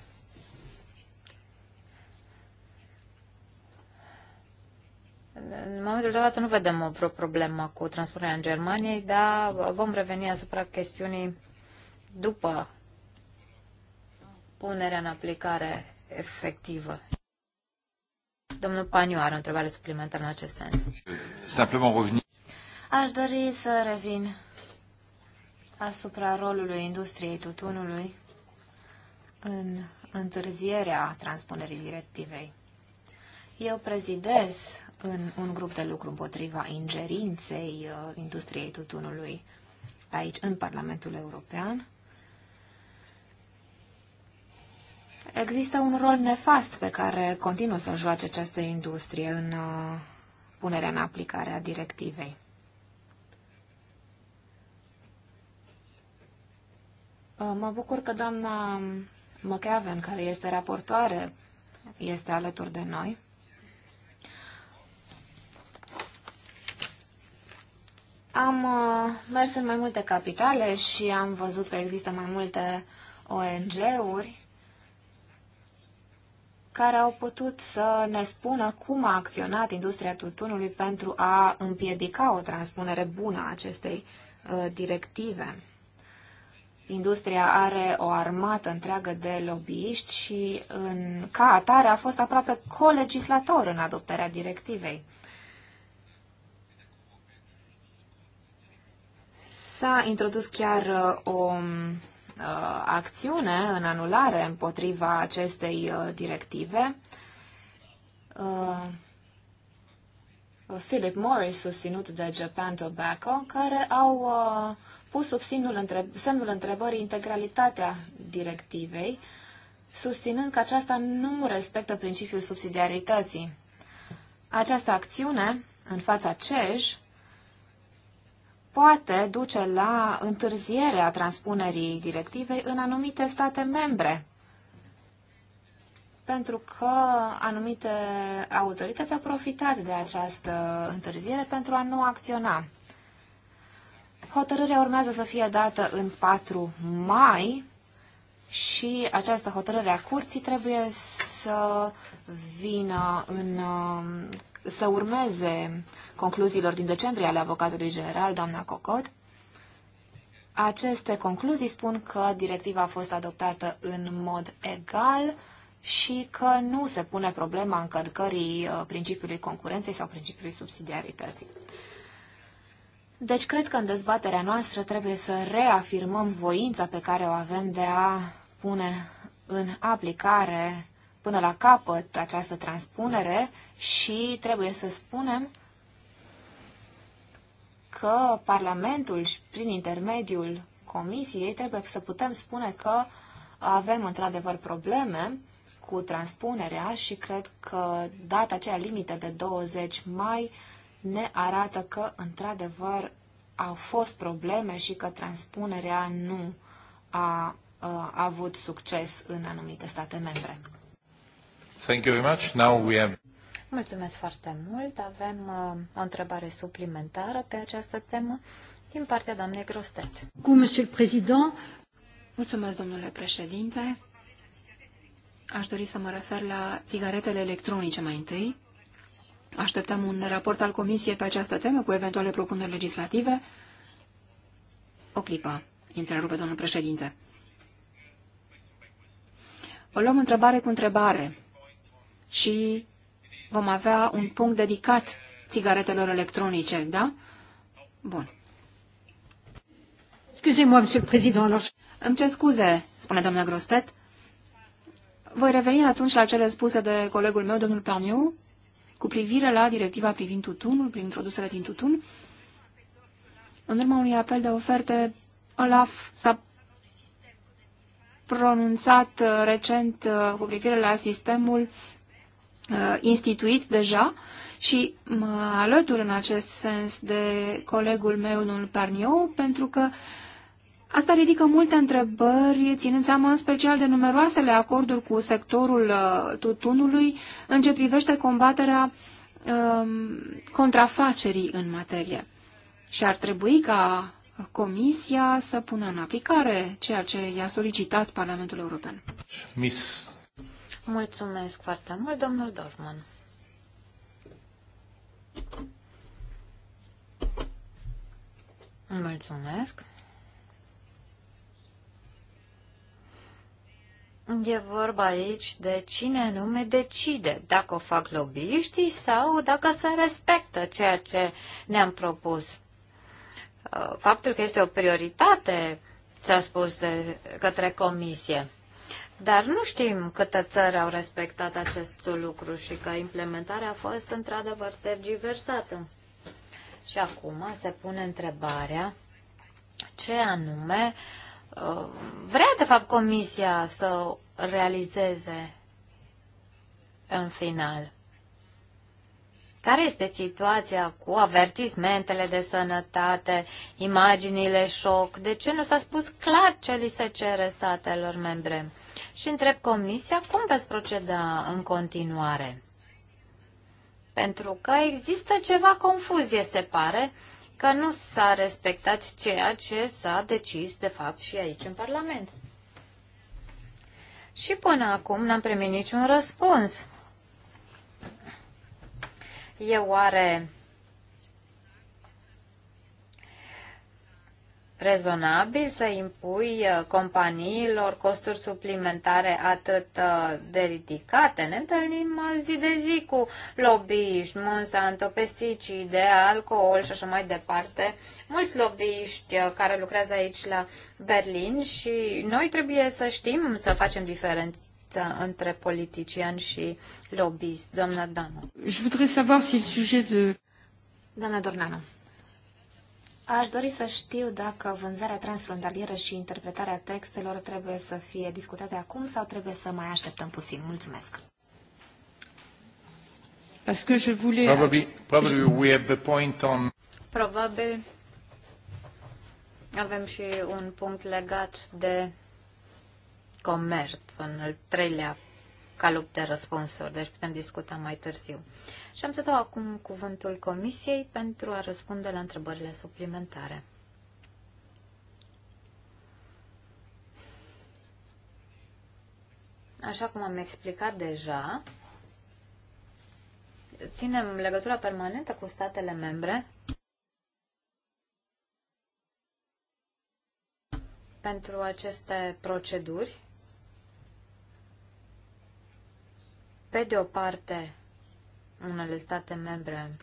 În momentul de față nu vedem o vreo problemă cu transpunerea în Germaniei, dar vom reveni asupra chestiunii după punerea în aplicare efectivă. Domnul Paniu are o întrebare suplimentară în acest sens. Simplement reveni. Aș dori să revin asupra rolului industriei tutunului în întârzierea transpunerii directivei. Eu prezidez în un grup de lucru împotriva ingerinței uh, industriei tutunului aici, în Parlamentul European. Există un rol nefast pe care continuă să-l joace această industrie în uh, punerea în aplicare a directivei. Uh, mă bucur că doamna McAven, care este raportoare, este alături de noi. Am uh, mers în mai multe capitale și am văzut că există mai multe ONG-uri care au putut să ne spună cum a acționat industria tutunului pentru a împiedica o transpunere bună a acestei uh, directive. Industria are o armată întreagă de lobbyiști și în, ca atare a fost aproape colegislator în adoptarea directivei. S-a introdus chiar o uh, acțiune în anulare împotriva acestei uh, directive. Uh, Philip Morris, susținut de Japan Tobacco, care au uh, pus sub semnul, întrebării integralitatea directivei, susținând că aceasta nu respectă principiul subsidiarității. Această acțiune, în fața CEJ, poate duce la întârzierea transpunerii directivei în anumite state membre, pentru că anumite autorități au profitat de această întârziere pentru a nu acționa. Hotărârea urmează să fie dată în 4 mai și această hotărâre a curții trebuie să vină în, să urmeze concluziilor din decembrie ale avocatului general, doamna Cocot. Aceste concluzii spun că directiva a fost adoptată în mod egal și că nu se pune problema încărcării uh, principiului concurenței sau principiului subsidiarității. Deci cred că în dezbaterea noastră trebuie să reafirmăm voința pe care o avem de a pune în aplicare până la capăt această transpunere și trebuie să spunem că Parlamentul, și prin intermediul Comisiei, trebuie să putem spune că avem într-adevăr probleme cu transpunerea și cred că data aceea limită de 20 mai ne arată că, într-adevăr, au fost probleme și că transpunerea nu a, a avut succes în anumite state membre. Thank you very much. Now we have... Mulțumesc foarte mult. Avem uh, o întrebare suplimentară pe această temă din partea doamnei Grostet. Cu, monsieur le Mulțumesc, domnule președinte. Aș dori să mă refer la țigaretele electronice mai întâi. Așteptăm un raport al Comisiei pe această temă cu eventuale propuneri legislative. O clipă, întrerupe domnul președinte. O luăm întrebare cu întrebare și vom avea un punct dedicat țigaretelor electronice, da? Bun. mă Îmi cer scuze, spune doamna Grostet. Voi reveni atunci la cele spuse de colegul meu, domnul Parniu, cu privire la directiva privind tutunul, prin produsele din tutun. În urma unui apel de oferte, Olaf s-a pronunțat uh, recent uh, cu privire la sistemul uh, instituit deja și mă alătur în acest sens de colegul meu, Nul Parniou, pentru că uh, Asta ridică multe întrebări, ținând seama în special de numeroasele acorduri cu sectorul uh, tutunului în ce privește combaterea um, contrafacerii în materie. Și ar trebui ca Comisia să pună în aplicare ceea ce i-a solicitat Parlamentul European. Miss. Mulțumesc foarte mult, domnul Dorman. Mulțumesc. E vorba aici de cine anume decide dacă o fac lobbyiștii sau dacă se respectă ceea ce ne-am propus. Uh, faptul că este o prioritate s-a spus de către comisie. Dar nu știm câte țări au respectat acest lucru și că implementarea a fost într-adevăr tergiversată. Și acum se pune întrebarea ce anume uh, vrea de fapt Comisia să realizeze în final. Care este situația cu avertismentele de sănătate, imaginile șoc? De ce nu s-a spus clar ce li se cere statelor membre? Și întreb Comisia cum veți proceda în continuare. Pentru că există ceva confuzie, se pare, că nu s-a respectat ceea ce s-a decis, de fapt, și aici în Parlament. Și până acum n-am primit niciun răspuns. E oare rezonabil să impui uh, companiilor costuri suplimentare atât uh, de ridicate. Ne întâlnim uh, zi de zi cu lobbyiști, Monsanto, pesticide, alcool și așa mai departe. Mulți lobbyiști care lucrează aici la Berlin și noi trebuie să știm să facem diferență între politician și lobbyist. Doamna Danu. Je voudrais savoir si le sujet de... Doamna Dornanu. Aș dori să știu dacă vânzarea transfrontalieră și interpretarea textelor trebuie să fie discutate acum sau trebuie să mai așteptăm puțin. Mulțumesc. Probably, probably we have the point on... Probabil avem și un punct legat de comerț în al treilea ca lup de răspunsuri, deci putem discuta mai târziu. Și am să dau acum cuvântul Comisiei pentru a răspunde la întrebările suplimentare. Așa cum am explicat deja, ținem legătura permanentă cu statele membre pentru aceste proceduri Pe de o parte, unele state membre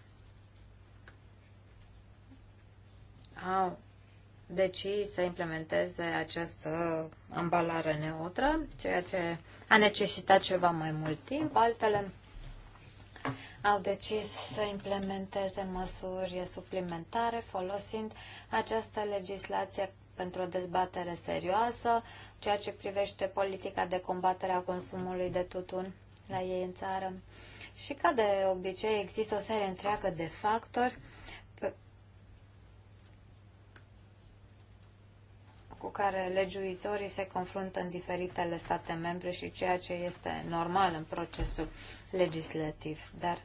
au decis să implementeze această ambalare neutră, ceea ce a necesitat ceva mai mult timp. Altele au decis să implementeze măsuri suplimentare folosind această legislație pentru o dezbatere serioasă, ceea ce privește politica de combatere a consumului de tutun la ei în țară. Și ca de obicei există o serie întreagă de factori pe... cu care legiuitorii se confruntă în diferitele state membre și ceea ce este normal în procesul legislativ. Dar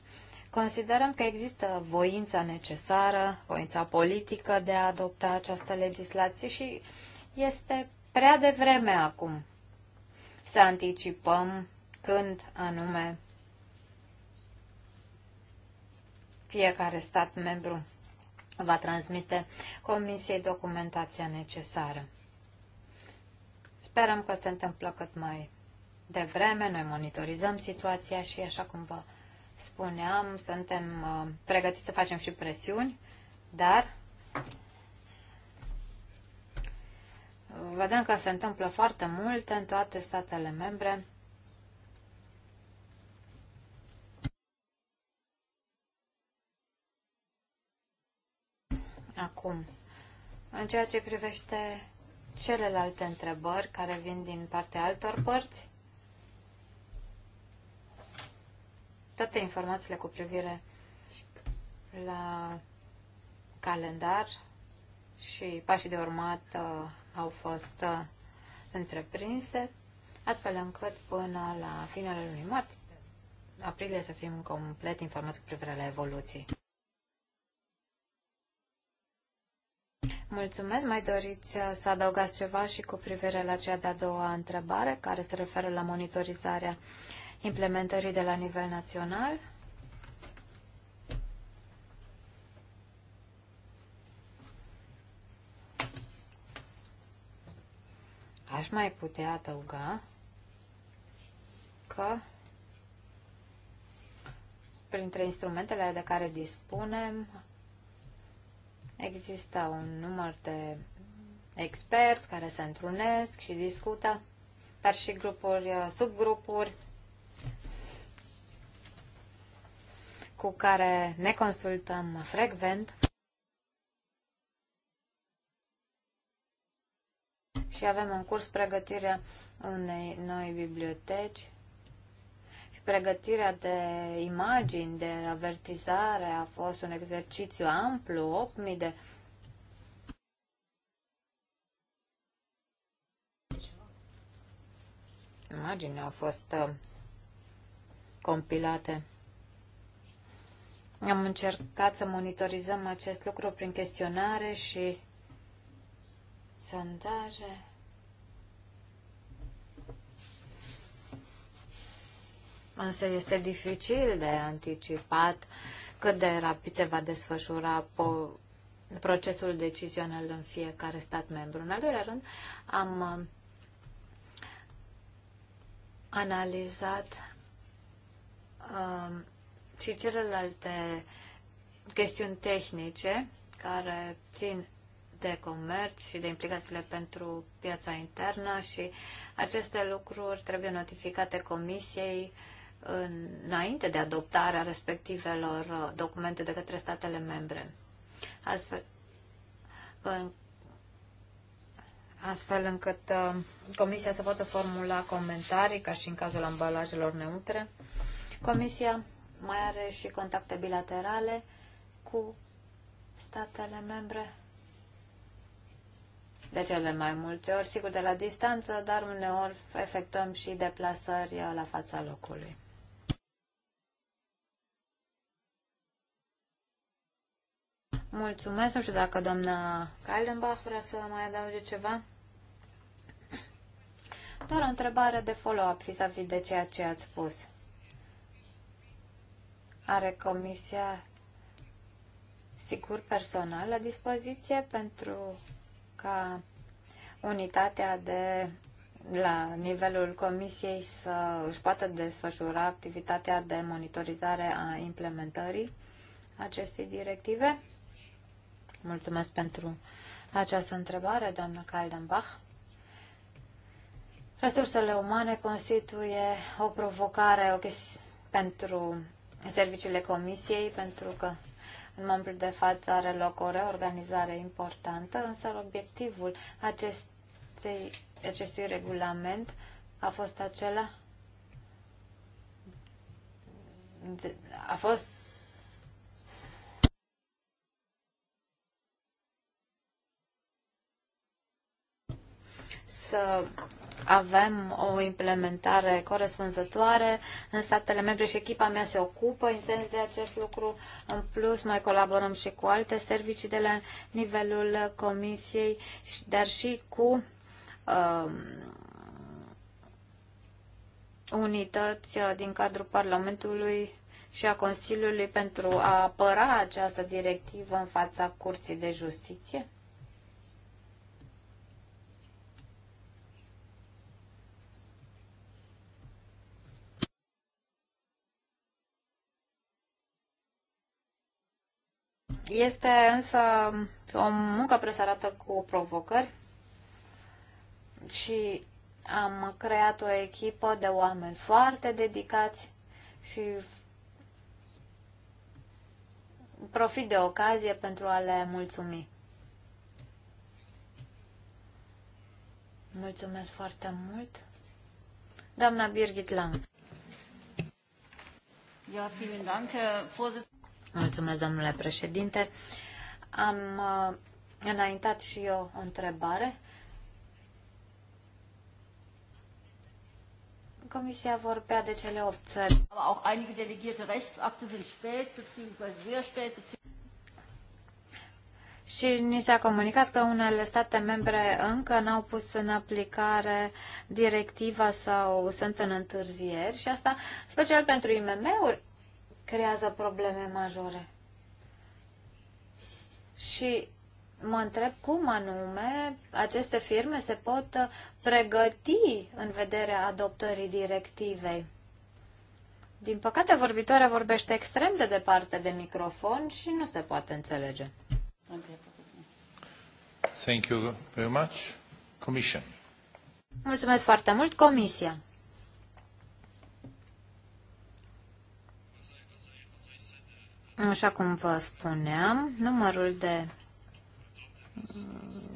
Considerăm că există voința necesară, voința politică de a adopta această legislație și este prea devreme acum să anticipăm când anume fiecare stat membru va transmite Comisiei documentația necesară. Sperăm că se întâmplă cât mai devreme, noi monitorizăm situația și, așa cum vă spuneam, suntem uh, pregătiți să facem și presiuni, dar vedem că se întâmplă foarte multe în toate statele membre Acum, în ceea ce privește celelalte întrebări care vin din partea altor părți, toate informațiile cu privire la calendar și pașii de urmat uh, au fost uh, întreprinse, astfel încât până la finalul lunii martie, aprilie, să fim complet informați cu privire la evoluții. Mulțumesc. Mai doriți uh, să adăugați ceva și cu privire la cea de-a doua întrebare, care se referă la monitorizarea implementării de la nivel național? Aș mai putea adăuga că printre instrumentele de care dispunem Există un număr de experți care se întrunesc și discută, dar și grupuri, uh, subgrupuri cu care ne consultăm frecvent. Și avem în curs pregătirea unei noi biblioteci Pregătirea de imagini, de avertizare a fost un exercițiu amplu, 8.000 de imagini au fost uh, compilate. Am încercat să monitorizăm acest lucru prin chestionare și sondaje. Însă este dificil de anticipat cât de rapid se va desfășura po- procesul decizional în fiecare stat membru. În al doilea rând, am uh, analizat uh, și celelalte chestiuni tehnice care țin de comerț și de implicațiile pentru piața internă și aceste lucruri trebuie notificate Comisiei uh, înainte de adoptarea respectivelor documente de către statele membre. Astfel, în, astfel încât uh, Comisia să poată formula comentarii, ca și în cazul ambalajelor neutre. Comisia mai are și contacte bilaterale cu statele membre de cele mai multe ori, sigur de la distanță, dar uneori efectuăm și deplasări la fața locului. Mulțumesc. Nu știu dacă doamna Kaldenbach vrea să mai adauge ceva. Doar o întrebare de follow-up vis-a-vis de ceea ce ați spus. Are Comisia sigur personal la dispoziție pentru ca unitatea de la nivelul Comisiei să își poată desfășura activitatea de monitorizare a implementării acestei directive? Mulțumesc pentru această întrebare, doamnă Kaldenbach. Resursele umane constituie o provocare o pentru serviciile comisiei, pentru că în momentul de față are loc o reorganizare importantă, însă obiectivul acestei, acestui regulament a fost acela a fost să avem o implementare corespunzătoare în statele membre și echipa mea se ocupă intens de acest lucru. În plus, mai colaborăm și cu alte servicii de la nivelul Comisiei, dar și cu um, unități uh, din cadrul Parlamentului și a Consiliului pentru a apăra această directivă în fața Curții de Justiție? Este însă o muncă presărată cu provocări și am creat o echipă de oameni foarte dedicați și profit de ocazie pentru a le mulțumi. Mulțumesc foarte mult. Doamna Birgit Lang. Ja, vielen Dank, Herr Vorsitzender. Mulțumesc, domnule președinte. Am uh, înaintat și eu o întrebare. Comisia vorbea de cele 8 țări. Aber auch einige delegierte Rechtsakte sind spät beziehungsweise sehr spät beziehungsweise și ni s-a comunicat că unele state membre încă n-au pus în aplicare directiva sau sunt în întârzieri și asta special pentru IMM-uri creează probleme majore. Și mă întreb cum anume aceste firme se pot pregăti în vederea adoptării directivei. Din păcate, vorbitoarea vorbește extrem de departe de microfon și nu se poate înțelege. Thank you very much. Commission. Mulțumesc foarte mult, Comisia. Așa cum vă spuneam, numărul de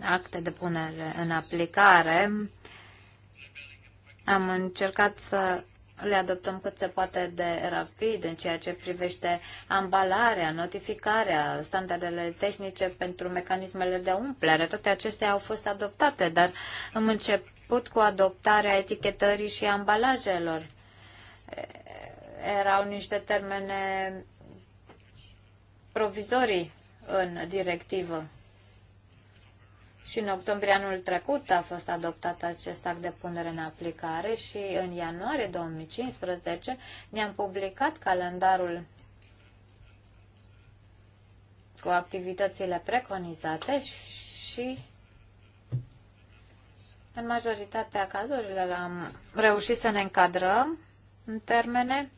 acte de punere în aplicare am încercat să le adoptăm cât se poate de rapid în ceea ce privește ambalarea, notificarea, standardele tehnice pentru mecanismele de umplere. Toate acestea au fost adoptate, dar am început cu adoptarea etichetării și ambalajelor. Erau niște termene provizorii în directivă. Și în octombrie anul trecut a fost adoptat acest act de punere în aplicare și în ianuarie 2015 ne-am publicat calendarul cu activitățile preconizate și în majoritatea cazurilor am reușit să ne încadrăm în termene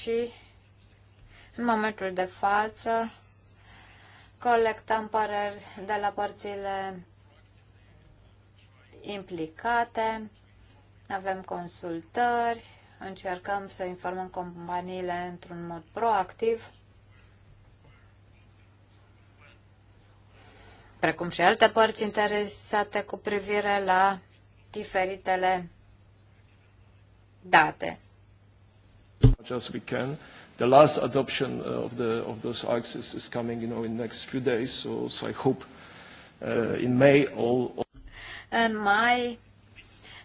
și în momentul de față, colectăm păreri de la părțile implicate, avem consultări, încercăm să informăm companiile într-un mod proactiv, precum și alte părți interesate cu privire la diferitele date. Just we can the last adoption uh, of, the, of those axes is coming, you know, in the next few days. So, so I hope uh, in May all, all în mai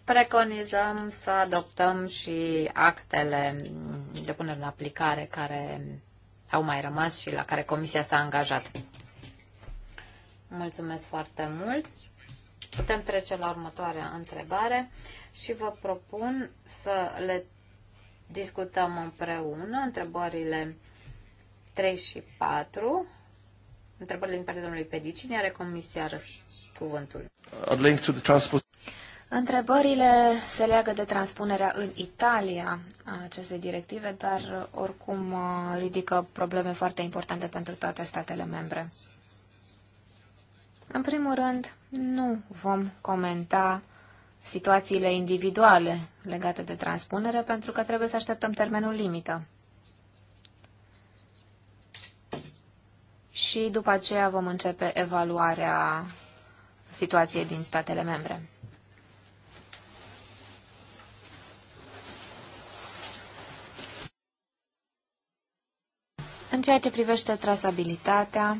preconizăm să adoptăm și actele de punere în aplicare care au mai rămas și la care Comisia s-a angajat. Mulțumesc foarte mult. Putem trece la următoarea întrebare și vă propun să le discutăm împreună întrebările 3 și 4. Întrebările din partea domnului Pedicini are comisia cuvântul. Întrebările se leagă de transpunerea în Italia a acestei directive, dar uh, oricum uh, ridică probleme foarte importante pentru toate statele membre. În primul rând, nu vom comenta situațiile individuale legate de transpunere, pentru că trebuie să așteptăm termenul limită. Și după aceea vom începe evaluarea situației din statele membre. În ceea ce privește trasabilitatea,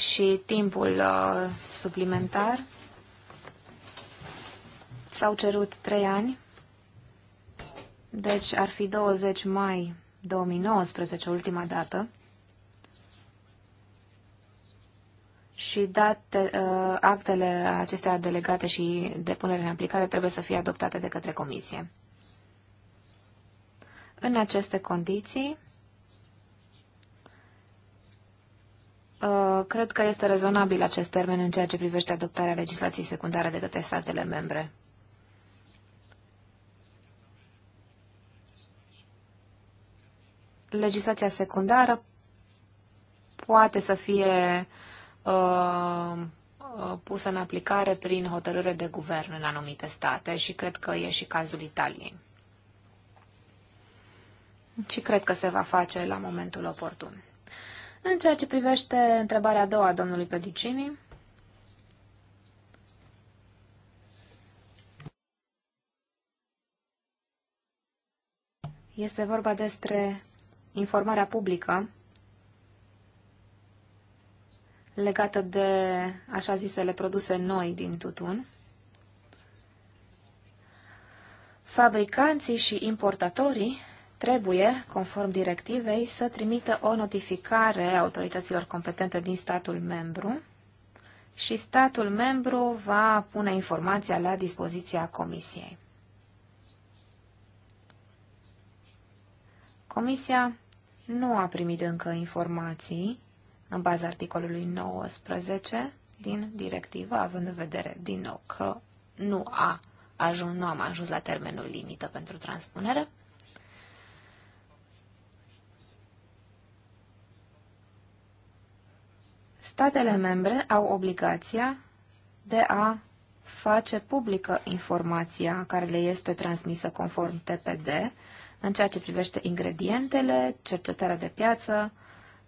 și timpul uh, suplimentar. S-au cerut 3 ani, deci ar fi 20 mai 2019 ultima dată. Și date, uh, actele acestea delegate și depunerea în aplicare trebuie să fie adoptate de către comisie. În aceste condiții, Uh, cred că este rezonabil acest termen în ceea ce privește adoptarea legislației secundare de către statele membre. Legislația secundară poate să fie uh, uh, pusă în aplicare prin hotărâre de guvern în anumite state și cred că e și cazul Italiei. Și cred că se va face la momentul oportun. În ceea ce privește întrebarea a doua a domnului Pedicini, este vorba despre informarea publică legată de așa zisele produse noi din tutun. Fabricanții și importatorii trebuie, conform directivei, să trimită o notificare autorităților competente din statul membru și statul membru va pune informația la dispoziția Comisiei. Comisia nu a primit încă informații în baza articolului 19 din directivă, având în vedere din nou că nu a ajuns, nu am ajuns la termenul limită pentru transpunere. Statele membre au obligația de a face publică informația care le este transmisă conform TPD în ceea ce privește ingredientele, cercetarea de piață,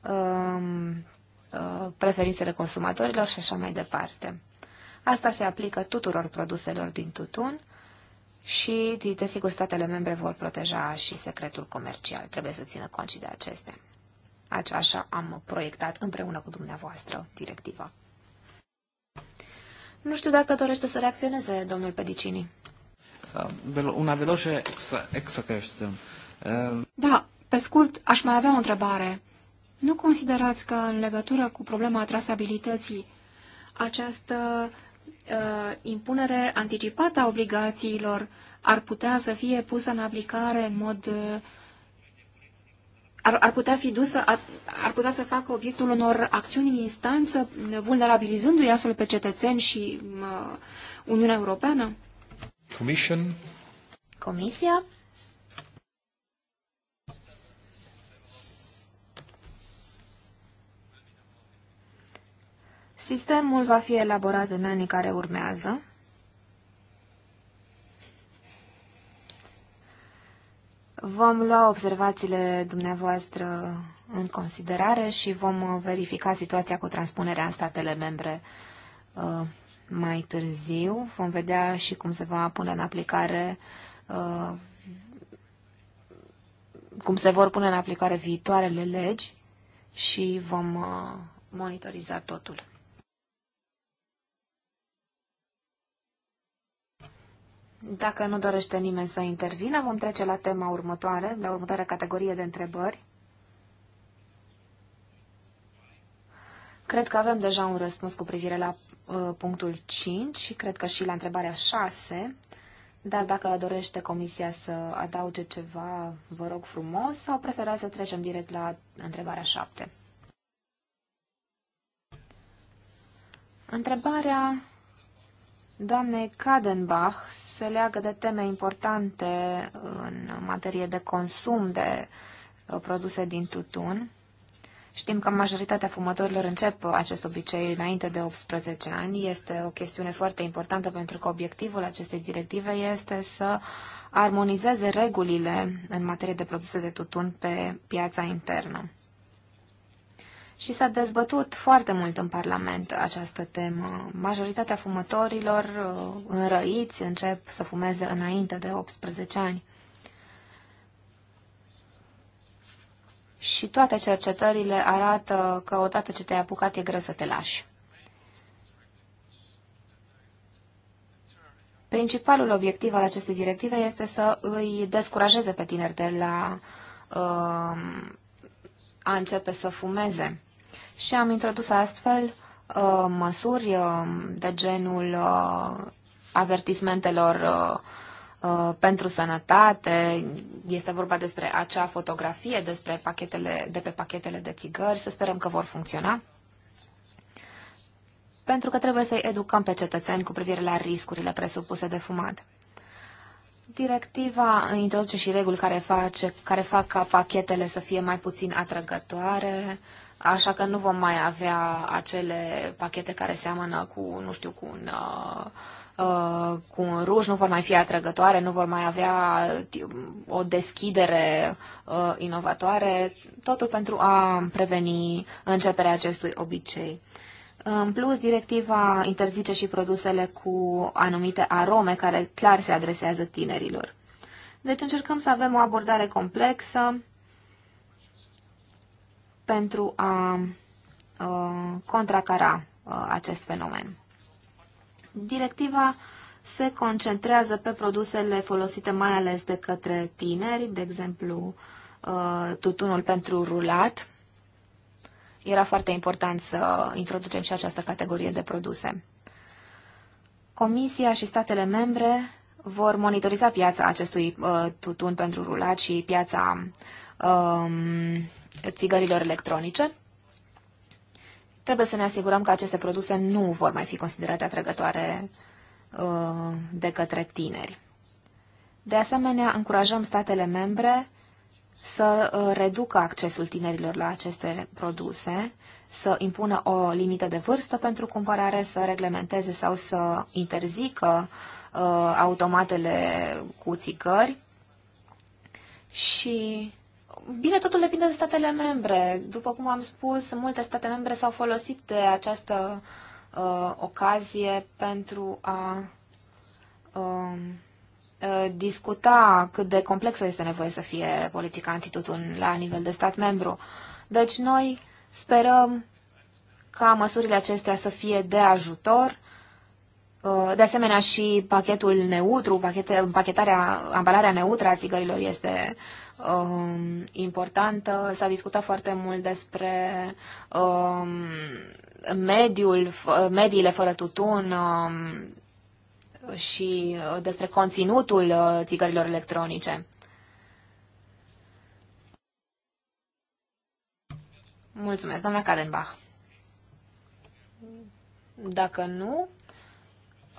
um, uh, preferințele consumatorilor și așa mai departe. Asta se aplică tuturor produselor din tutun și, desigur, statele membre vor proteja și secretul comercial. Trebuie să țină cont și de acestea. Așa am proiectat împreună cu dumneavoastră directiva. Nu știu dacă dorește să reacționeze domnul Pedicini. Uh, una veloce exacește. Uh, da, pe scurt, aș mai avea o întrebare. Nu considerați că în legătură cu problema trasabilității, această uh, impunere anticipată a obligațiilor ar putea să fie pusă în aplicare în mod uh, ar, ar putea fi dusă, ar, ar putea să facă obiectul unor acțiuni în instanță, vulnerabilizându-i astfel pe cetățeni și uh, Uniunea Europeană? Commission. Comisia. Sistemul va fi elaborat în anii care urmează. Vom lua observațiile dumneavoastră în considerare și vom uh, verifica situația cu transpunerea în statele membre uh, mai târziu. Vom vedea și cum se va pune în aplicare uh, cum se vor pune în aplicare viitoarele legi și vom monitoriza totul. Dacă nu dorește nimeni să intervină, vom trece la tema următoare, la următoarea categorie de întrebări. Cred că avem deja un răspuns cu privire la uh, punctul 5 și cred că și la întrebarea 6, dar dacă dorește comisia să adauge ceva, vă rog frumos, sau preferați să trecem direct la întrebarea 7. Întrebarea doamnei Kadenbach se leagă de teme importante în materie de consum de uh, produse din tutun. Știm că majoritatea fumătorilor încep acest obicei înainte de 18 ani. Este o chestiune foarte importantă pentru că obiectivul acestei directive este să armonizeze regulile în materie de produse de tutun pe piața internă și s-a dezbătut foarte mult în Parlament această temă. Majoritatea fumătorilor uh, înrăiți încep să fumeze înainte de 18 ani. Și toate cercetările arată că odată ce te-ai apucat e greu să te lași. Principalul obiectiv al acestei directive este să îi descurajeze pe tineri de la uh, a începe să fumeze și am introdus astfel uh, măsuri uh, de genul uh, avertismentelor uh, uh, pentru sănătate, este vorba despre acea fotografie, despre pachetele, de pe pachetele de țigări, să sperăm că vor funcționa. Pentru că trebuie să-i educăm pe cetățeni cu privire la riscurile presupuse de fumat. Directiva introduce și reguli care, face, care fac ca pachetele să fie mai puțin atrăgătoare, uh, Așa că nu vom mai avea acele pachete care seamănă cu, nu știu, cu un, uh, uh cu un ruj, nu vor mai fi atrăgătoare, nu vor mai avea uh, o deschidere uh, inovatoare, totul pentru a preveni începerea acestui obicei. În plus, directiva interzice și produsele cu anumite arome care clar se adresează tinerilor. Deci încercăm să avem o abordare complexă, pentru a contracara acest fenomen. Directiva se concentrează pe produsele folosite mai ales de către tineri, de exemplu tutunul pentru rulat. Era foarte important să introducem și această categorie de produse. Comisia și statele membre vor monitoriza piața acestui tutun pentru rulat și piața țigărilor electronice. Trebuie să ne asigurăm că aceste produse nu vor mai fi considerate atrăgătoare uh, de către tineri. De asemenea, încurajăm statele membre să uh, reducă accesul tinerilor la aceste produse, să impună o limită de vârstă pentru cumpărare, să reglementeze sau să interzică uh, automatele cu țigări și Bine, totul depinde de statele membre. După cum am spus, multe state membre s-au folosit de această uh, ocazie pentru a uh, uh, discuta cât de complexă este nevoie să fie politica antitutun la nivel de stat membru. Deci noi sperăm ca măsurile acestea să fie de ajutor Uh, de asemenea și pachetul neutru, pachete, pachetarea, ambalarea neutră a țigărilor este um, importantă. S-a discutat foarte mult despre um, mediul, mediile fără tutun um, și uh, despre conținutul uh, țigărilor electronice. Mulțumesc, doamna Kadenbach. Dacă nu,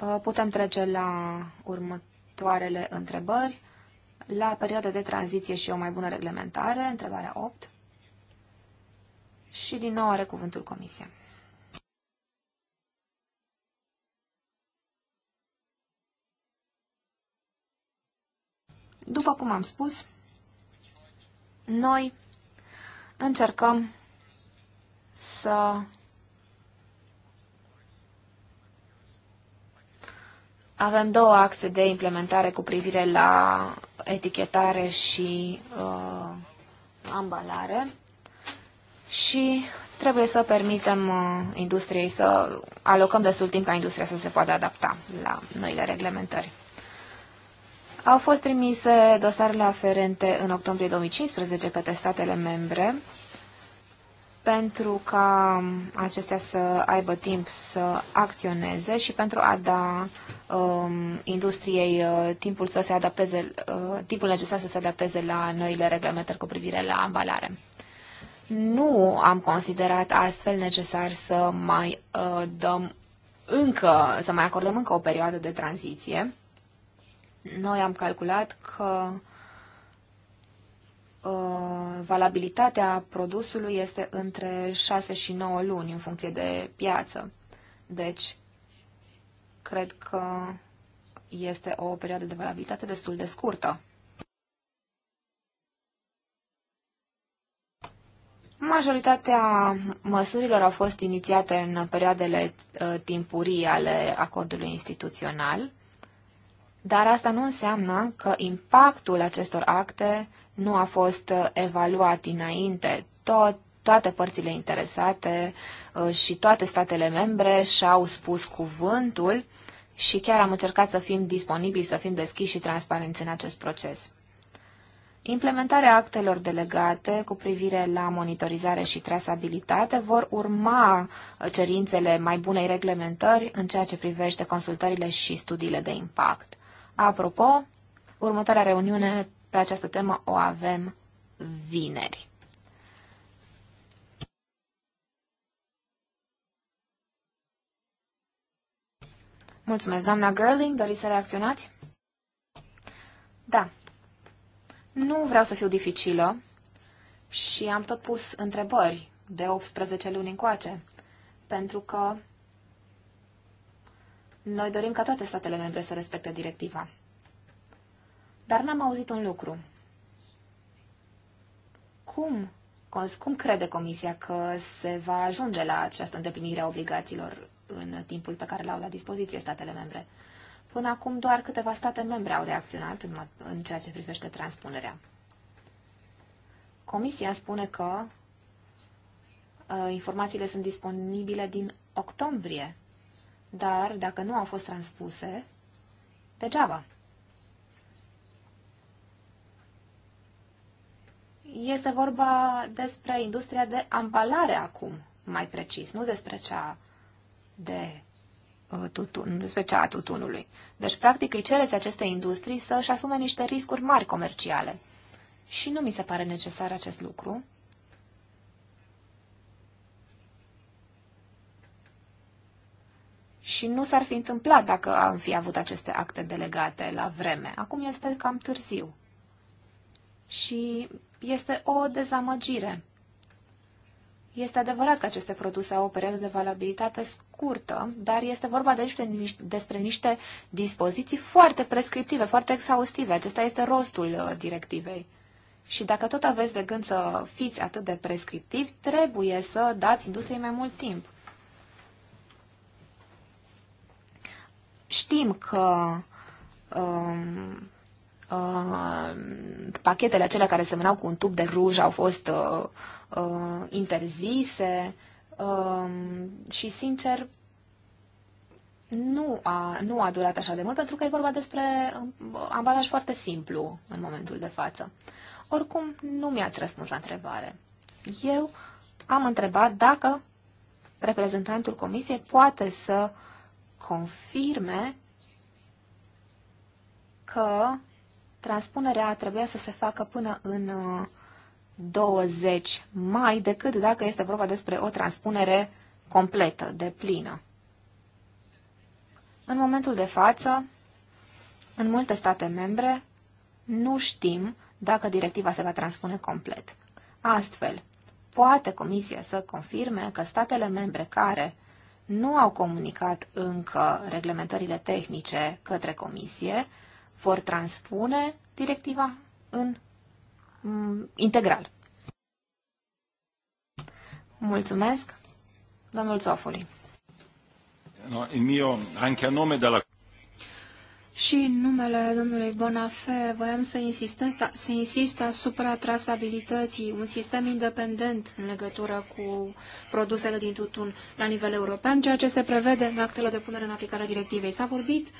Uh, putem trece la următoarele întrebări. La perioada de tranziție și o mai bună reglementare, întrebarea 8. Și din nou are cuvântul Comisia. După cum am spus, noi încercăm să Avem două axe de implementare cu privire la etichetare și uh, ambalare și trebuie să permitem uh, industriei să alocăm destul timp ca industria să se poată adapta la noile reglementări. Au fost trimise dosarele aferente în octombrie 2015 către statele membre pentru ca acestea să aibă timp să acționeze și pentru a da um, industriei uh, timpul să se adapteze, uh, timpul necesar să se adapteze la noile reglementări cu privire la ambalare. Nu am considerat astfel necesar să mai uh, dăm încă, să mai acordăm încă o perioadă de tranziție. Noi am calculat că uh, Uh, valabilitatea produsului este între 6 și 9 luni în funcție de piață. Deci, cred că este o perioadă de valabilitate destul de scurtă. Majoritatea măsurilor au fost inițiate în perioadele uh, timpurii ale acordului instituțional, dar asta nu înseamnă că impactul acestor acte nu a fost uh, evaluat înainte. Tot, toate părțile interesate uh, și toate statele membre și-au spus cuvântul și chiar am încercat să fim disponibili, să fim deschiși și transparenți în acest proces. Implementarea actelor delegate cu privire la monitorizare și trasabilitate vor urma uh, cerințele mai bunei reglementări în ceea ce privește consultările și studiile de impact. Apropo, următoarea reuniune pe această temă o avem vineri. Mulțumesc, doamna Gerling. Doriți să reacționați? Da. Nu vreau să fiu dificilă și am tot pus întrebări de 18 luni încoace, pentru că noi dorim ca toate statele membre să respecte directiva. Dar n-am auzit un lucru. Cum, cum crede Comisia că se va ajunge la această îndeplinire a obligațiilor în timpul pe care l-au la dispoziție statele membre? Până acum doar câteva state membre au reacționat în, în ceea ce privește transpunerea. Comisia spune că uh, informațiile sunt disponibile din octombrie, dar dacă nu au fost transpuse, degeaba. Este vorba despre industria de ambalare acum, mai precis, nu despre cea de uh, tutun, despre cea a tutunului. Deci, practic, îi cereți aceste industrii să își asume niște riscuri mari comerciale. Și nu mi se pare necesar acest lucru. Și nu s-ar fi întâmplat dacă am fi avut aceste acte delegate la vreme. Acum este cam târziu. Și este o dezamăgire. Este adevărat că aceste produse au o perioadă de valabilitate scurtă, dar este vorba despre niște, despre niște dispoziții foarte prescriptive, foarte exhaustive. Acesta este rostul uh, directivei. Și dacă tot aveți de gând să fiți atât de prescriptivi, trebuie să dați industriei mai mult timp. Știm că um, Uh, pachetele acelea care semănau cu un tub de ruj au fost uh, uh, interzise uh, și, sincer, nu a, nu a durat așa de mult, pentru că e vorba despre um, ambalaj foarte simplu în momentul de față. Oricum, nu mi-ați răspuns la întrebare. Eu am întrebat dacă reprezentantul comisiei poate să confirme că Transpunerea trebuia să se facă până în 20 uh, mai decât dacă este vorba despre o transpunere completă, de plină. În momentul de față, în multe state membre, nu știm dacă directiva se va transpune complet. Astfel, poate Comisia să confirme că statele membre care nu au comunicat încă reglementările tehnice către Comisie vor transpune directiva în mm, integral. Mulțumesc, domnul Zofoli. No, in mio, anche a nome della... Și în numele domnului Bonafe voiam să insistăm să insist asupra trasabilității, un sistem independent în legătură cu produsele din tutun la nivel european, ceea ce se prevede în actele de punere în aplicare a directivei. S-a vorbit uh,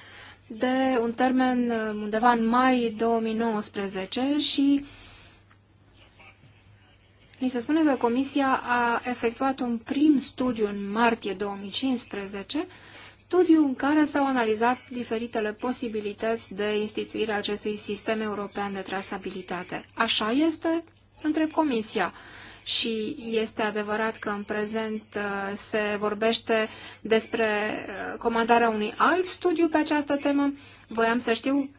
de un termen uh, undeva în mai 2019 și ni se spune că Comisia a efectuat un prim studiu în martie 2015, studiu în care s-au analizat diferitele posibilități de instituire a acestui sistem european de trasabilitate. Așa este? Întreb Comisia și este adevărat că în prezent uh, se vorbește despre uh, comandarea unui alt studiu pe această temă. Voiam să știu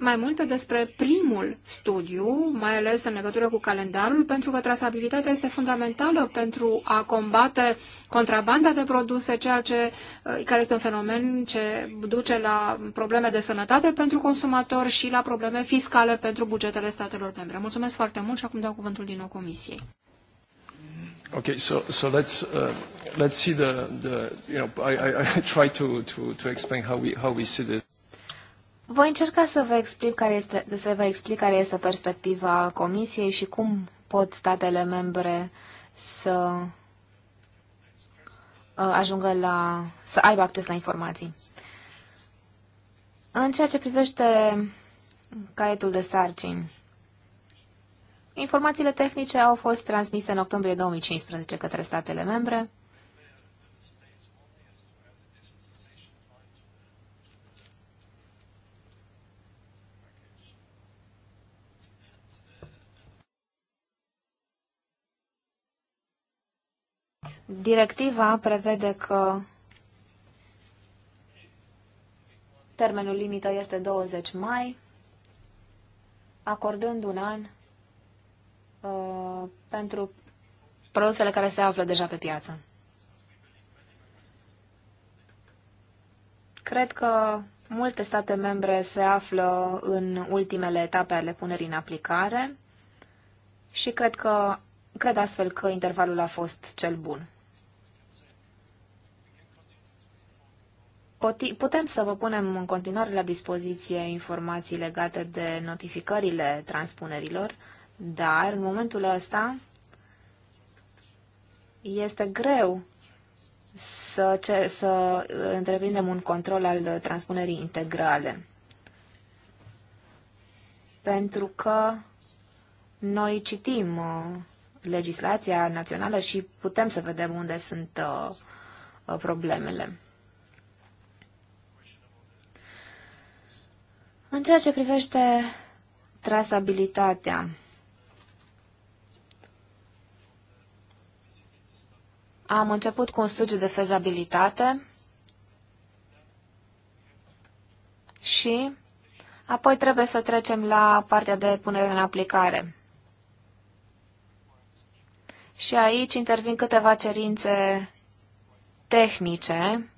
mai multe despre primul studiu, mai ales în legătură cu calendarul, pentru că trasabilitatea este fundamentală pentru a combate contrabanda de produse, ceea ce, eh, care este un fenomen ce duce la probleme de sănătate pentru consumator și la probleme fiscale pentru bugetele statelor membre. Mulțumesc foarte mult și acum dau cuvântul din nou Comisiei. Okay, so, so let's, uh, let's see the, the you know, I, I, I try to, to, to explain how we, how we see this. Voi încerca să vă explic care este, să vă explic care este perspectiva Comisiei și cum pot statele membre să uh, ajungă la, să aibă acces la informații. În ceea ce privește caietul de sarcini, informațiile tehnice au fost transmise în octombrie 2015 către statele membre. Directiva prevede că termenul limită este 20 mai, acordând un an uh, pentru produsele care se află deja pe piață. Cred că multe state membre se află în ultimele etape ale punerii în aplicare și cred că cred astfel că intervalul a fost cel bun. putem să vă punem în continuare la dispoziție informații legate de notificările transpunerilor, dar în momentul ăsta este greu să, ce, să întreprindem un control al transpunerii integrale. Pentru că noi citim uh, legislația națională și putem să vedem unde sunt uh, uh, problemele. În ceea ce privește trasabilitatea, am început cu un studiu de fezabilitate și apoi trebuie să trecem la partea de punere în aplicare. Și aici intervin câteva cerințe tehnice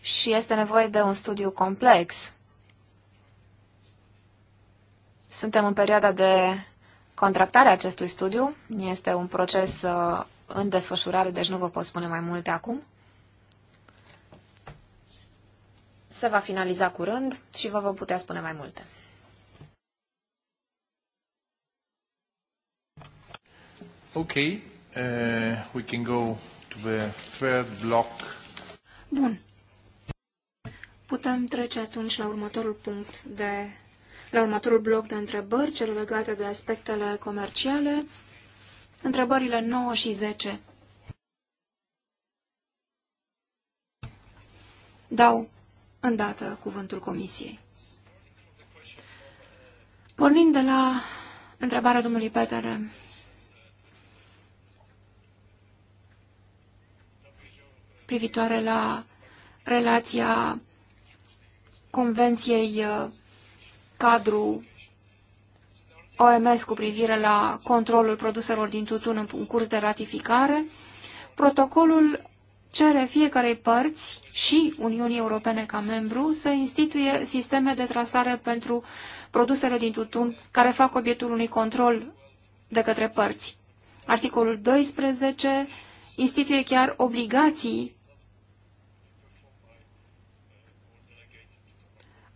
și este nevoie de un studiu complex. Suntem în perioada de contractare a acestui studiu. Este un proces uh, în desfășurare, deci nu vă pot spune mai multe acum. Se va finaliza curând și vă vom putea spune mai multe. Okay, uh, we can go to the third block. Bun. Putem trece atunci la următorul punct de la următorul bloc de întrebări, cele legate de aspectele comerciale, întrebările 9 și 10. Dau îndată cuvântul comisiei. Pornind de la întrebarea domnului Petere, privitoare la relația Convenției uh, cadru OMS cu privire la controlul produselor din tutun în curs de ratificare, protocolul cere fiecarei părți și Uniunii Europene ca membru să instituie sisteme de trasare pentru produsele din tutun care fac obiectul unui control de către părți. Articolul 12 instituie chiar obligații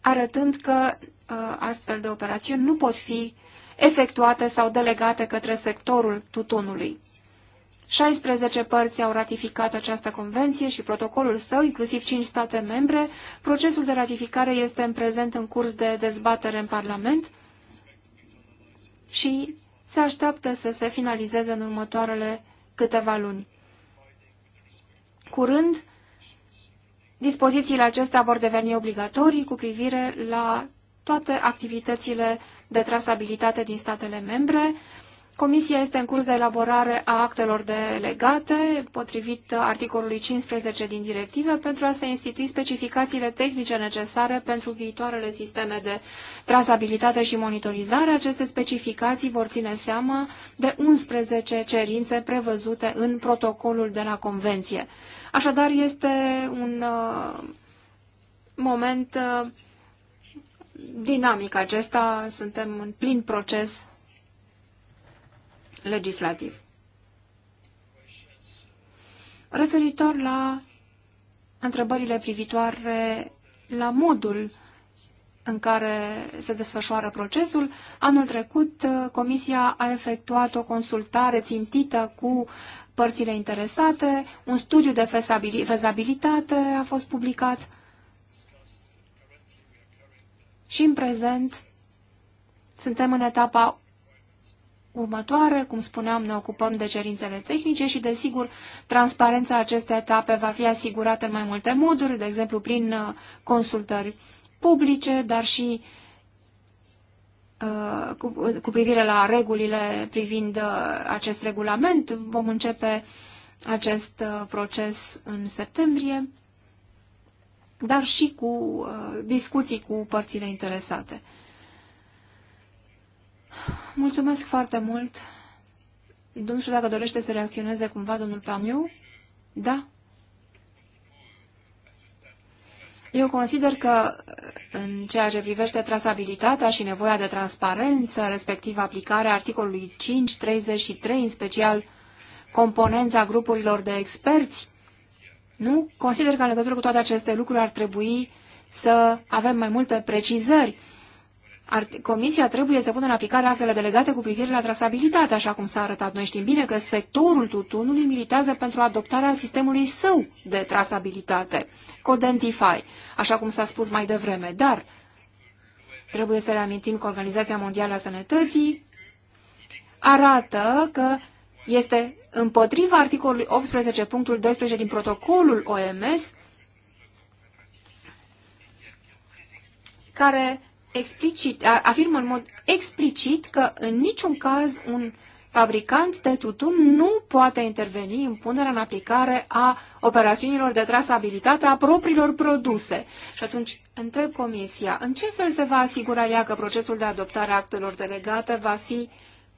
arătând că Uh, astfel de operațiuni nu pot fi efectuate sau delegate către sectorul tutunului. 16 părți au ratificat această convenție și protocolul său, inclusiv 5 state membre. Procesul de ratificare este în prezent în curs de dezbatere în Parlament și se așteaptă să se finalizeze în următoarele câteva luni. Curând, dispozițiile acestea vor deveni obligatorii cu privire la toate activitățile de trasabilitate din statele membre. Comisia este în curs de elaborare a actelor delegate, potrivit articolului 15 din directivă, pentru a se institui specificațiile tehnice necesare pentru viitoarele sisteme de trasabilitate și monitorizare. Aceste specificații vor ține seama de 11 cerințe prevăzute în protocolul de la Convenție. Așadar, este un uh, moment uh, dinamic acesta, suntem în plin proces legislativ. Referitor la întrebările privitoare la modul în care se desfășoară procesul. Anul trecut, uh, Comisia a efectuat o consultare țintită cu părțile interesate, un studiu de fezabilitate a fost publicat și în prezent suntem în etapa următoare, cum spuneam, ne ocupăm de cerințele tehnice și, desigur, transparența acestei etape va fi asigurată în mai multe moduri, de exemplu prin uh, consultări publice, dar și uh, cu, cu privire la regulile privind uh, acest regulament. Vom începe acest proces în septembrie dar și cu uh, discuții cu părțile interesate. Mulțumesc foarte mult. Nu știu dacă dorește să reacționeze cumva domnul Paniu. Da? Eu consider că uh, în ceea ce privește trasabilitatea și nevoia de transparență, respectiv aplicarea articolului 5.33, în special componența grupurilor de experți, nu? Consider că în legătură cu toate aceste lucruri ar trebui să avem mai multe precizări. Ar, comisia trebuie să pună în aplicare actele delegate cu privire la trasabilitate, așa cum s-a arătat. Noi știm bine că sectorul tutunului militează pentru adoptarea sistemului său de trasabilitate, Codentify, așa cum s-a spus mai devreme. Dar trebuie să reamintim că Organizația Mondială a Sănătății arată că este împotriva articolului 18.12 din protocolul OMS, care explicit, afirmă în mod explicit că în niciun caz un fabricant de tutun nu poate interveni în punerea în aplicare a operațiunilor de trasabilitate a propriilor produse. Și atunci întreb Comisia, în ce fel se va asigura ea că procesul de adoptare a actelor delegate va fi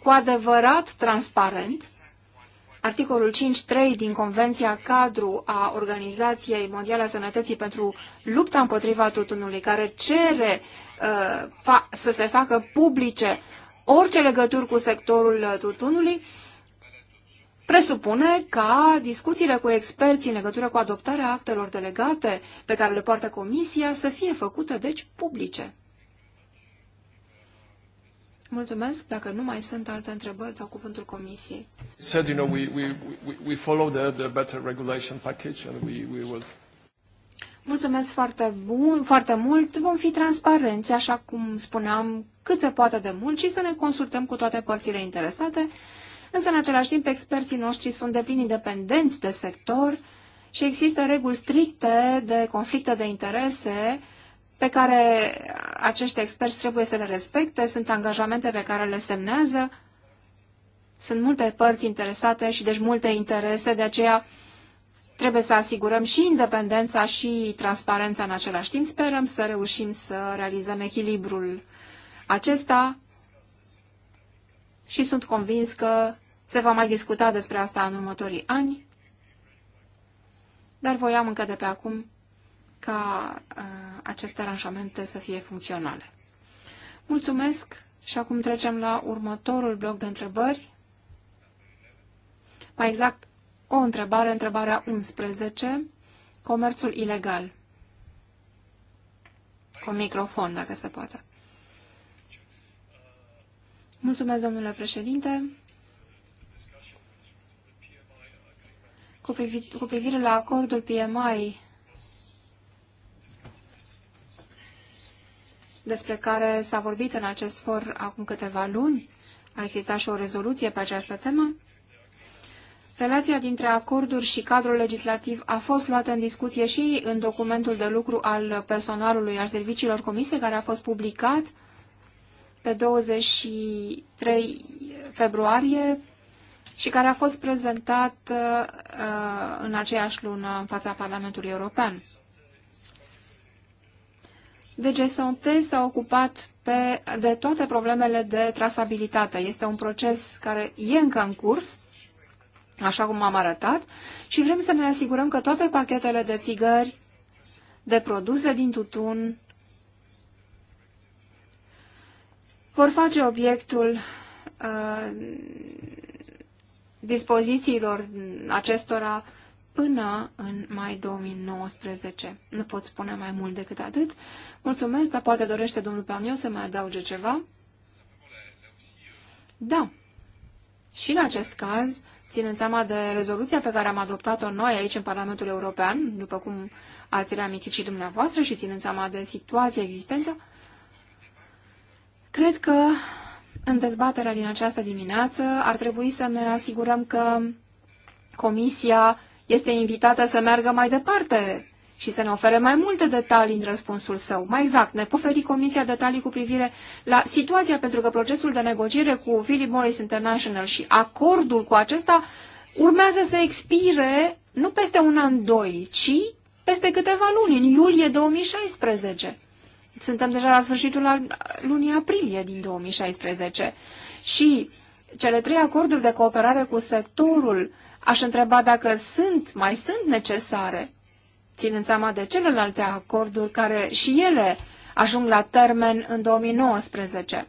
cu adevărat transparent articolul 5.3 din Convenția Cadru a Organizației Mondiale a Sănătății pentru lupta împotriva tutunului, care cere uh, să se facă publice orice legături cu sectorul uh, tutunului, presupune ca discuțiile cu experții în legătură cu adoptarea actelor delegate pe care le poartă Comisia să fie făcute, deci, publice. Mulțumesc. Dacă nu mai sunt alte întrebări, dau cuvântul Comisiei. Said, you know, we, we, we follow the, the better regulation package and we, we will... Mulțumesc foarte, bun, foarte mult. Vom fi transparenți, așa cum spuneam, cât se poate de mult și să ne consultăm cu toate părțile interesate. Însă, în același timp, experții noștri sunt plin independenți de sector și există reguli stricte de conflicte de interese pe care acești experți trebuie să le respecte, sunt angajamente pe care le semnează, sunt multe părți interesate și deci multe interese, de aceea trebuie să asigurăm și independența și transparența în același timp. Sperăm să reușim să realizăm echilibrul acesta și sunt convins că se va mai discuta despre asta în următorii ani, dar voiam încă de pe acum ca uh, aceste aranjamente să fie funcționale. Mulțumesc și acum trecem la următorul bloc de întrebări. Mai exact, o întrebare, întrebarea 11, comerțul ilegal. Cu microfon, dacă se poate. Mulțumesc, domnule președinte. Cu, cu privire la acordul PMI despre care s-a vorbit în acest for acum câteva luni. A existat și o rezoluție pe această temă. Relația dintre acorduri și cadrul legislativ a fost luată în discuție și în documentul de lucru al personalului al serviciilor comise, care a fost publicat pe 23 februarie și care a fost prezentat uh, în aceeași lună în fața Parlamentului European. DG Sante s-a ocupat pe, de toate problemele de trasabilitate. Este un proces care e încă în curs, așa cum am arătat, și vrem să ne asigurăm că toate pachetele de țigări, de produse din tutun, vor face obiectul uh, dispozițiilor acestora uh, până în mai 2019. Nu pot spune mai mult decât atât. Mulțumesc, dar poate dorește domnul Paniu să mai adauge ceva? Da. Și în acest caz, ținând seama de rezoluția pe care am adoptat-o noi aici în Parlamentul European, după cum ați reamintit și dumneavoastră și ținând seama de situația existentă, cred că în dezbaterea din această dimineață ar trebui să ne asigurăm că Comisia este invitată să meargă mai departe și să ne ofere mai multe detalii în răspunsul său. Mai exact, ne poferi Comisia detalii cu privire la situația, pentru că procesul de negociere cu Philip Morris International și acordul cu acesta urmează să expire nu peste un an, doi, ci peste câteva luni, în iulie 2016. Suntem deja la sfârșitul lunii aprilie din 2016. Și cele trei acorduri de cooperare cu sectorul uh, Aș întreba dacă sunt, mai sunt necesare, ținând seama de celelalte acorduri care și ele ajung la termen în 2019.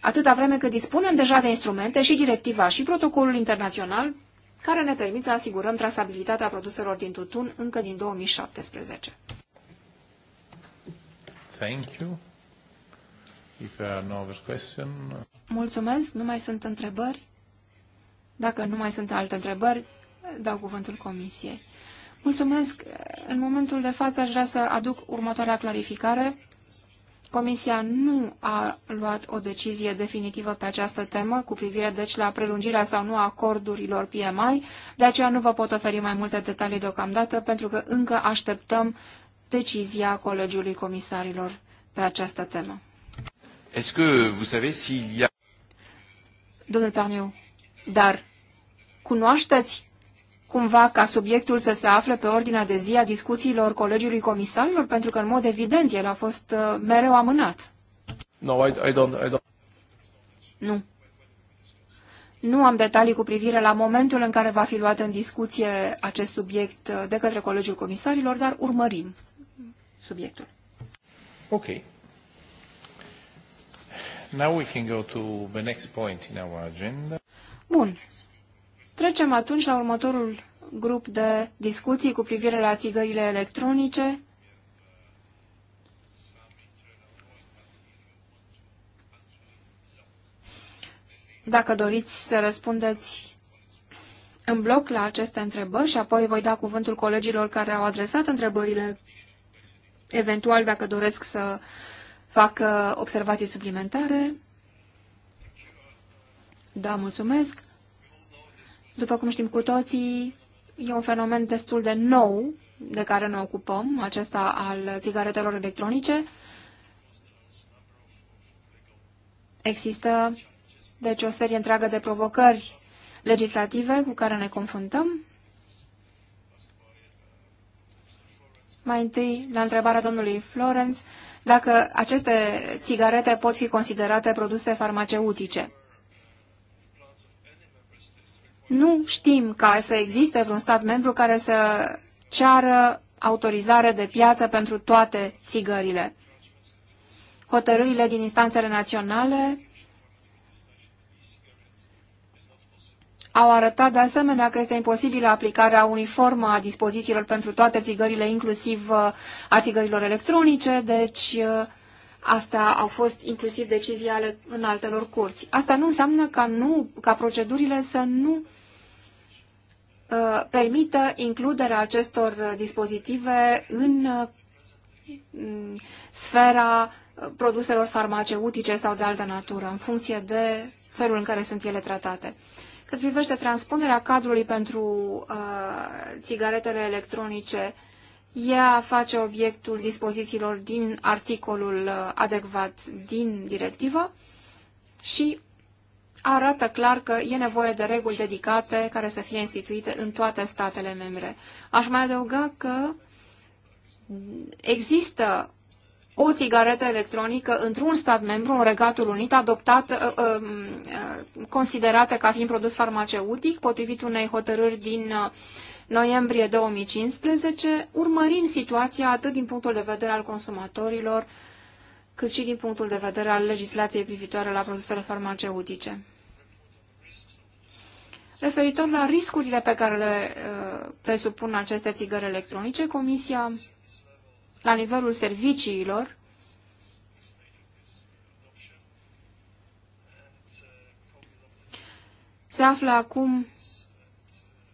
Atâta vreme cât dispunem deja de instrumente și directiva și protocolul internațional care ne permit să asigurăm trasabilitatea produselor din tutun încă din 2017. Thank you. If there are no other Mulțumesc, nu mai sunt întrebări. Dacă nu mai sunt alte întrebări, dau cuvântul comisiei. Mulțumesc. În momentul de față aș vrea să aduc următoarea clarificare. Comisia nu a luat o decizie definitivă pe această temă cu privire deci la prelungirea sau nu a acordurilor PMI, de aceea nu vă pot oferi mai multe detalii deocamdată pentru că încă așteptăm decizia Colegiului Comisarilor pe această temă. Est-ce que vous savez s'il y a... Domnul Perniu, dar Cunoașteți cumva ca subiectul să se afle pe ordinea de zi a discuțiilor Colegiului Comisarilor? Pentru că, în mod evident, el a fost uh, mereu amânat. No, I, I don't, I don't. Nu. Nu am detalii cu privire la momentul în care va fi luat în discuție acest subiect uh, de către Colegiul Comisarilor, dar urmărim subiectul. Ok. Now we can go to the next point in our agenda. Bun. Trecem atunci la următorul grup de discuții cu privire la țigările electronice. Dacă doriți să răspundeți în bloc la aceste întrebări și apoi voi da cuvântul colegilor care au adresat întrebările, eventual dacă doresc să fac observații suplimentare. Da, mulțumesc. După cum știm cu toții, e un fenomen destul de nou de care ne ocupăm, acesta al țigaretelor electronice. Există, deci, o serie întreagă de provocări legislative cu care ne confruntăm. Mai întâi, la întrebarea domnului Florence, dacă aceste țigarete pot fi considerate produse farmaceutice. Nu știm ca să existe vreun stat membru care să ceară autorizare de piață pentru toate țigările. Hotărârile din instanțele naționale au arătat de asemenea că este imposibilă aplicarea uniformă a dispozițiilor pentru toate țigările, inclusiv uh, a țigărilor electronice, deci uh, asta au fost inclusiv decizii ale în altelor curți. Asta nu înseamnă ca, nu, ca procedurile să nu Uh, permită includerea acestor dispozitive în uh, sfera uh, produselor farmaceutice sau de altă natură, în funcție de felul în care sunt ele tratate. Cât privește transpunerea cadrului pentru uh, țigaretele electronice, ea face obiectul dispozițiilor din articolul adecvat din directivă și arată clar că e nevoie de reguli dedicate care să fie instituite în toate statele membre. Aș mai adăuga că există o țigaretă electronică într-un stat membru, în Regatul Unit, adoptată, uh, uh, uh, considerată ca fiind produs farmaceutic, potrivit unei hotărâri din noiembrie 2015, urmărim situația atât din punctul de vedere al consumatorilor, cât și din punctul de vedere al legislației privitoare la produsele farmaceutice. Referitor la riscurile pe care le uh, presupun aceste țigări electronice, Comisia, la nivelul serviciilor, se află acum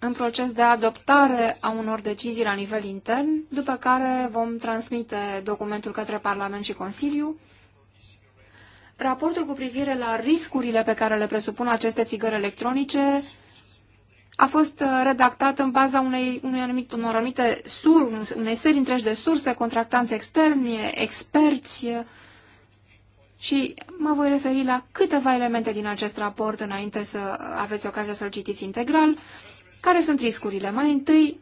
în proces de adoptare a unor decizii la nivel intern, după care vom transmite documentul către Parlament și Consiliu. Raportul cu privire la riscurile pe care le presupun aceste țigări electronice a fost redactat în baza unei, unei anumit, unor anumite sur, unei serii întregi de surse, contractanți externi, experți și mă voi referi la câteva elemente din acest raport înainte să aveți ocazia să-l citiți integral. Care sunt riscurile? Mai întâi,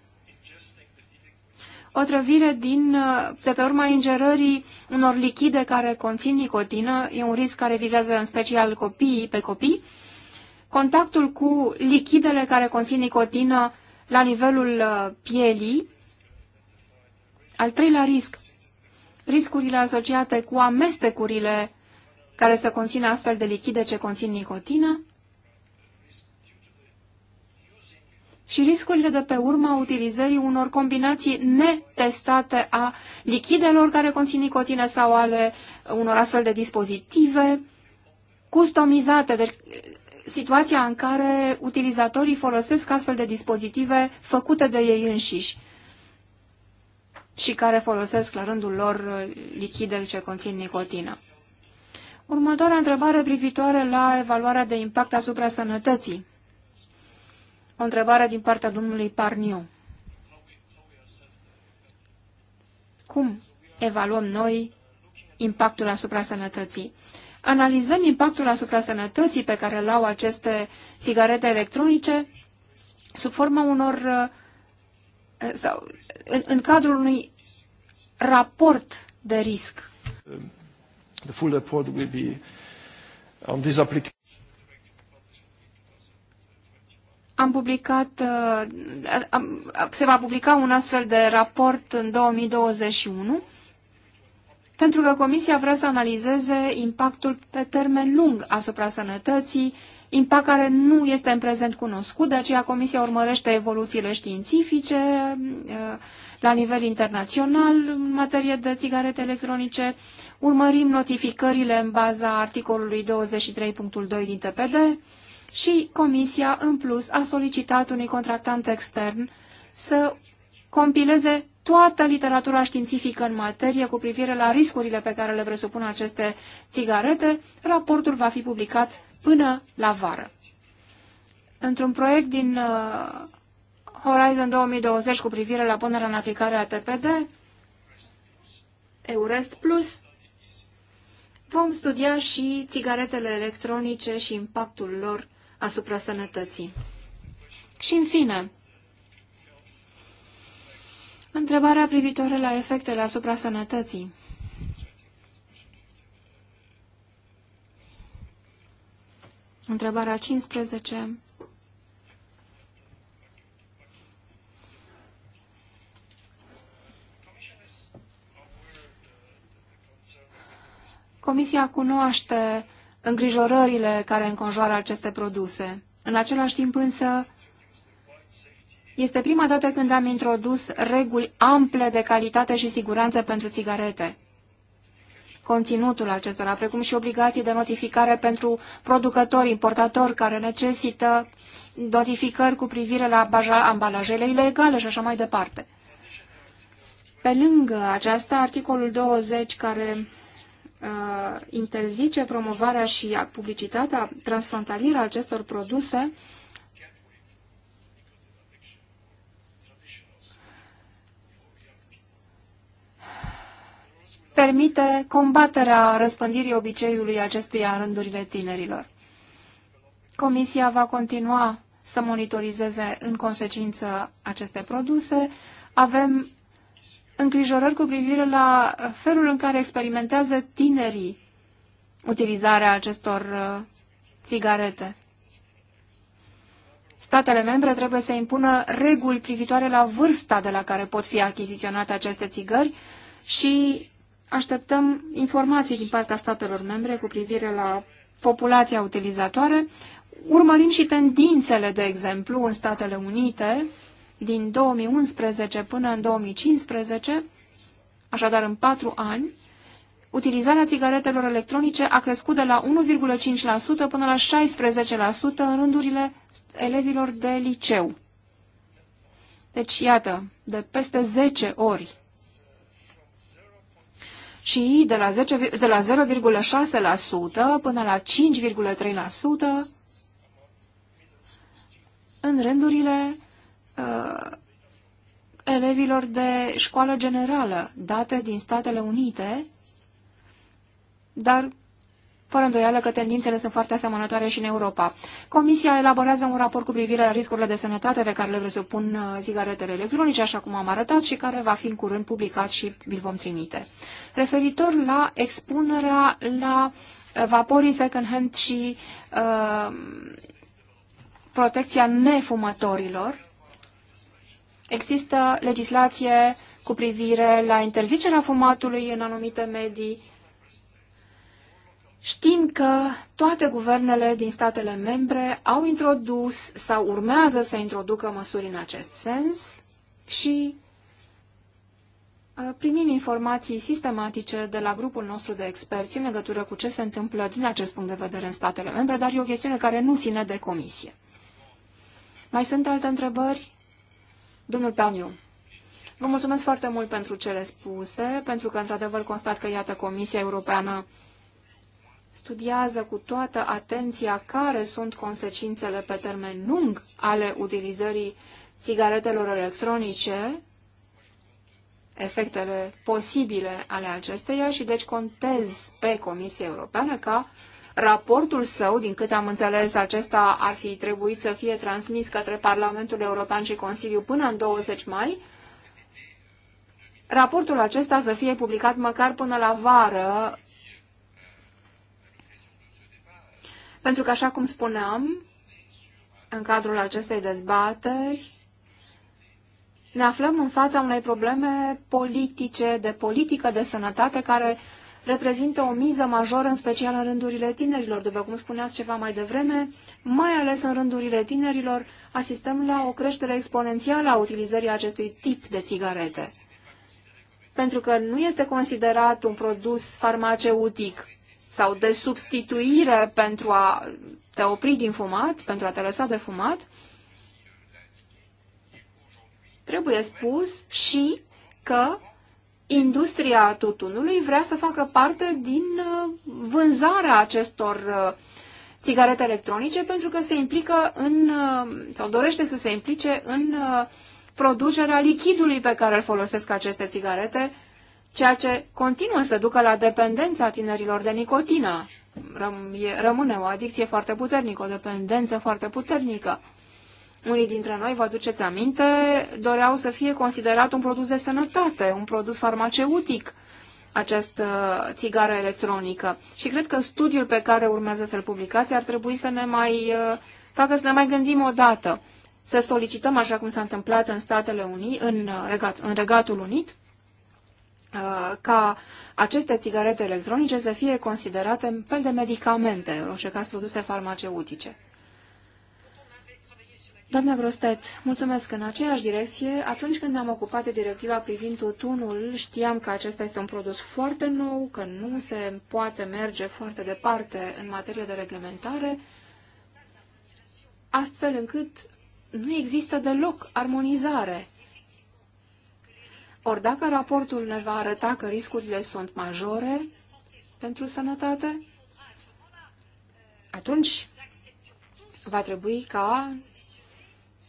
o trăvire din, de pe urma ingerării unor lichide care conțin nicotină, e un risc care vizează în special copiii, pe copii, contactul cu lichidele care conțin nicotină la nivelul uh, pielii, al treilea risc, riscurile asociate cu amestecurile care să conțină astfel de lichide ce conțin nicotină, și riscurile de pe urma utilizării unor combinații netestate a lichidelor care conțin nicotină sau ale unor astfel de dispozitive customizate, deci situația în care utilizatorii folosesc astfel de dispozitive făcute de ei înșiși și care folosesc la rândul lor lichide ce conțin nicotină. Următoarea întrebare privitoare la evaluarea de impact asupra sănătății o întrebare din partea domnului Parniu. Cum evaluăm noi impactul asupra sănătății? Analizăm impactul asupra sănătății pe care îl au aceste sigarete electronice sub forma unor uh, sau în, în cadrul unui raport de risc. The full report will be on um, this application. am publicat, uh, se va publica un astfel de raport în 2021, pentru că Comisia vrea să analizeze impactul pe termen lung asupra sănătății, impact care nu este în prezent cunoscut, de aceea Comisia urmărește evoluțiile științifice uh, la nivel internațional în materie de țigarete electronice, urmărim notificările în baza articolului 23.2 din TPD, și Comisia, în plus, a solicitat unui contractant extern să compileze toată literatura științifică în materie cu privire la riscurile pe care le presupun aceste țigarete. Raportul va fi publicat până la vară. Într-un proiect din uh, Horizon 2020 cu privire la punerea în aplicare a TPD, Eurest Plus, vom studia și țigaretele electronice și impactul lor asupra sănătății. Și în fine, întrebarea privitoare la efectele asupra sănătății. Întrebarea 15. Comisia cunoaște îngrijorările care înconjoară aceste produse. În același timp însă, este prima dată când am introdus reguli ample de calitate și siguranță pentru țigarete. Conținutul acestora, precum și obligații de notificare pentru producători, importatori care necesită notificări cu privire la ambalajele ilegale și așa mai departe. Pe lângă aceasta, articolul 20, care Uh, interzice promovarea și publicitatea transfrontalieră a acestor produse, permite combaterea răspândirii obiceiului acestuia în rândurile tinerilor. Comisia va continua să monitorizeze în consecință aceste produse. Avem îngrijorări cu privire la felul în care experimentează tinerii utilizarea acestor uh, țigarete. Statele membre trebuie să impună reguli privitoare la vârsta de la care pot fi achiziționate aceste țigări și așteptăm informații din partea statelor membre cu privire la populația utilizatoare. Urmărim și tendințele, de exemplu, în Statele Unite, din 2011 până în 2015, așadar în patru ani, utilizarea țigaretelor electronice a crescut de la 1,5% până la 16% în rândurile elevilor de liceu. Deci, iată, de peste 10 ori. Și de la, la 0,6% până la 5,3% în rândurile uh, elevilor de școală generală, date din Statele Unite, dar fără îndoială că tendințele sunt foarte asemănătoare și în Europa. Comisia elaborează un raport cu privire la riscurile de sănătate pe care le presupun zigaretele uh, electronice, așa cum am arătat, și care va fi în curând publicat și vi vom trimite. Referitor la expunerea la uh, vaporii second-hand și uh, protecția nefumătorilor, Există legislație cu privire la interzicerea fumatului în anumite medii. Știm că toate guvernele din statele membre au introdus sau urmează să introducă măsuri în acest sens și uh, primim informații sistematice de la grupul nostru de experți în legătură cu ce se întâmplă din acest punct de vedere în statele membre, dar e o chestiune care nu ține de comisie. Mai sunt alte întrebări? Domnul Paniu, vă mulțumesc foarte mult pentru cele spuse, pentru că, într-adevăr, constat că, iată, Comisia Europeană studiază cu toată atenția care sunt consecințele pe termen lung ale utilizării țigaretelor electronice, efectele posibile ale acesteia și deci contez pe Comisia Europeană ca Raportul său, din câte am înțeles, acesta ar fi trebuit să fie transmis către Parlamentul European și Consiliu până în 20 mai. Raportul acesta să fie publicat măcar până la vară, pentru că, așa cum spuneam, în cadrul acestei dezbateri, ne aflăm în fața unei probleme politice, de politică de sănătate, care reprezintă o miză majoră, în special în rândurile tinerilor. După cum spuneați ceva mai devreme, mai ales în rândurile tinerilor, asistăm la o creștere exponențială a utilizării acestui tip de țigarete. Pentru că nu este considerat un produs farmaceutic sau de substituire pentru a te opri din fumat, pentru a te lăsa de fumat, trebuie spus și că industria tutunului vrea să facă parte din uh, vânzarea acestor uh, țigarete electronice pentru că se implică în, uh, sau dorește să se implice în producerea lichidului pe care îl folosesc aceste țigarete, ceea ce continuă să ducă la dependența tinerilor de nicotină. Rămâne o adicție foarte puternică, o dependență foarte puternică. Unii dintre noi, vă aduceți aminte, doreau să fie considerat un produs de sănătate, un produs farmaceutic, această țigară electronică. Și cred că studiul pe care urmează să-l publicați ar trebui să ne mai uh, facă să ne mai gândim o dată. Să solicităm, așa cum s-a întâmplat în Statele Unite, în, uh, Regat, în Regatul Unit, uh, ca aceste țigarete electronice să fie considerate în fel de medicamente, în orice caz produse farmaceutice. Doamna Grostet, mulțumesc în aceeași direcție. Atunci când ne-am ocupat de directiva privind tutunul, știam că acesta este un produs foarte nou, că nu se poate merge foarte departe în materie de reglementare, astfel încât nu există deloc armonizare. Ori dacă raportul ne va arăta că riscurile sunt majore pentru sănătate, atunci va trebui ca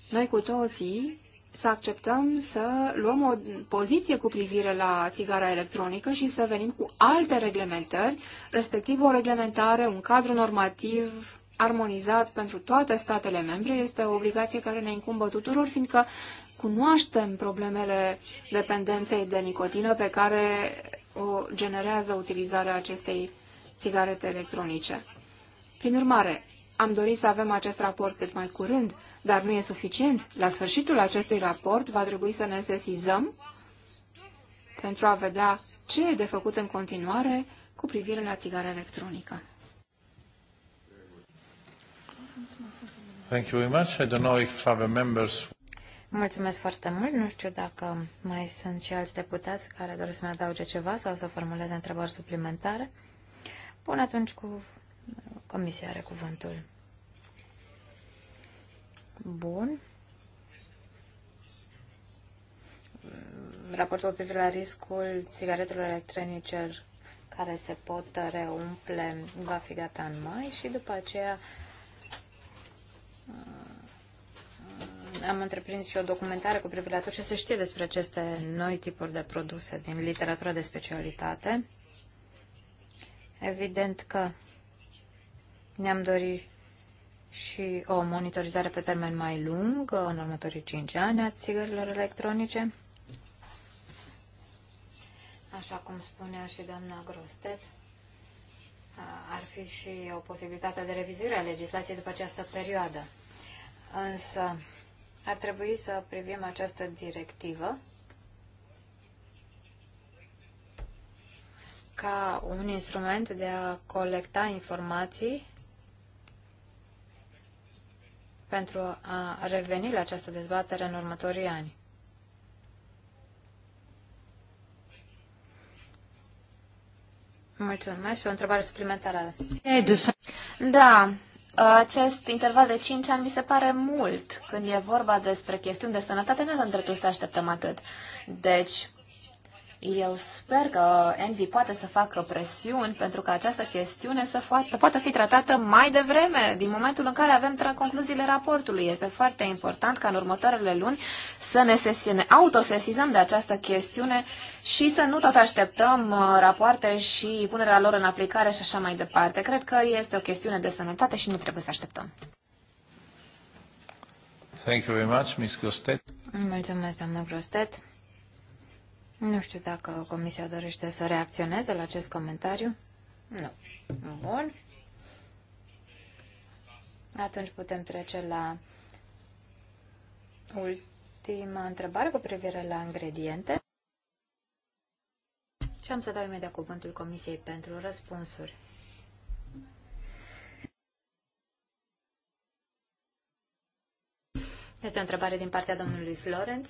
noi cu toții să acceptăm să luăm o poziție cu privire la țigara electronică și să venim cu alte reglementări, respectiv o reglementare, un cadru normativ armonizat pentru toate statele membre. Este o obligație care ne incumbă tuturor, fiindcă cunoaștem problemele dependenței de nicotină pe care o generează utilizarea acestei țigarete electronice. Prin urmare, am dorit să avem acest raport cât mai curând, dar nu e suficient. La sfârșitul acestui raport va trebui să ne sesizăm pentru a vedea ce e de făcut în continuare cu privire la țigara electronică. Thank you very much. I don't know if other members... Mulțumesc foarte mult. Nu știu dacă mai sunt și alți deputați care doresc să-mi adauge ceva sau să formuleze întrebări suplimentare. Până atunci cu comisia are cuvântul bun. Raportul cu privire la riscul țigaretelor electronice care se pot reumple va fi gata în mai și după aceea uh, am întreprins și o documentare cu privire la tot ce se știe despre aceste noi tipuri de produse din literatura de specialitate. Evident că ne-am dorit și o monitorizare pe termen mai lung, în următorii 5 ani, a țigărilor electronice. Așa cum spunea și doamna Grostet, ar fi și o posibilitate de revizuire a legislației după această perioadă. Însă ar trebui să privim această directivă ca un instrument de a colecta informații pentru a reveni la această dezbatere în următorii ani. Mulțumesc și o întrebare suplimentară. Da, acest interval de 5 ani mi se pare mult când e vorba despre chestiuni de sănătate, nu avem dreptul să așteptăm atât. Deci, eu sper că Envy poate să facă presiuni pentru că această chestiune să poată, poată fi tratată mai devreme, din momentul în care avem concluziile raportului. Este foarte important ca în următoarele luni să ne, sesine, autosesizăm de această chestiune și să nu tot așteptăm uh, rapoarte și punerea lor în aplicare și așa mai departe. Cred că este o chestiune de sănătate și nu trebuie să așteptăm. Thank you very much, Ms. Grostet. Mulțumesc, doamnă Grostet. Nu știu dacă Comisia dorește să reacționeze la acest comentariu. Nu. Bun. Atunci putem trece la ultima întrebare cu privire la ingrediente. Și am să dau imediat cuvântul Comisiei pentru răspunsuri. Este o întrebare din partea domnului Florence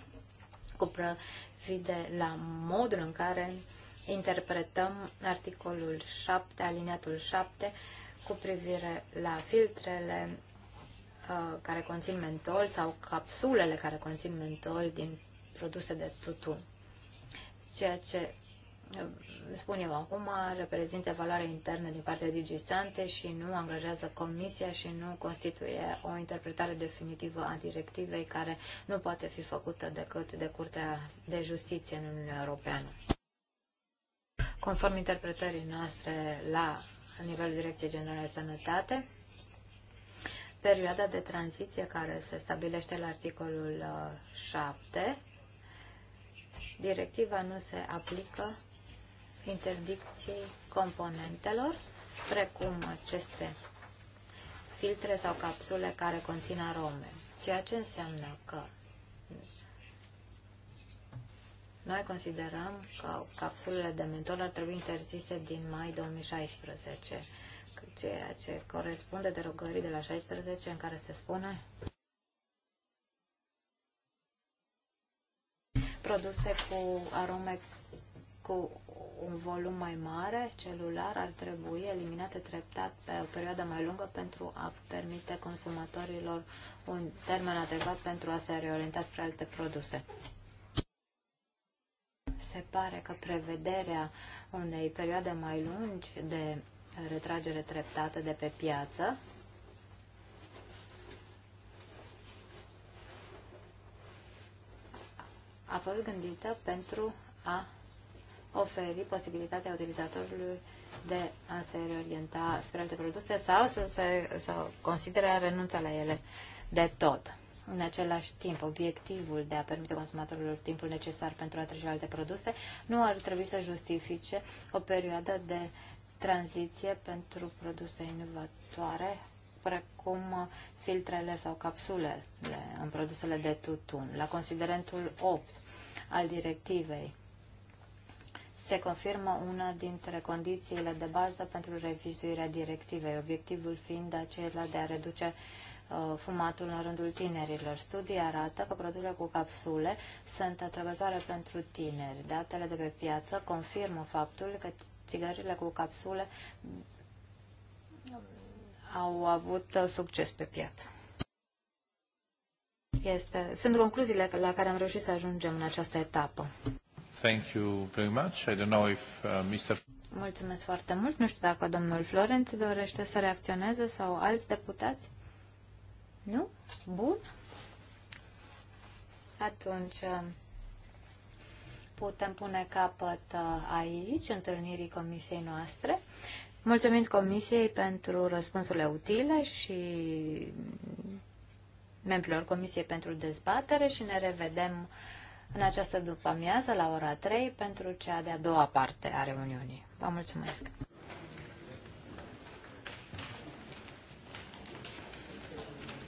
cu privire la modul în care interpretăm articolul 7, aliniatul 7, cu privire la filtrele uh, care conțin mentol sau capsulele care conțin mentol din produse de tutun. Ceea ce spun eu acum, reprezintă valoare internă din partea digisante și nu angajează comisia și nu constituie o interpretare definitivă a directivei care nu poate fi făcută decât de Curtea de Justiție în Uniunea Europeană. Conform interpretării noastre la nivelul Direcției Generale Sănătate, perioada de tranziție care se stabilește la articolul 7, uh, directiva nu se aplică interdicției componentelor, precum aceste filtre sau capsule care conțin arome. Ceea ce înseamnă că noi considerăm că capsulele de mentol ar trebui interzise din mai 2016, ceea ce corespunde derogării de la 16 în care se spune produse cu arome cu un volum mai mare celular ar trebui eliminate treptat pe o perioadă mai lungă pentru a permite consumatorilor un termen adecvat pentru a se reorienta spre alte produse. Se pare că prevederea unei perioade mai lungi de retragere treptată de pe piață a fost gândită pentru a oferi posibilitatea utilizatorului de a se reorienta spre alte produse sau să, se, să considere renunța la ele de tot. În același timp, obiectivul de a permite consumatorilor timpul necesar pentru a trece la alte produse nu ar trebui să justifice o perioadă de tranziție pentru produse inovatoare, precum filtrele sau capsulele în produsele de tutun. La considerentul 8 al directivei se confirmă una dintre condițiile de bază pentru revizuirea directivei, obiectivul fiind acela de a reduce uh, fumatul în rândul tinerilor. Studii arată că produsele cu capsule sunt atrăgătoare pentru tineri. Datele de pe piață confirmă faptul că țigările cu capsule au avut uh, succes pe piață. Este, sunt concluziile la care am reușit să ajungem în această etapă. Uh, Mulțumesc foarte mult. Nu știu dacă domnul Florenț dorește să reacționeze sau alți deputați. Nu? Bun. Atunci uh, putem pune capăt uh, aici întâlnirii comisiei noastre. Mulțumim comisiei pentru răspunsurile utile și membrilor comisiei pentru dezbatere și ne revedem în această după-amiază la ora 3 pentru cea de-a doua parte a reuniunii. Vă mulțumesc!